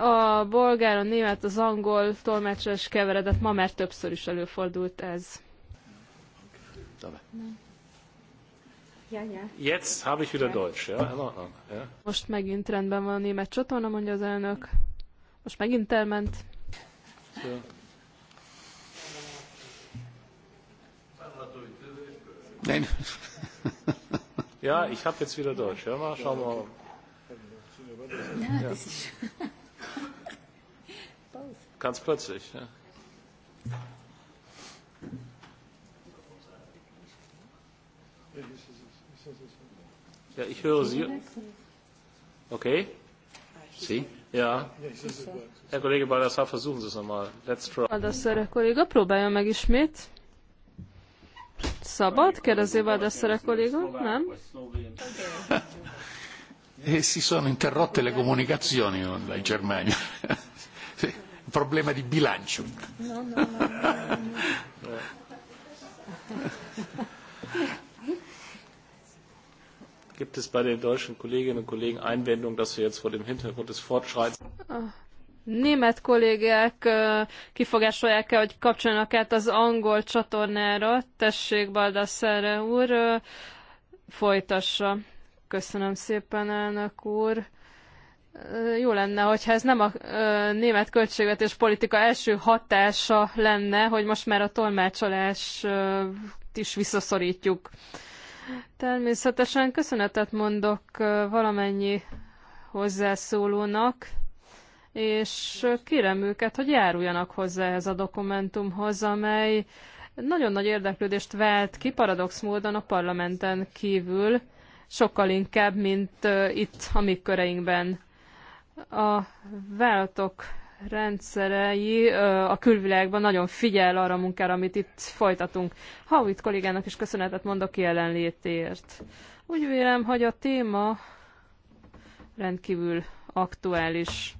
A bolgár, a német, az angol tolmácsra keveredett. Ma már többször is előfordult ez. Jetzt habe ich wieder Deutsch, ja? Most megint rendben van a német csatorna, mondja az elnök. Most megint elment. Nein. ja, ich habe jetzt wieder Deutsch. Hör mal, schau mal. Ja, das ist Ganz plötzlich. Ja. ja, ich höre Sie. Okay. Ah, Sie? Sí. Ja. Herr Kollege Baldassar, versuchen Sie es nochmal. Let's try. Baldassar, kolléga, próbálja meg ismét. Szabad? Kérdezi Baldassar, kolléga? Nem? E si sono interrotte le comunicazioni oh, in Germania. Problema di bilancio. no. no, no. Gibt es bei den deutschen Kolleginnen und Kollegen Einwendungen, dass wir jetzt vor dem Hintergrund des Fortschreitens... Ah, német kollégák kifogásolják-e, hogy kapcsoljanak át az angol csatornára? Tessék, Baldassare úr, folytassa. Köszönöm szépen, elnök úr jó lenne, hogyha ez nem a német költségvetés politika első hatása lenne, hogy most már a tolmácsolást is visszaszorítjuk. Természetesen köszönetet mondok valamennyi hozzászólónak, és kérem őket, hogy járuljanak hozzá ez a dokumentumhoz, amely nagyon nagy érdeklődést vált ki paradox módon a parlamenten kívül, sokkal inkább, mint itt a mi köreinkben. A vállalatok rendszerei a külvilágban nagyon figyel arra a munkára, amit itt folytatunk. Howitt kollégának is köszönetet mondok jelenlétért. Úgy vélem, hogy a téma rendkívül aktuális,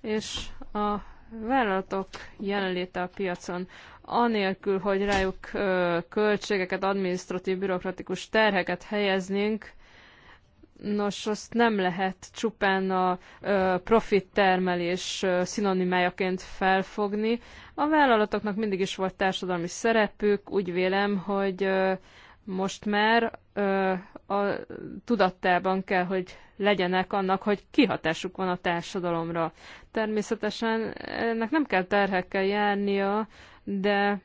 és a vállalatok jelenléte a piacon, anélkül, hogy rájuk költségeket, adminisztratív, bürokratikus terheket helyeznénk, Nos, azt nem lehet csupán a profit termelés szinonimájaként felfogni. A vállalatoknak mindig is volt társadalmi szerepük, úgy vélem, hogy most már a tudattában kell, hogy legyenek annak, hogy kihatásuk van a társadalomra. Természetesen ennek nem kell terhekkel járnia, de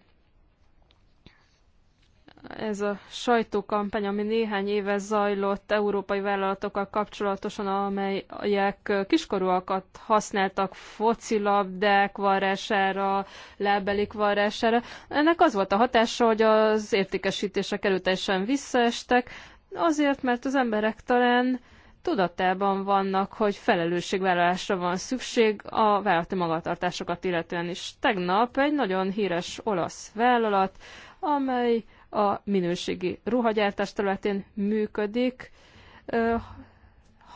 ez a sajtókampány, ami néhány éve zajlott európai vállalatokkal kapcsolatosan, amelyek kiskorúakat használtak focilabdák varrására, lábelik varrására. Ennek az volt a hatása, hogy az értékesítések előteljesen visszaestek, azért, mert az emberek talán tudatában vannak, hogy felelősségvállalásra van szükség a vállalati magatartásokat illetően is. Tegnap egy nagyon híres olasz vállalat, amely a minőségi ruhagyártás területén működik.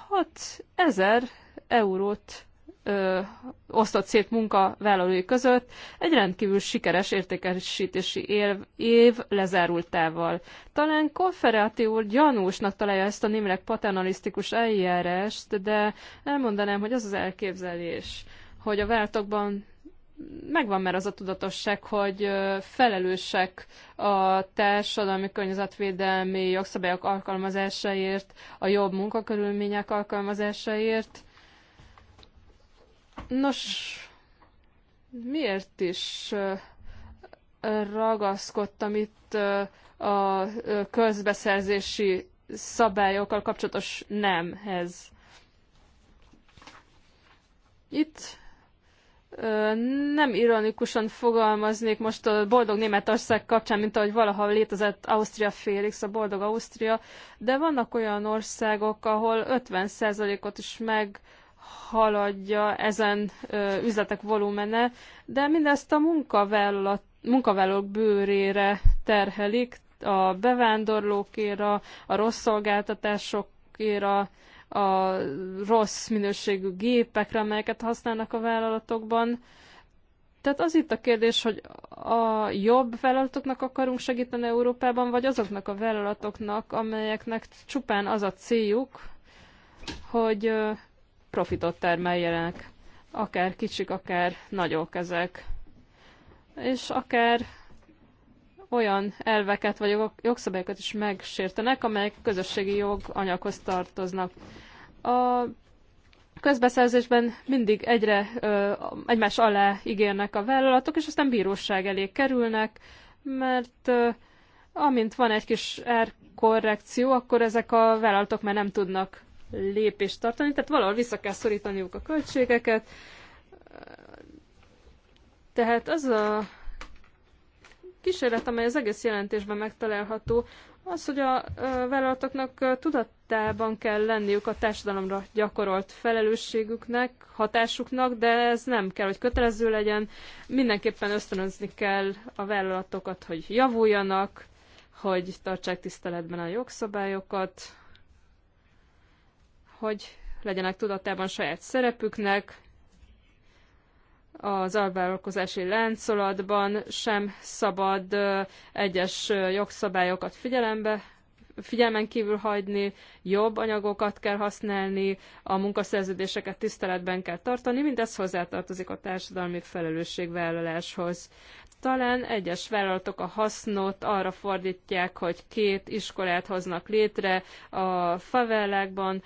6 ezer eurót ö, osztott szét munkavállalói között egy rendkívül sikeres értékesítési év, év lezárultával. Talán Kofferáti úr gyanúsnak találja ezt a némileg paternalisztikus eljárást, de elmondanám, hogy az az elképzelés, hogy a váltokban megvan már az a tudatosság, hogy felelősek a társadalmi környezetvédelmi jogszabályok alkalmazásáért, a jobb munkakörülmények alkalmazásáért. Nos, miért is ragaszkodtam itt a közbeszerzési szabályokkal kapcsolatos nemhez? Itt nem ironikusan fogalmaznék most a boldog Németország kapcsán, mint ahogy valaha létezett Ausztria Félix, a boldog Ausztria, de vannak olyan országok, ahol 50%-ot is meg haladja ezen ö, üzletek volumene, de mindezt a munkavállalók bőrére terhelik, a bevándorlókéra, a rossz szolgáltatásokéra, a rossz minőségű gépekre, amelyeket használnak a vállalatokban. Tehát az itt a kérdés, hogy a jobb vállalatoknak akarunk segíteni Európában, vagy azoknak a vállalatoknak, amelyeknek csupán az a céljuk, hogy profitot termeljenek, akár kicsik, akár nagyok ezek. És akár olyan elveket vagy jogszabályokat is megsértenek, amelyek közösségi joganyaghoz tartoznak. A közbeszerzésben mindig egyre ö, egymás alá ígérnek a vállalatok, és aztán bíróság elé kerülnek, mert ö, amint van egy kis R-korrekció, akkor ezek a vállalatok már nem tudnak lépést tartani, tehát valahol vissza kell szorítaniuk a költségeket. Tehát az a kísérlet, amely az egész jelentésben megtalálható, az, hogy a vállalatoknak tudatában kell lenniük a társadalomra gyakorolt felelősségüknek, hatásuknak, de ez nem kell, hogy kötelező legyen. Mindenképpen ösztönözni kell a vállalatokat, hogy javuljanak, hogy tartsák tiszteletben a jogszabályokat, hogy legyenek tudatában saját szerepüknek, az alvállalkozási láncolatban sem szabad egyes jogszabályokat figyelembe figyelmen kívül hagyni, jobb anyagokat kell használni, a munkaszerződéseket tiszteletben kell tartani, mindez hozzátartozik a társadalmi felelősségvállaláshoz. Talán egyes vállalatok a hasznot arra fordítják, hogy két iskolát hoznak létre a favellákban,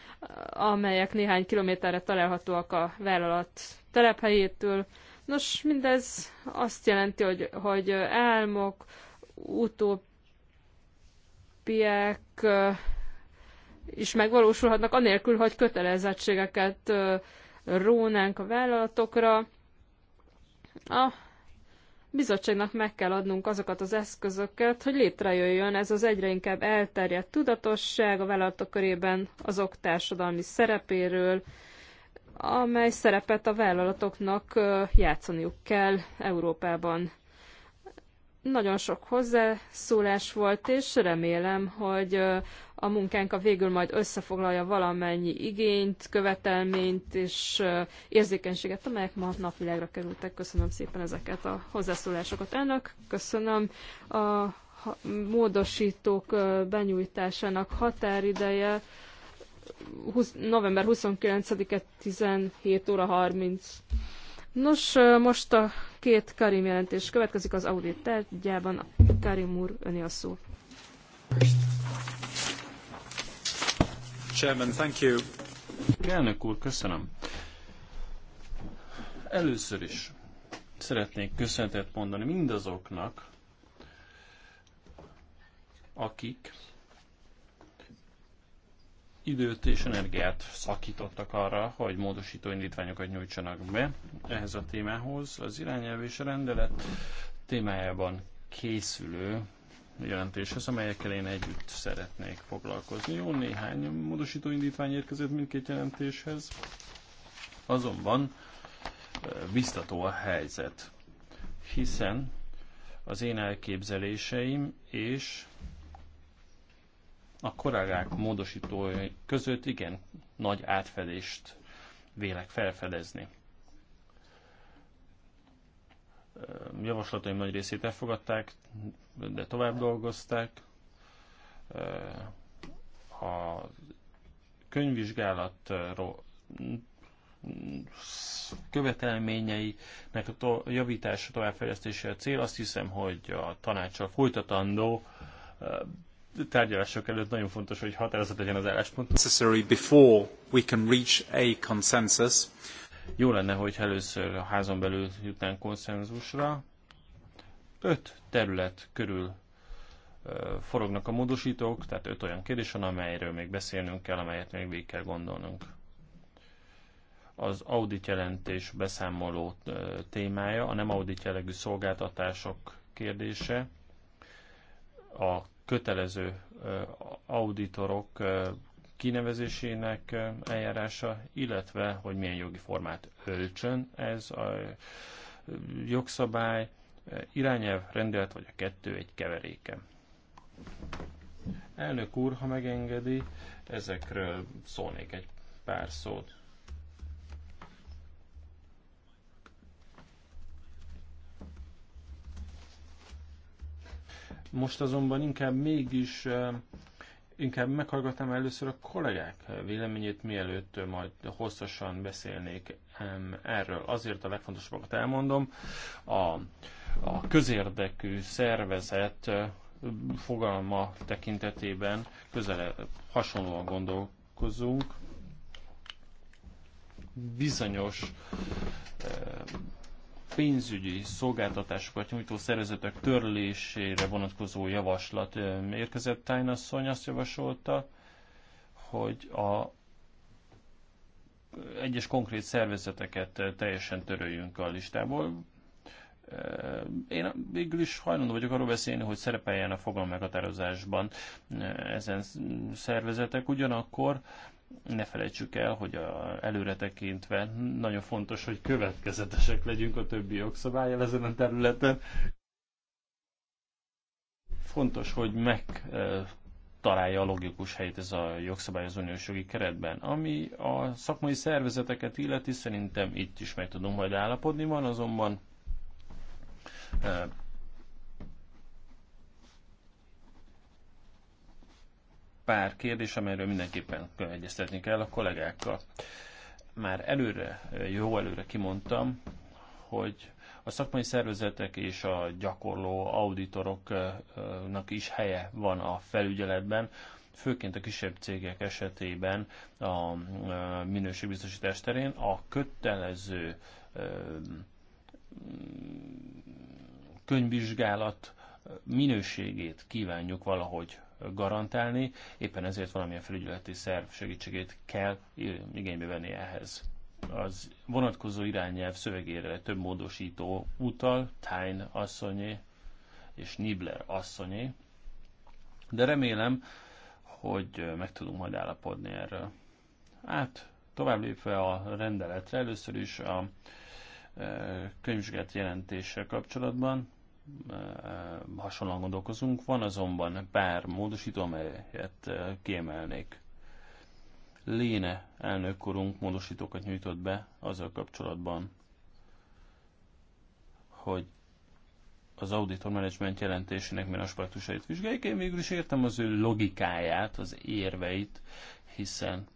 amelyek néhány kilométerre találhatóak a vállalat telephelyétől. Nos, mindez azt jelenti, hogy, hogy álmok, utópiek is megvalósulhatnak, anélkül, hogy kötelezettségeket rónánk a vállalatokra. A bizottságnak meg kell adnunk azokat az eszközöket, hogy létrejöjjön ez az egyre inkább elterjedt tudatosság a vállalatok körében azok társadalmi szerepéről, amely szerepet a vállalatoknak játszaniuk kell Európában. Nagyon sok hozzászólás volt, és remélem, hogy a munkánk a végül majd összefoglalja valamennyi igényt, követelményt és érzékenységet, amelyek ma napvilágra kerültek. Köszönöm szépen ezeket a hozzászólásokat ennek. Köszönöm a módosítók benyújtásának határideje. 20, november 29-e 17 óra 30. Nos, most a két Karim jelentés következik az audit tergyában. Karim úr, öné a szó. Chairman, thank you. Elnök úr, köszönöm. Először is szeretnék köszönetet mondani mindazoknak, akik időt és energiát szakítottak arra, hogy módosító indítványokat nyújtsanak be ehhez a témához. Az irányelv és a rendelet témájában készülő jelentéshez, amelyekkel én együtt szeretnék foglalkozni. Jó néhány módosító indítvány érkezett mindkét jelentéshez, azonban biztató a helyzet, hiszen az én elképzeléseim és a kollégák módosítói között igen nagy átfedést vélek felfedezni. Javaslataim nagy részét elfogadták, de tovább dolgozták. A követelményei, követelményeinek a javítása, továbbfejlesztése a cél. Azt hiszem, hogy a tanácssal folytatandó tárgyalások előtt nagyon fontos, hogy határozott legyen az álláspont. Necessary before we can reach a consensus. Jó lenne, hogy először a házon belül jutnánk konszenzusra. Öt terület körül forognak a módosítók, tehát öt olyan kérdés van, amelyről még beszélnünk kell, amelyet még végig kell gondolnunk. Az audit jelentés beszámoló témája, a nem audit jellegű szolgáltatások kérdése, a kötelező auditorok kinevezésének eljárása, illetve hogy milyen jogi formát öltsön ez a jogszabály, irányelv, rendelet vagy a kettő egy keveréke. Elnök úr, ha megengedi, ezekről szólnék egy pár szót. Most azonban inkább mégis inkább meghallgatnám először a kollégák véleményét, mielőtt majd hosszasan beszélnék erről. Azért a legfontosabbakat elmondom. A, a közérdekű szervezet fogalma tekintetében közel hasonlóan gondolkozunk. Bizonyos pénzügyi szolgáltatásokat nyújtó szervezetek törlésére vonatkozó javaslat érkezett. Tájnasszony azt javasolta, hogy a egyes konkrét szervezeteket teljesen töröljünk a listából. Én végül is hajlandó vagyok arról beszélni, hogy szerepeljen a fogalom ezen szervezetek, ugyanakkor ne felejtsük el, hogy a, előre tekintve nagyon fontos, hogy következetesek legyünk a többi jogszabályjal ezen a területen. Fontos, hogy megtalálja eh, a logikus helyét ez a jogszabály az uniós jogi keretben. Ami a szakmai szervezeteket illeti, szerintem itt is meg tudom majd állapodni. Van azonban eh, pár kérdés, amelyről mindenképpen egyeztetni kell a kollégákkal. Már előre, jó előre kimondtam, hogy a szakmai szervezetek és a gyakorló auditoroknak is helye van a felügyeletben, főként a kisebb cégek esetében a minőségbiztosítás terén a kötelező könyvvizsgálat minőségét kívánjuk valahogy garantálni, éppen ezért valamilyen felügyeleti szerv segítségét kell igénybe venni ehhez. Az vonatkozó irányelv szövegére több módosító utal, Tyne asszonyé és Nibler asszonyé, de remélem, hogy meg tudunk majd állapodni erről. Hát, tovább lépve a rendeletre, először is a e, könyvvizsgált jelentéssel kapcsolatban Eh, hasonlóan gondolkozunk. Van azonban pár módosító, amelyet eh, kiemelnék. Léne elnökkorunk módosítókat nyújtott be azzal kapcsolatban, hogy az auditor management jelentésének milyen aspektusait vizsgáljuk. Én végül is értem az ő logikáját, az érveit, hiszen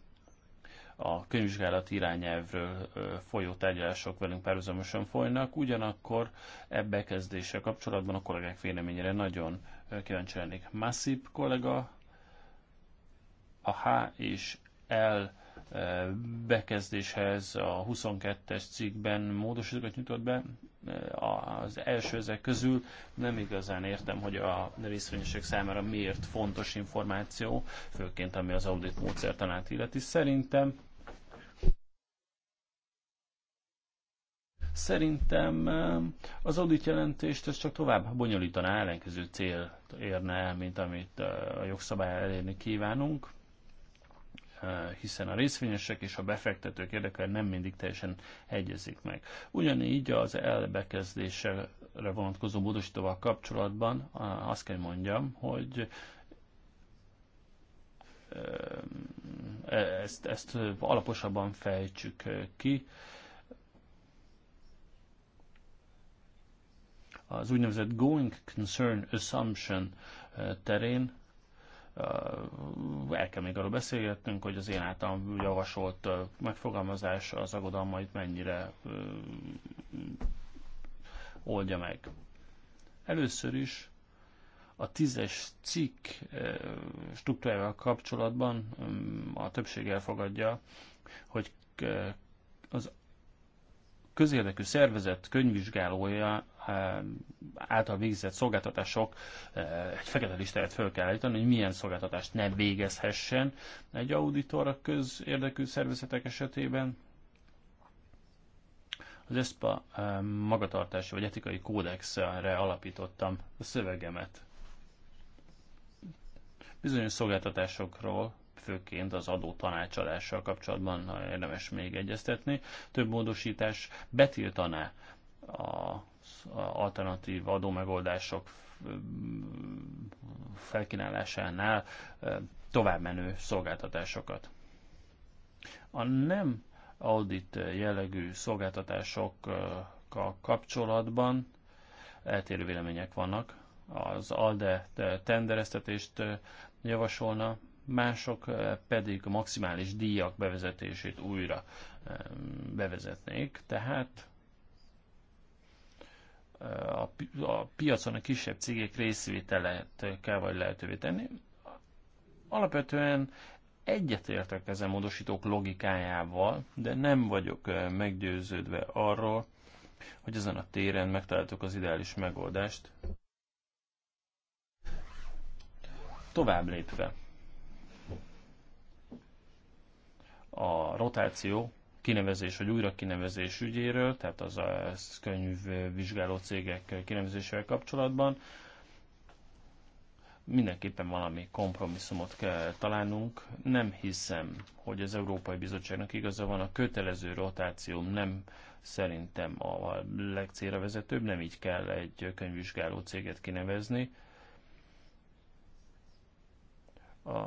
a könyvvizsgálat irányelvről folyó tárgyalások velünk párhuzamosan folynak, ugyanakkor ebbe kezdéssel kapcsolatban a kollégák véleményére nagyon kíváncsi lennék. Massip kollega a H és L bekezdéshez a 22-es cikkben módosítókat nyitott be. Az első ezek közül nem igazán értem, hogy a részvényesek számára miért fontos információ, főként ami az audit módszertanát illeti. Szerintem Szerintem eh, az audit jelentést ez csak tovább bonyolítaná, ellenkező cél érne el, mint amit eh, a jogszabály elérni kívánunk, eh, hiszen a részvényesek és a befektetők érdeke nem mindig teljesen egyezik meg. Ugyanígy az elbekezdésre vonatkozó módosítóval kapcsolatban azt kell mondjam, hogy e-, ezt, ezt alaposabban fejtsük ki. az úgynevezett going concern assumption eh, terén eh, el kell még arról beszélgetnünk, hogy az én általam javasolt eh, megfogalmazás az aggodalmait mennyire oldja meg. Először is a tízes cikk struktúrával kapcsolatban mm, a többség elfogadja, hogy az közérdekű szervezet könyvvizsgálója Eh, által végzett szolgáltatások eh, egy fekete listáját fel kell állítani, hogy milyen szolgáltatást ne végezhessen egy auditor a közérdekű szervezetek esetében. Az ESPA eh, magatartási vagy etikai kódexre alapítottam a szövegemet. Bizonyos szolgáltatásokról főként az adó tanácsadással kapcsolatban érdemes még egyeztetni. Több módosítás betiltaná a alternatív adómegoldások felkínálásánál továbbmenő szolgáltatásokat. A nem audit jellegű szolgáltatásokkal kapcsolatban eltérő vélemények vannak. Az ALDE tendereztetést javasolna, mások pedig a maximális díjak bevezetését újra bevezetnék, tehát a, a piacon a kisebb cégek részvételet kell vagy lehetővé tenni. Alapvetően egyetértek ezen módosítók logikájával, de nem vagyok eh, meggyőződve arról, hogy ezen a téren megtaláltuk az ideális megoldást. Tovább lépve. A rotáció kinevezés vagy újra kinevezés ügyéről, tehát az a könyvvizsgáló cégek kinevezésével kapcsolatban. Mindenképpen valami kompromisszumot kell találnunk. Nem hiszem, hogy az Európai Bizottságnak igaza van, a kötelező rotáció nem szerintem a legcélra vezetőbb, nem így kell egy könyvvizsgáló céget kinevezni. A,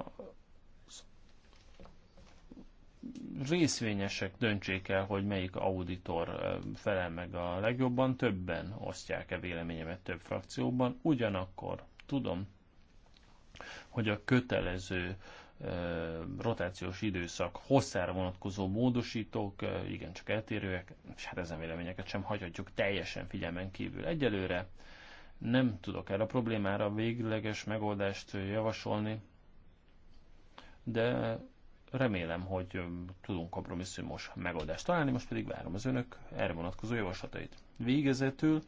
részvényesek döntsék el, hogy melyik auditor felel meg a legjobban, többen osztják-e véleményemet több frakcióban, ugyanakkor tudom, hogy a kötelező rotációs időszak hosszára vonatkozó módosítók igencsak eltérőek, és hát ezen véleményeket sem hagyhatjuk teljesen figyelmen kívül egyelőre. Nem tudok erre a problémára végleges megoldást javasolni, de remélem, hogy tudunk kompromisszumos megoldást találni, most pedig várom az önök erre vonatkozó javaslatait. Végezetül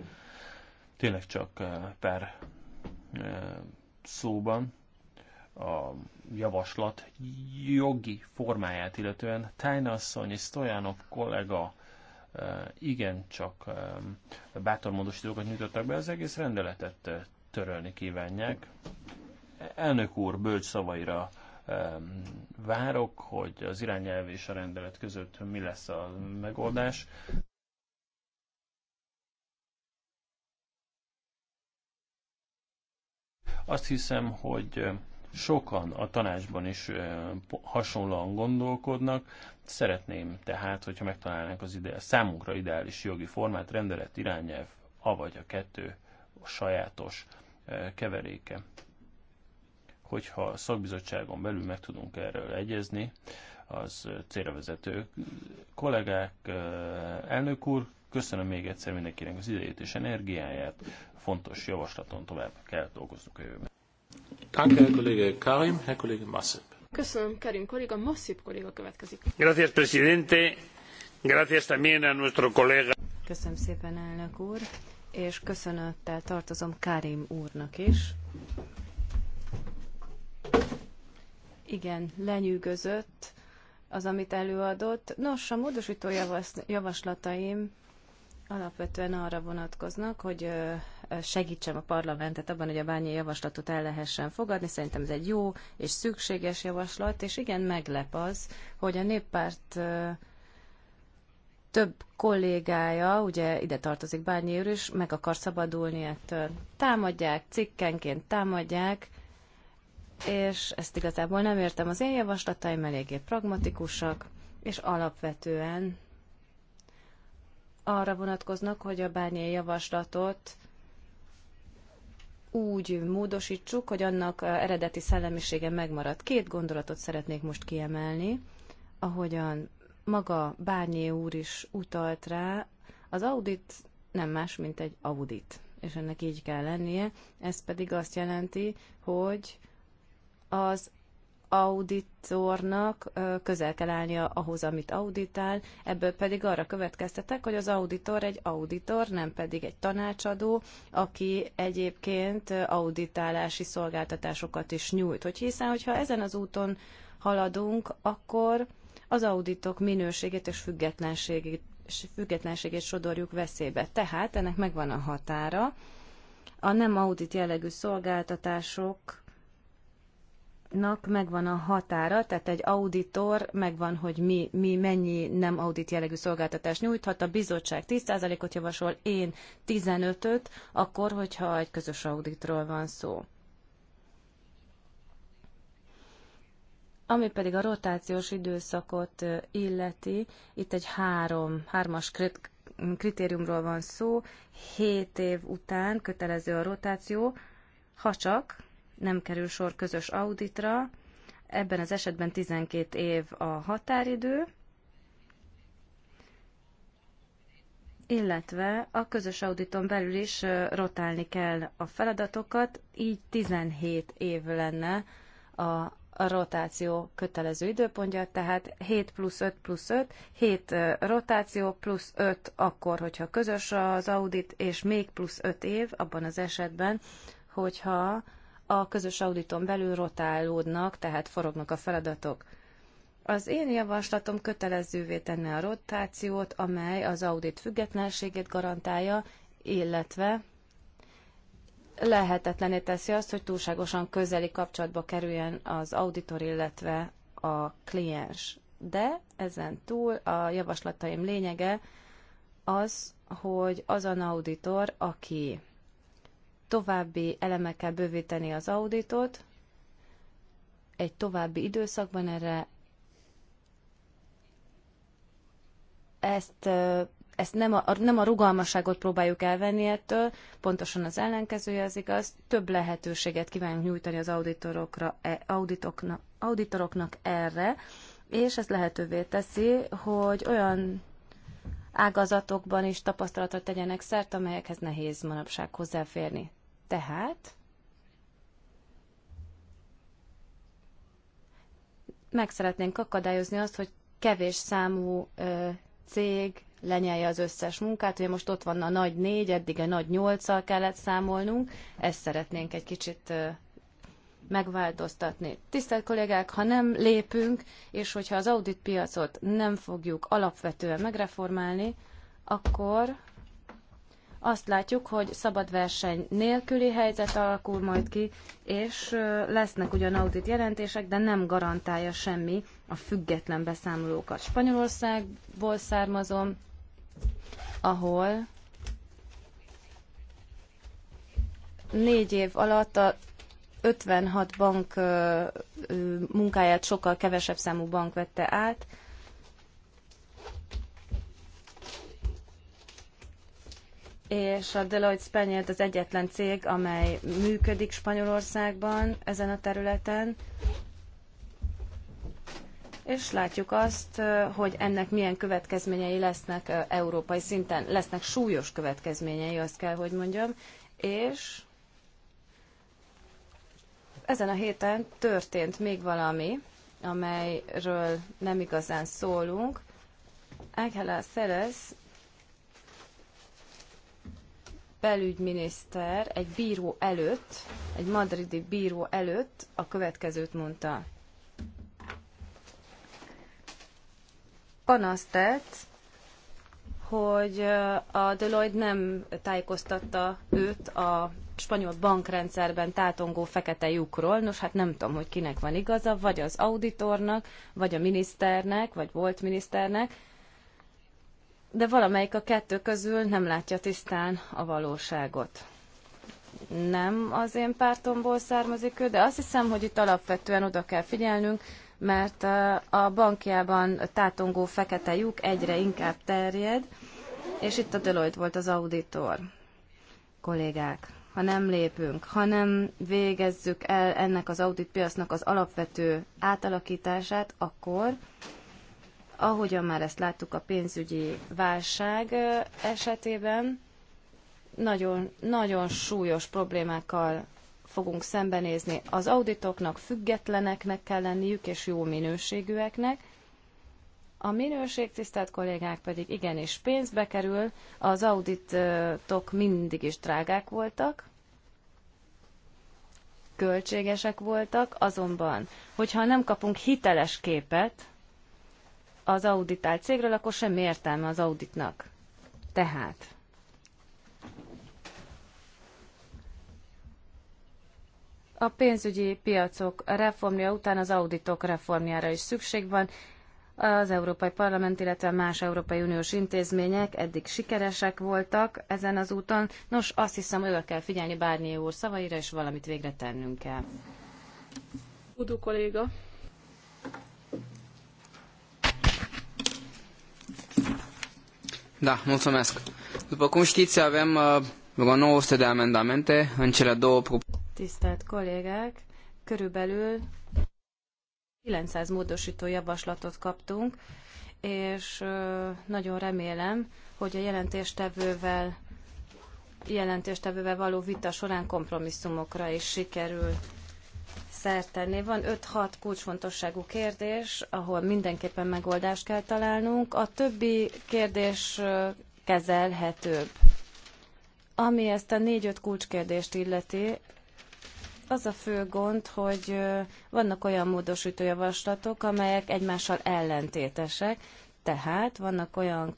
tényleg csak pár szóban a javaslat jogi formáját illetően Tájnasszony és Stojanov kollega igen csak bátor módosítókat nyújtottak be, az egész rendeletet törölni kívánják. Elnök úr bölcs szavaira várok, hogy az irányelv és a rendelet között mi lesz a megoldás. Azt hiszem, hogy sokan a tanácsban is hasonlóan gondolkodnak. Szeretném tehát, hogyha megtalálnánk az ide, számunkra ideális jogi formát, rendelet, irányelv, avagy a kettő a sajátos keveréke hogyha a szakbizottságon belül meg tudunk erről egyezni, az célvezető kollégák, elnök úr, köszönöm még egyszer mindenkinek az idejét és energiáját, fontos javaslaton tovább kell dolgoznunk a jövőben. Danke, Herr Kollege Karim, Herr Kollege Köszönöm, Karim kolléga, Massip kolléga következik. Gracias, presidente. Gracias también a nuestro colega. Köszönöm szépen, elnök úr, és köszönöttel tartozom Karim úrnak is igen lenyűgözött az, amit előadott. Nos, a módosító javaslataim alapvetően arra vonatkoznak, hogy segítsem a parlamentet abban, hogy a bányai javaslatot el lehessen fogadni. Szerintem ez egy jó és szükséges javaslat, és igen, meglep az, hogy a néppárt több kollégája, ugye ide tartozik Bányi úr is, meg akar szabadulni ettől. Támadják, cikkenként támadják, és ezt igazából nem értem. Az én javaslataim eléggé pragmatikusak, és alapvetően arra vonatkoznak, hogy a bányai javaslatot úgy módosítsuk, hogy annak eredeti szellemisége megmarad. Két gondolatot szeretnék most kiemelni, ahogyan maga Bárnyé úr is utalt rá, az audit nem más, mint egy audit, és ennek így kell lennie. Ez pedig azt jelenti, hogy az auditornak közel kell állnia ahhoz, amit auditál, ebből pedig arra következtetek, hogy az auditor egy auditor, nem pedig egy tanácsadó, aki egyébként auditálási szolgáltatásokat is nyújt. Hogy hiszen, hogyha ezen az úton haladunk, akkor az auditok minőségét és függetlenségét, függetlenségét sodorjuk veszélybe. Tehát ennek megvan a határa. A nem audit jellegű szolgáltatások nak megvan a határa, tehát egy auditor megvan, hogy mi, mi mennyi nem audit jellegű szolgáltatást nyújthat, a bizottság 10%-ot javasol, én 15-öt, akkor, hogyha egy közös auditról van szó. Ami pedig a rotációs időszakot illeti, itt egy három, hármas krit, kritériumról van szó, 7 év után kötelező a rotáció, ha csak nem kerül sor közös auditra, ebben az esetben 12 év a határidő, illetve a közös auditon belül is rotálni kell a feladatokat, így 17 év lenne a a rotáció kötelező időpontja, tehát 7 plusz 5 plusz 5, 7 rotáció plusz 5 akkor, hogyha közös az audit, és még plusz 5 év abban az esetben, hogyha a közös auditon belül rotálódnak, tehát forognak a feladatok. Az én javaslatom kötelezővé tenne a rotációt, amely az audit függetlenségét garantálja, illetve lehetetlené teszi azt, hogy túlságosan közeli kapcsolatba kerüljen az auditor, illetve a kliens. De ezen túl a javaslataim lényege az, hogy az an auditor, aki további elemekkel bővíteni az auditot, egy további időszakban erre ezt, ezt nem, a, nem a rugalmasságot próbáljuk elvenni ettől, pontosan az ellenkezője az igaz, több lehetőséget kívánunk nyújtani az auditorokra, e, auditoknak, auditoroknak erre, és ez lehetővé teszi, hogy olyan ágazatokban is tapasztalatot tegyenek szert, amelyekhez nehéz manapság hozzáférni. Tehát meg szeretnénk akadályozni azt, hogy kevés számú ö, cég lenyelje az összes munkát. Ugye most ott van a nagy négy, eddig a nagy nyolccal kellett számolnunk, ezt szeretnénk egy kicsit ö, megváltoztatni. Tisztelt kollégák, ha nem lépünk, és hogyha az audit piacot nem fogjuk alapvetően megreformálni, akkor azt látjuk, hogy szabad verseny nélküli helyzet alakul majd ki, és lesznek ugyan audit jelentések, de nem garantálja semmi a független beszámolókat. Spanyolországból származom, ahol négy év alatt a 56 bank munkáját sokkal kevesebb számú bank vette át, és a Deloitte Spaniel az egyetlen cég, amely működik Spanyolországban ezen a területen, és látjuk azt, hogy ennek milyen következményei lesznek európai szinten. Lesznek súlyos következményei, azt kell, hogy mondjam, és ezen a héten történt még valami, amelyről nem igazán szólunk. Ángela Szerez belügyminiszter egy bíró előtt, egy madridi bíró előtt a következőt mondta. Panaszt tett, hogy a Deloitte nem tájékoztatta őt a spanyol bankrendszerben tátongó fekete lyukról. Nos, hát nem tudom, hogy kinek van igaza, vagy az auditornak, vagy a miniszternek, vagy volt miniszternek de valamelyik a kettő közül nem látja tisztán a valóságot. Nem az én pártomból származik ő, de azt hiszem, hogy itt alapvetően oda kell figyelnünk, mert a bankjában tátongó fekete lyuk egyre inkább terjed, és itt a Deloitte volt az auditor. Kollégák, ha nem lépünk, ha nem végezzük el ennek az auditpiacnak az alapvető átalakítását, akkor Ahogyan már ezt láttuk a pénzügyi válság esetében, nagyon, nagyon súlyos problémákkal fogunk szembenézni. Az auditoknak függetleneknek kell lenniük, és jó minőségűeknek. A minőség, tisztelt kollégák pedig igenis pénzbe kerül, az auditok mindig is drágák voltak, költségesek voltak, azonban, hogyha nem kapunk hiteles képet, az auditált cégről, akkor semmi értelme az auditnak. Tehát. A pénzügyi piacok reformja után az auditok reformjára is szükség van. Az Európai Parlament, illetve más Európai Uniós intézmények eddig sikeresek voltak ezen az úton. Nos, azt hiszem, hogy kell figyelni Bárnyi úr szavaira, és valamit végre tennünk kell. Udu kolléga. Da, mulțumesc. După cum știți, avem uh, vreo 900 de amendamente în cele două propuneri. Tisztelt kollégák, körülbelül 900 módosító javaslatot kaptunk, és uh, nagyon remélem, hogy a jelentéstevővel, jelentéstevővel való vita során kompromisszumokra is sikerül szert tenni. Van 5-6 kulcsfontosságú kérdés, ahol mindenképpen megoldást kell találnunk. A többi kérdés kezelhetőbb. Ami ezt a 4-5 kulcskérdést illeti, az a fő gond, hogy vannak olyan módosító javaslatok, amelyek egymással ellentétesek, tehát vannak olyan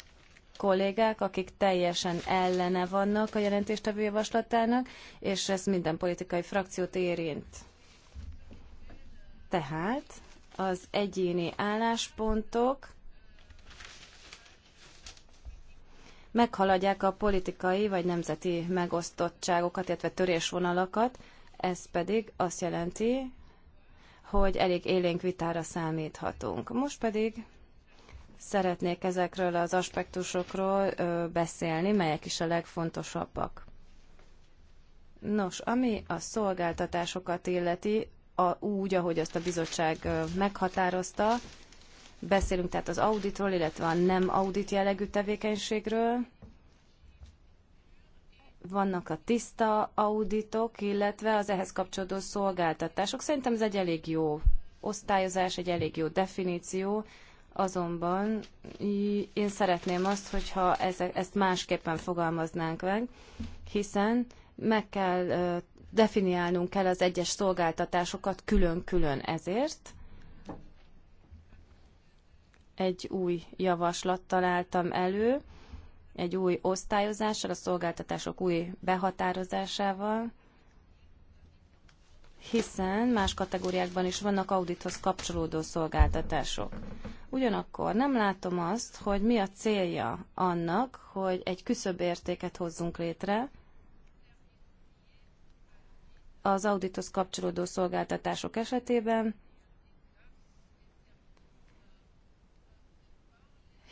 kollégák, akik teljesen ellene vannak a jelentéstevő javaslatának, és ez minden politikai frakciót érint. Tehát az egyéni álláspontok meghaladják a politikai vagy nemzeti megosztottságokat, illetve törésvonalakat, ez pedig azt jelenti, hogy elég élénk vitára számíthatunk. Most pedig szeretnék ezekről az aspektusokról ö, beszélni, melyek is a legfontosabbak. Nos, ami a szolgáltatásokat illeti, a, úgy, ahogy azt a bizottság meghatározta. Beszélünk tehát az auditról, illetve a nem audit jellegű tevékenységről. Vannak a tiszta auditok, illetve az ehhez kapcsolódó szolgáltatások. Szerintem ez egy elég jó osztályozás, egy elég jó definíció, azonban én szeretném azt, hogyha ezt másképpen fogalmaznánk meg, hiszen meg kell definiálnunk kell az egyes szolgáltatásokat külön-külön ezért. Egy új javaslat találtam elő, egy új osztályozással, a szolgáltatások új behatározásával, hiszen más kategóriákban is vannak audithoz kapcsolódó szolgáltatások. Ugyanakkor nem látom azt, hogy mi a célja annak, hogy egy értéket hozzunk létre, az audithoz kapcsolódó szolgáltatások esetében,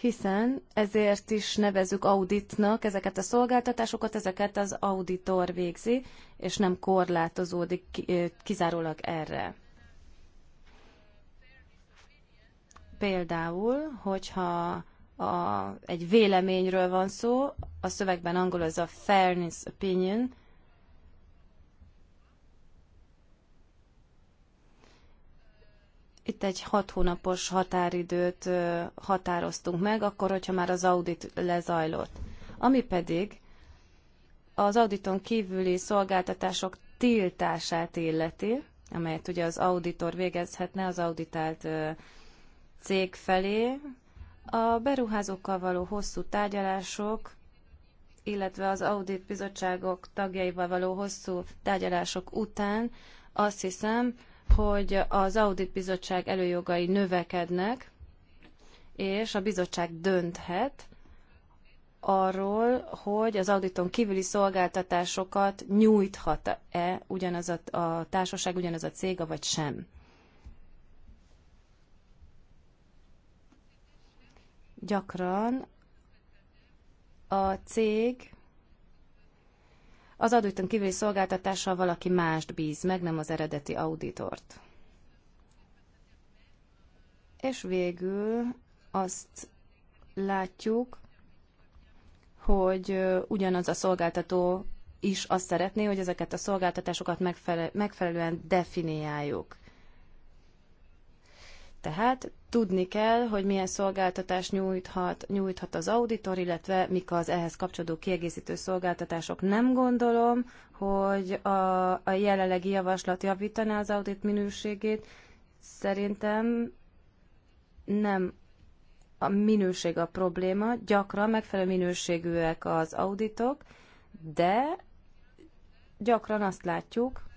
hiszen ezért is nevezük auditnak ezeket a szolgáltatásokat, ezeket az auditor végzi, és nem korlátozódik kizárólag erre. Például, hogyha a, egy véleményről van szó, a szövegben angol az a fairness opinion, Itt egy hat hónapos határidőt határoztunk meg, akkor, hogyha már az audit lezajlott. Ami pedig az auditon kívüli szolgáltatások tiltását illeti, amelyet ugye az auditor végezhetne az auditált cég felé, a beruházókkal való hosszú tárgyalások, illetve az audit bizottságok tagjaival való hosszú tárgyalások után azt hiszem, hogy az Audit Bizottság előjogai növekednek, és a bizottság dönthet arról, hogy az auditon kívüli szolgáltatásokat nyújthat-e ugyanaz a, a társaság, ugyanaz a cég, vagy sem. Gyakran a cég az adóütön kívüli szolgáltatással valaki mást bíz meg, nem az eredeti auditort. És végül azt látjuk, hogy ugyanaz a szolgáltató is azt szeretné, hogy ezeket a szolgáltatásokat megfelelően definiáljuk. Tehát tudni kell, hogy milyen szolgáltatást nyújthat, nyújthat az auditor, illetve mik az ehhez kapcsolódó kiegészítő szolgáltatások. Nem gondolom, hogy a, a jelenlegi javaslat javítaná az audit minőségét. Szerintem nem a minőség a probléma, gyakran megfelelő minőségűek az auditok, de gyakran azt látjuk,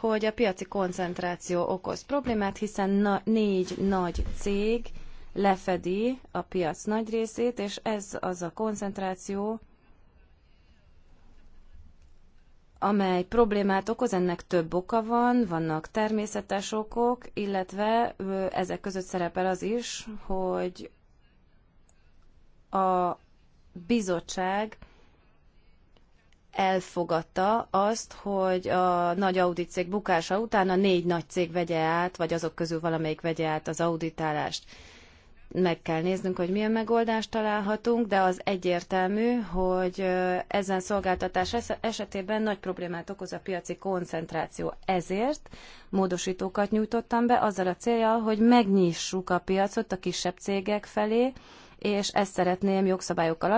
hogy a piaci koncentráció okoz problémát, hiszen na, négy nagy cég lefedi a piac nagy részét, és ez az a koncentráció, amely problémát okoz, ennek több oka van, vannak természetes okok, illetve ezek között szerepel az is, hogy a bizottság elfogadta azt, hogy a nagy audit cég bukása után a négy nagy cég vegye át, vagy azok közül valamelyik vegye át az auditálást. Meg kell néznünk, hogy milyen megoldást találhatunk, de az egyértelmű, hogy ezen szolgáltatás esetében nagy problémát okoz a piaci koncentráció. Ezért módosítókat nyújtottam be azzal a célja, hogy megnyissuk a piacot a kisebb cégek felé, és ezt szeretném jogszabályokkal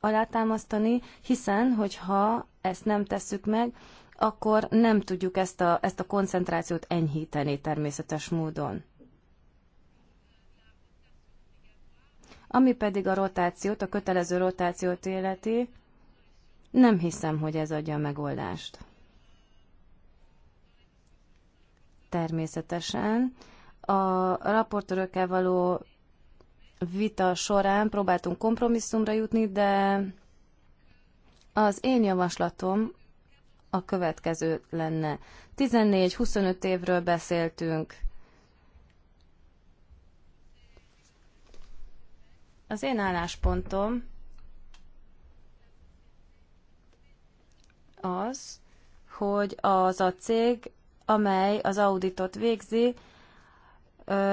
alátámasztani, hiszen, hogyha ezt nem tesszük meg, akkor nem tudjuk ezt a, ezt a koncentrációt enyhíteni természetes módon. Ami pedig a rotációt, a kötelező rotációt életi, nem hiszem, hogy ez adja a megoldást. Természetesen a raportörökkel való vita során próbáltunk kompromisszumra jutni, de az én javaslatom a következő lenne. 14-25 évről beszéltünk. Az én álláspontom az, hogy az a cég, amely az auditot végzi,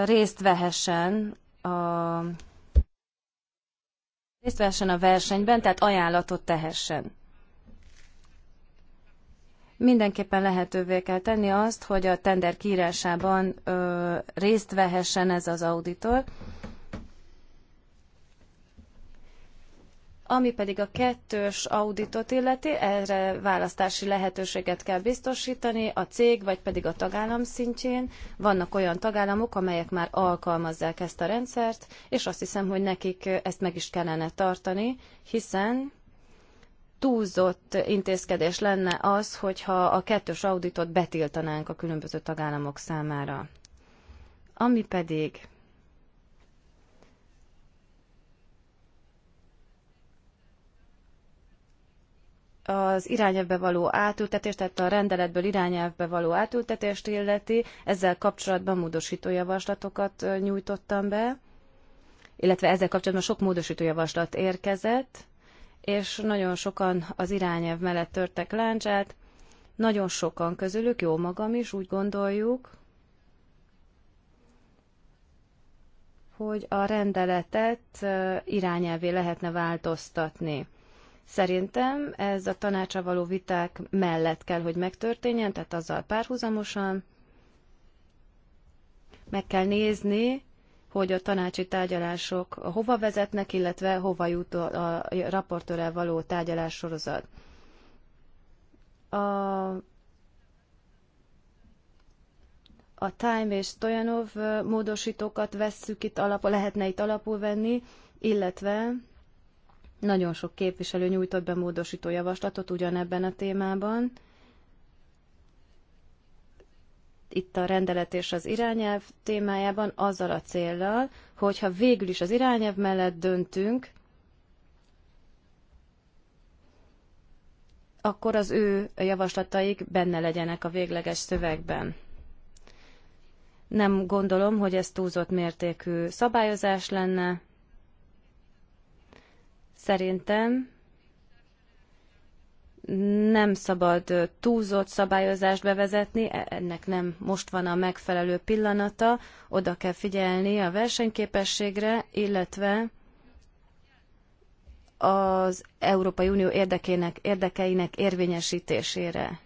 részt vehessen a részt vehessen a versenyben, tehát ajánlatot tehessen. Mindenképpen lehetővé kell tenni azt, hogy a tender kiírásában ö, részt vehessen ez az auditor, Ami pedig a kettős auditot illeti, erre választási lehetőséget kell biztosítani a cég, vagy pedig a tagállam szintjén. Vannak olyan tagállamok, amelyek már alkalmazzák ezt a rendszert, és azt hiszem, hogy nekik ezt meg is kellene tartani, hiszen túlzott intézkedés lenne az, hogyha a kettős auditot betiltanánk a különböző tagállamok számára. Ami pedig az irányelvbe való átültetést, tehát a rendeletből irányelvbe való átültetést illeti, ezzel kapcsolatban módosító javaslatokat nyújtottam be, illetve ezzel kapcsolatban sok módosító javaslat érkezett, és nagyon sokan az irányelv mellett törtek láncsát, nagyon sokan közülük, jó magam is, úgy gondoljuk, hogy a rendeletet irányelvé lehetne változtatni. Szerintem ez a tanácsa való viták mellett kell, hogy megtörténjen, tehát azzal párhuzamosan meg kell nézni, hogy a tanácsi tárgyalások hova vezetnek, illetve hova jut a raportőrrel való tárgyalás sorozat. A, a Time és Stojanov módosítókat vesszük itt alapul, lehetne itt alapul venni, illetve nagyon sok képviselő nyújtott be módosító javaslatot ugyanebben a témában. Itt a rendelet és az irányelv témájában azzal a céllal, hogyha végül is az irányelv mellett döntünk, akkor az ő javaslataik benne legyenek a végleges szövegben. Nem gondolom, hogy ez túlzott mértékű szabályozás lenne, Szerintem nem szabad túlzott szabályozást bevezetni, e, ennek nem most van a megfelelő pillanata, oda kell figyelni a versenyképességre, illetve az Európai Unió érdekének, érdekeinek érvényesítésére.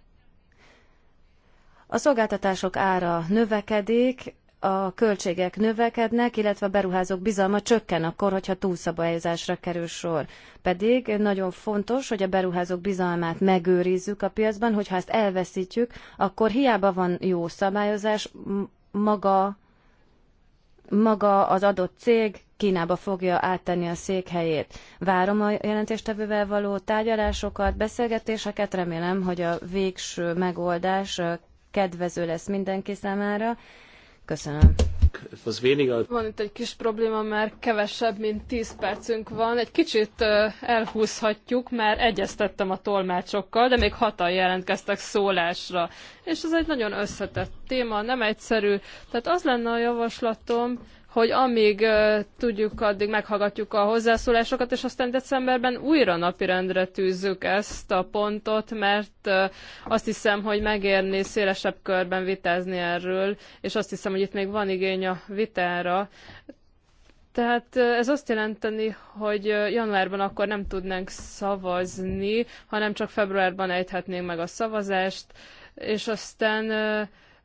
A szolgáltatások ára növekedik, a költségek növekednek, illetve a beruházók bizalma csökken akkor, hogyha túlszabályozásra kerül sor. Pedig nagyon fontos, hogy a beruházók bizalmát megőrizzük a piacban, hogyha ezt elveszítjük, akkor hiába van jó szabályozás, maga, maga az adott cég Kínába fogja áttenni a székhelyét. Várom a jelentéstevővel való tárgyalásokat, beszélgetéseket, remélem, hogy a végső megoldás kedvező lesz mindenki számára Köszönöm. Van itt egy kis probléma, mert kevesebb, mint 10 percünk van. Egy kicsit elhúzhatjuk, mert egyeztettem a tolmácsokkal, de még hatan jelentkeztek szólásra. És ez egy nagyon összetett téma, nem egyszerű. Tehát az lenne a javaslatom, hogy amíg tudjuk, addig meghallgatjuk a hozzászólásokat, és aztán decemberben újra napirendre tűzzük ezt a pontot, mert azt hiszem, hogy megérni szélesebb körben vitázni erről, és azt hiszem, hogy itt még van igény a vitára. Tehát ez azt jelenteni, hogy januárban akkor nem tudnánk szavazni, hanem csak februárban ejthetnénk meg a szavazást, és aztán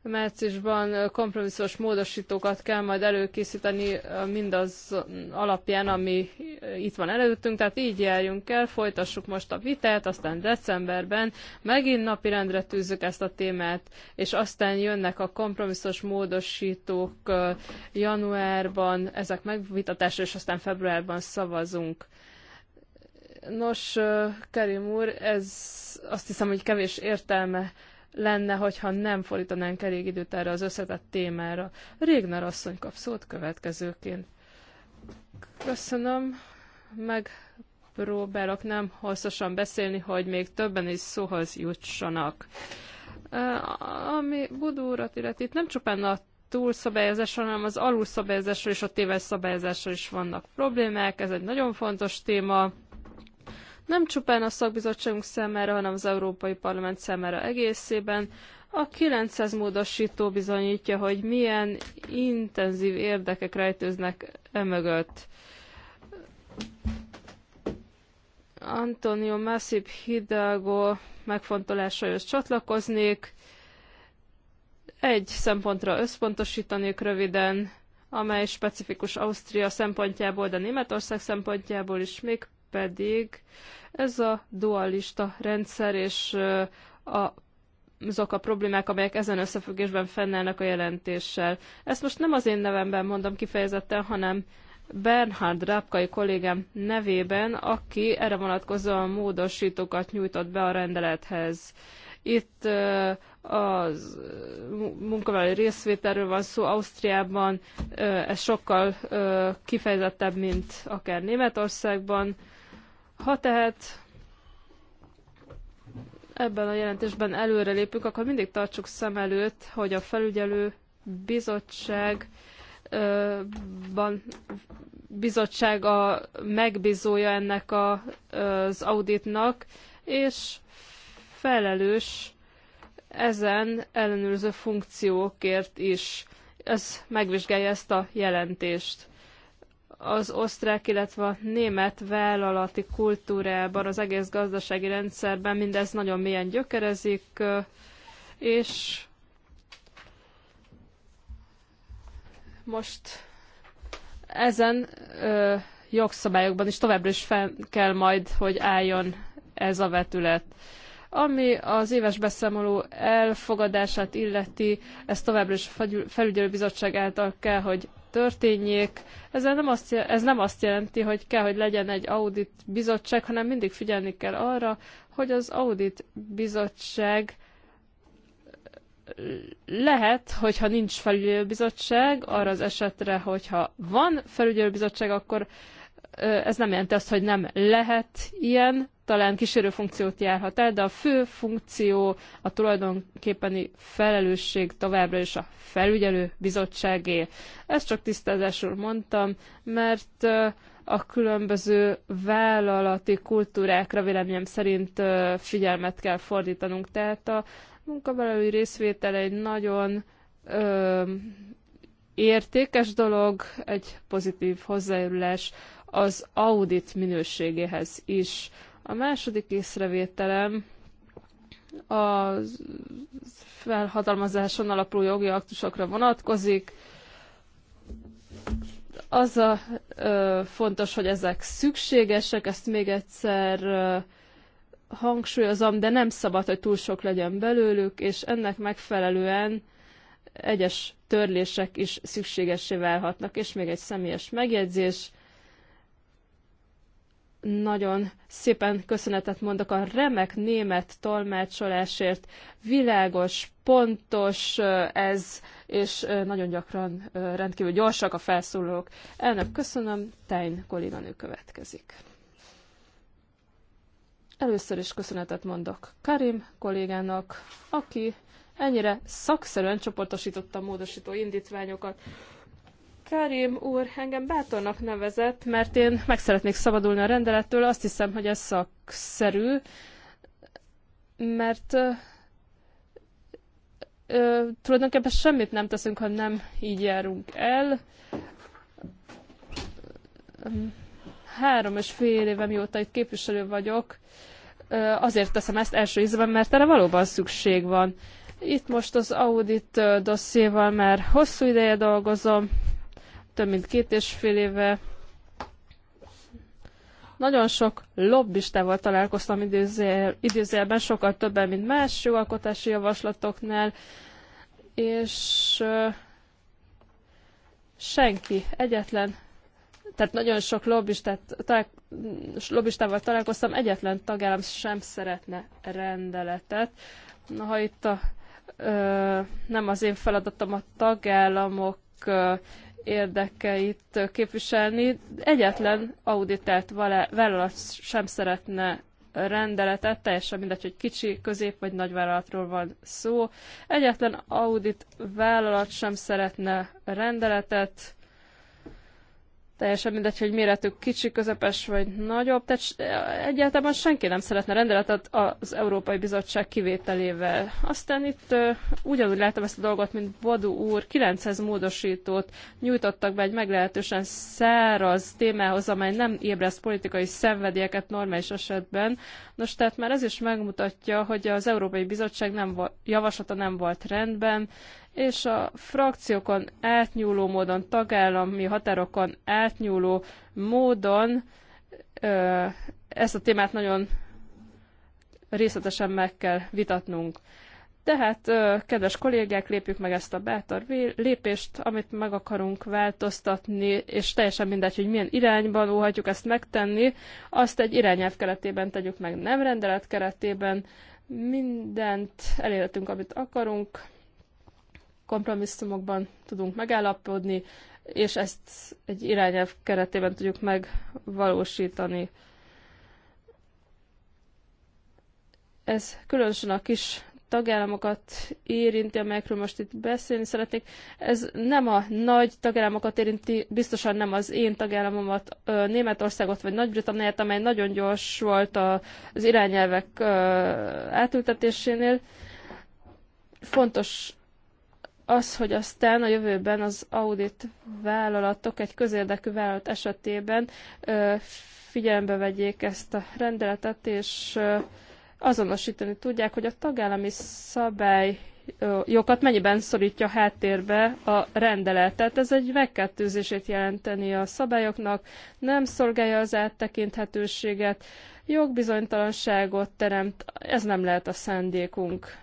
márciusban kompromisszós módosítókat kell majd előkészíteni mindaz alapján, ami itt van előttünk, tehát így járjunk el, folytassuk most a vitát, aztán decemberben megint napirendre tűzzük ezt a témát, és aztán jönnek a kompromisszós módosítók januárban, ezek megvitatásra, és aztán februárban szavazunk. Nos, Kerim úr, ez azt hiszem, hogy kevés értelme lenne, hogyha nem fordítanánk elég időt erre az összetett témára. Régner asszony kap szót következőként. Köszönöm, meg próbálok nem hosszasan beszélni, hogy még többen is szóhoz jutsanak. Ami Budúrat illeti, itt nem csupán a túlszabályozásra, hanem az alulszabályozásra és a téves szabályozásra is vannak problémák. Ez egy nagyon fontos téma nem csupán a szakbizottságunk számára, hanem az Európai Parlament számára egészében. A 900 módosító bizonyítja, hogy milyen intenzív érdekek rejtőznek emögött. Antonio Massip Hidalgo megfontolásaihoz csatlakoznék. Egy szempontra összpontosítanék röviden, amely specifikus Ausztria szempontjából, de Németország szempontjából is, még pedig ez a dualista rendszer és a azok a problémák, amelyek ezen összefüggésben fennállnak a jelentéssel. Ezt most nem az én nevemben mondom kifejezetten, hanem Bernhard Rápkai kollégám nevében, aki erre vonatkozóan módosítókat nyújtott be a rendelethez. Itt a munkavállalói részvételről van szó Ausztriában, ez sokkal kifejezettebb, mint akár Németországban. Ha tehát ebben a jelentésben előrelépünk, akkor mindig tartsuk szem előtt, hogy a felügyelő bizottságban bizottság a megbízója ennek a, az auditnak, és felelős ezen ellenőrző funkciókért is. Ez megvizsgálja ezt a jelentést az osztrák, illetve a német vállalati kultúrában, az egész gazdasági rendszerben mindez nagyon mélyen gyökerezik, és most ezen ö, jogszabályokban is továbbra is fel kell majd, hogy álljon ez a vetület. Ami az éves beszámoló elfogadását illeti, ez továbbra is a felügyelőbizottság által kell, hogy történjék. Ezzel nem azt, ez nem azt jelenti, hogy kell, hogy legyen egy audit bizottság, hanem mindig figyelni kell arra, hogy az audit bizottság lehet, hogyha nincs felügyelőbizottság, arra az esetre, hogyha van felügyelőbizottság, akkor ez nem jelenti azt, hogy nem lehet ilyen talán kísérő funkciót járhat el, de a fő funkció a tulajdonképpeni felelősség továbbra is a felügyelő bizottságé. Ezt csak tisztázásul mondtam, mert a különböző vállalati kultúrákra véleményem szerint figyelmet kell fordítanunk. Tehát a munkavállalói részvétel egy nagyon ö, értékes dolog, egy pozitív hozzájárulás az audit minőségéhez is. A második észrevételem a felhatalmazáson alapuló jogi aktusokra vonatkozik. Az a ö, fontos, hogy ezek szükségesek, ezt még egyszer ö, hangsúlyozom, de nem szabad, hogy túl sok legyen belőlük, és ennek megfelelően egyes törlések is szükségessé válhatnak. És még egy személyes megjegyzés, nagyon szépen köszönetet mondok a remek német tolmácsolásért. Világos, pontos ez, és nagyon gyakran rendkívül gyorsak a felszólók. Elnök köszönöm, Tein kolléganő következik. Először is köszönetet mondok Karim kollégának, aki ennyire szakszerűen csoportosította a módosító indítványokat. Karim úr engem bátornak nevezett, mert én meg szeretnék szabadulni a rendelettől, azt hiszem, hogy ez szakszerű, mert ö, ö, tulajdonképpen semmit nem teszünk, ha nem így járunk el. Három és fél éve mióta itt képviselő vagyok, ö, azért teszem ezt első ízben, mert erre valóban szükség van. Itt most az audit dosszéval már hosszú ideje dolgozom, több mint két és fél éve. Nagyon sok lobbistával találkoztam időzél, időzélben, sokkal többen, mint más jogalkotási javaslatoknál, és senki, egyetlen tehát nagyon sok lobbistát, talál, lobbistával találkoztam, egyetlen tagállam sem szeretne rendeletet. Na, ha itt a, ö, nem az én feladatom a tagállamok ö, érdekeit képviselni. Egyetlen auditált vállalat sem szeretne rendeletet, teljesen mindegy, hogy kicsi, közép vagy nagy vállalatról van szó. Egyetlen audit vállalat sem szeretne rendeletet, teljesen mindegy, hogy méretük kicsi, közepes vagy nagyobb, tehát egyáltalán senki nem szeretne rendeletet az Európai Bizottság kivételével. Aztán itt ugyanúgy látom ezt a dolgot, mint Bodu úr, 900 módosítót nyújtottak be egy meglehetősen száraz témához, amely nem ébreszt politikai szenvedélyeket normális esetben. Nos, tehát már ez is megmutatja, hogy az Európai Bizottság nem javaslata nem volt rendben, és a frakciókon átnyúló módon, tagállami határokon átnyúló módon ö, ezt a témát nagyon részletesen meg kell vitatnunk. Tehát, kedves kollégák, lépjük meg ezt a bátor lépést, amit meg akarunk változtatni, és teljesen mindegy, hogy milyen irányban óhatjuk ezt megtenni, azt egy irányelv keretében tegyük meg, nem rendelet keretében. Mindent elérhetünk, amit akarunk, kompromisszumokban tudunk megállapodni, és ezt egy irányelv keretében tudjuk megvalósítani. Ez különösen a kis tagállamokat érinti, amelyekről most itt beszélni szeretnék. Ez nem a nagy tagállamokat érinti, biztosan nem az én tagállamomat, Németországot vagy Nagy-Britanniát, amely nagyon gyors volt az irányelvek átültetésénél. Fontos az, hogy aztán a jövőben az audit vállalatok egy közérdekű vállalat esetében figyelembe vegyék ezt a rendeletet, és azonosítani tudják, hogy a tagállami szabály jogokat mennyiben szorítja háttérbe a rendelet. Tehát ez egy megkettőzését jelenteni a szabályoknak, nem szolgálja az áttekinthetőséget, jogbizonytalanságot teremt, ez nem lehet a szándékunk.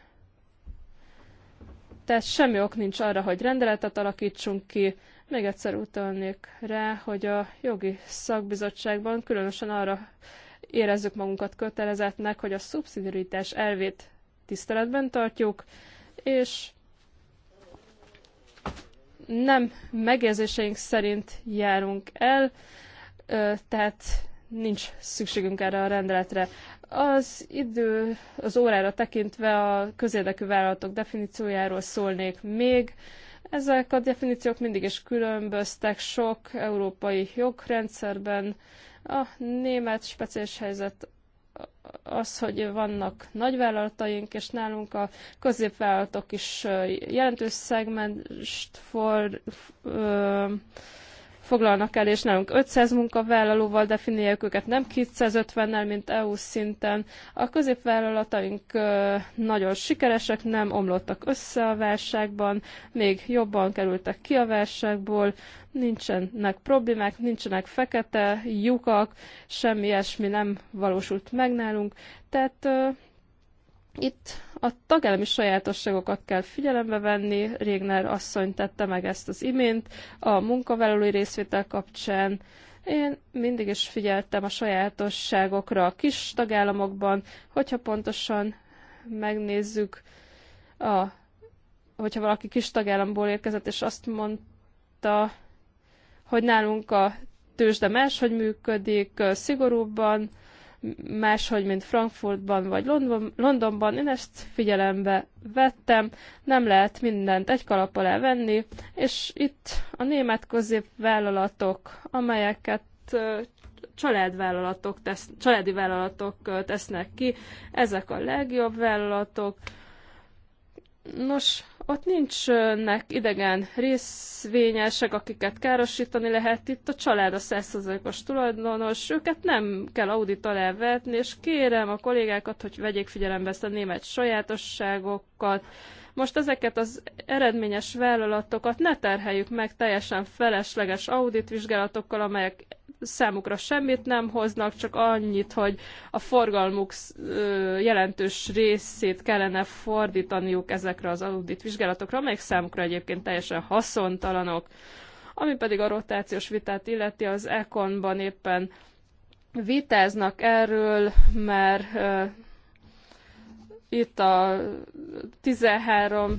Tehát semmi ok nincs arra, hogy rendeletet alakítsunk ki. Még egyszer utalnék rá, hogy a jogi szakbizottságban különösen arra érezzük magunkat kötelezetnek, hogy a szubszidiaritás elvét tiszteletben tartjuk, és nem megérzéseink szerint járunk el, tehát nincs szükségünk erre a rendeletre. Az idő, az órára tekintve a közérdekű vállalatok definíciójáról szólnék még. Ezek a definíciók mindig is különböztek sok európai jogrendszerben. A német speciális helyzet az, hogy vannak nagyvállalataink, és nálunk a középvállalatok is jelentős szegmest for, ö, foglalnak el, és nálunk 500 munkavállalóval definiáljuk őket, nem 250-nel, mint EU szinten. A középvállalataink nagyon sikeresek, nem omlottak össze a válságban, még jobban kerültek ki a válságból, nincsenek problémák, nincsenek fekete lyukak, semmi ilyesmi nem valósult meg nálunk. Tehát itt a tagállami sajátosságokat kell figyelembe venni, Régner asszony tette meg ezt az imént, a munkavállalói részvétel kapcsán. Én mindig is figyeltem a sajátosságokra a kis tagállamokban, hogyha pontosan megnézzük, a, hogyha valaki kis tagállamból érkezett, és azt mondta, hogy nálunk a tőzsde máshogy működik, szigorúbban, máshogy, mint Frankfurtban vagy London, Londonban. Én ezt figyelembe vettem, nem lehet mindent egy kalap alá venni, és itt a német középvállalatok, amelyeket családvállalatok tesz, családi vállalatok tesznek ki, ezek a legjobb vállalatok. Nos, ott nincsnek idegen részvényesek, akiket károsítani lehet. Itt a család a 100%-os tulajdonos, őket nem kell audit alá vetni, és kérem a kollégákat, hogy vegyék figyelembe ezt a német sajátosságokat, most ezeket az eredményes vállalatokat ne terheljük meg teljesen felesleges auditvizsgálatokkal, amelyek számukra semmit nem hoznak, csak annyit, hogy a forgalmuk jelentős részét kellene fordítaniuk ezekre az auditvizsgálatokra, amelyek számukra egyébként teljesen haszontalanok. Ami pedig a rotációs vitát illeti, az Econban éppen vitáznak erről, mert itt a 13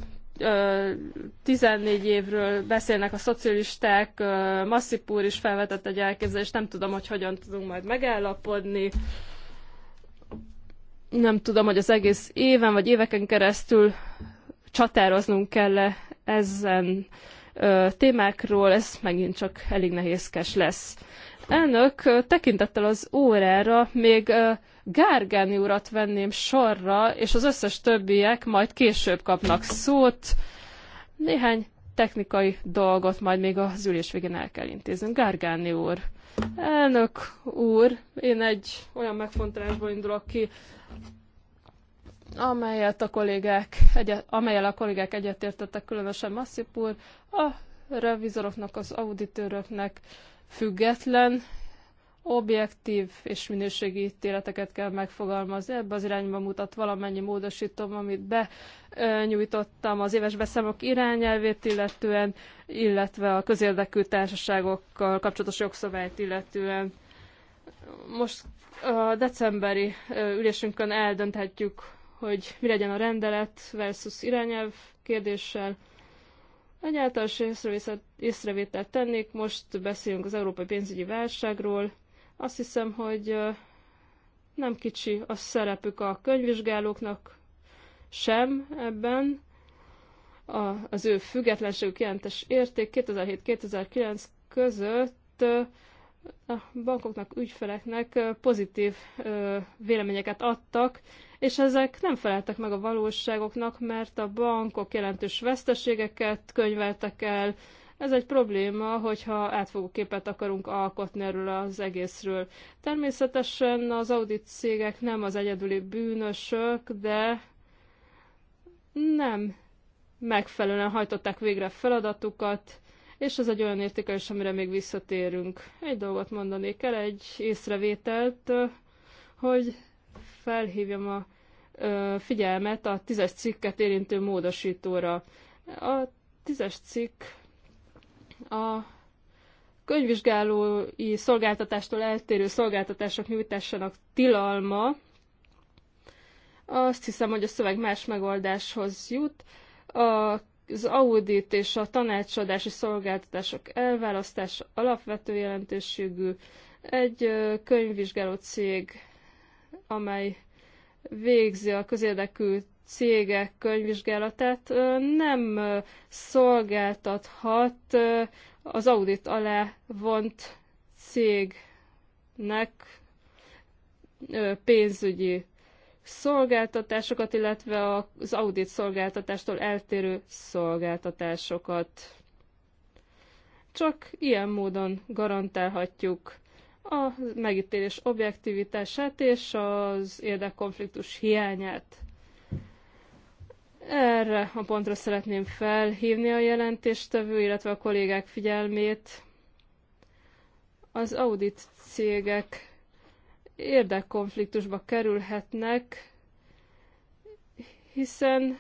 14 évről beszélnek a szocialisták, Masszipúr is felvetett egy elképzelést, nem tudom, hogy hogyan tudunk majd megállapodni. Nem tudom, hogy az egész éven vagy éveken keresztül csatároznunk kell -e ezen témákról, ez megint csak elég nehézkes lesz. Elnök, tekintettel az órára még Gárgáni urat venném sorra, és az összes többiek majd később kapnak szót. Néhány technikai dolgot majd még az ülés végén el kell intéznünk. Gárgáni úr. Elnök úr, én egy olyan megfontolásból indulok ki, amelyet a kollégák, egyet, amelyel a kollégák egyetértettek, különösen Masszip úr, a revizoroknak, az auditőröknek, független, objektív és minőségi ítéleteket kell megfogalmazni. Ebbe az irányba mutat valamennyi módosítom, amit benyújtottam az éves beszámok irányelvét illetően, illetve a közérdekű társaságokkal kapcsolatos jogszabályt illetően. Most a decemberi ülésünkön eldönthetjük, hogy mi legyen a rendelet versus irányelv kérdéssel. Egy általános észrevételt tennék, most beszélünk az európai pénzügyi válságról. Azt hiszem, hogy nem kicsi a szerepük a könyvvizsgálóknak sem ebben. A, az ő függetlenségük jelentes érték 2007-2009 között a bankoknak, ügyfeleknek pozitív véleményeket adtak, és ezek nem feleltek meg a valóságoknak, mert a bankok jelentős veszteségeket könyveltek el. Ez egy probléma, hogyha átfogó képet akarunk alkotni erről az egészről. Természetesen az audit cégek nem az egyedüli bűnösök, de nem megfelelően hajtották végre feladatukat, és ez egy olyan értékelés, amire még visszatérünk. Egy dolgot mondanék el, egy észrevételt, hogy felhívjam a figyelmet a tízes cikket érintő módosítóra. A tízes cikk a könyvvizsgálói szolgáltatástól eltérő szolgáltatások nyújtásának tilalma. Azt hiszem, hogy a szöveg más megoldáshoz jut. A az audit és a tanácsadási szolgáltatások elválasztása alapvető jelentőségű. Egy könyvvizsgáló cég, amely végzi a közérdekű cégek könyvvizsgálatát, nem szolgáltathat az audit alá vont cégnek pénzügyi szolgáltatásokat, illetve az audit szolgáltatástól eltérő szolgáltatásokat. Csak ilyen módon garantálhatjuk a megítélés objektivitását és az érdekkonfliktus hiányát. Erre a pontra szeretném felhívni a jelentéstevő, illetve a kollégák figyelmét. Az audit cégek érdekkonfliktusba kerülhetnek, hiszen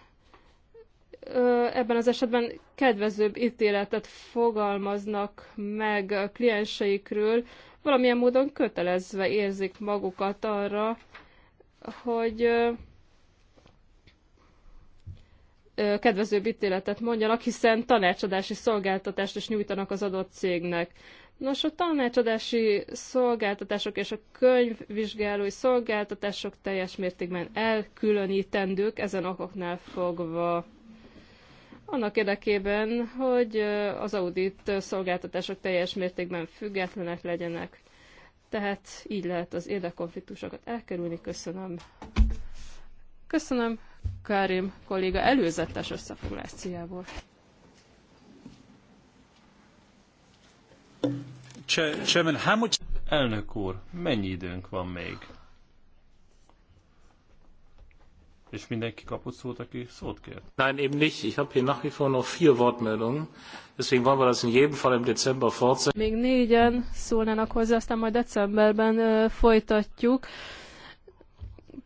ebben az esetben kedvezőbb ítéletet fogalmaznak meg a klienseikről, valamilyen módon kötelezve érzik magukat arra, hogy kedvezőbb ítéletet mondjanak, hiszen tanácsadási szolgáltatást is nyújtanak az adott cégnek. Nos, a tanácsadási szolgáltatások és a könyvvizsgálói szolgáltatások teljes mértékben elkülönítendők ezen okoknál fogva annak érdekében, hogy az audit szolgáltatások teljes mértékben függetlenek legyenek. Tehát így lehet az érdekkonfliktusokat elkerülni. Köszönöm. Köszönöm Karim kolléga előzetes összefoglalásciából. Chairman, how much... Elnök úr, mennyi időnk van még? És mindenki kapott szót, aki szót kért? Nein, eben nicht. Ich habe hier nach wie vor noch vier Wortmeldungen. Deswegen wollen wir das in jedem Fall im Dezember fortsetzen. Még négyen szólnának hozzá, aztán majd decemberben ö, folytatjuk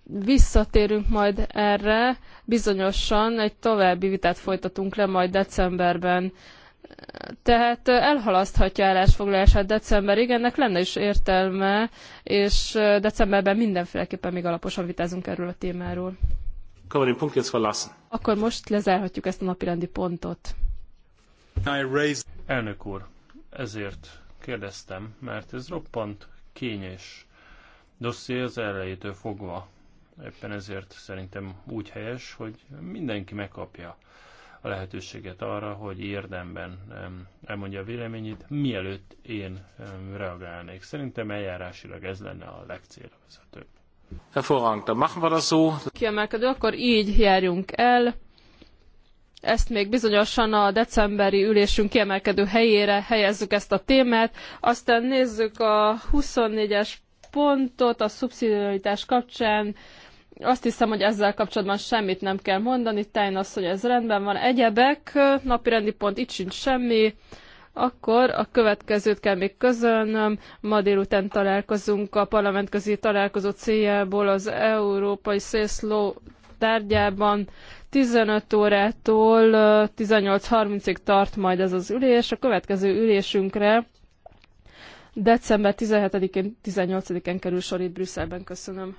visszatérünk majd erre, bizonyosan egy további vitát folytatunk le majd decemberben. Tehát elhalaszthatja állásfoglalását decemberig, ennek lenne is értelme, és decemberben mindenféleképpen még alaposan vitázunk erről a témáról kann man den Punkt jetzt verlassen. Akkor most lezárhatjuk ezt a napirendi pontot. Elnök úr, ezért kérdeztem, mert ez roppant kényes dosszié az elejétől fogva. Éppen ezért szerintem úgy helyes, hogy mindenki megkapja a lehetőséget arra, hogy érdemben elmondja a véleményét, mielőtt én reagálnék. Szerintem eljárásilag ez lenne a legcélvezetőbb. Hervorragend, dann machen wir das so. Kiemelkedő, akkor így járjunk el. Ezt még bizonyosan a decemberi ülésünk kiemelkedő helyére helyezzük ezt a témát. Aztán nézzük a 24-es pontot a szubszidiaritás kapcsán. Azt hiszem, hogy ezzel kapcsolatban semmit nem kell mondani. Tájn azt, hogy ez rendben van. Egyebek, napirendi pont, itt sincs semmi akkor a következőt kell még közölnöm. Ma délután találkozunk a parlamentközi találkozó céljából az Európai Law tárgyában. 15 órától 18.30-ig tart majd ez az ülés. A következő ülésünkre december 17-én, 18-án kerül sor itt Brüsszelben. Köszönöm.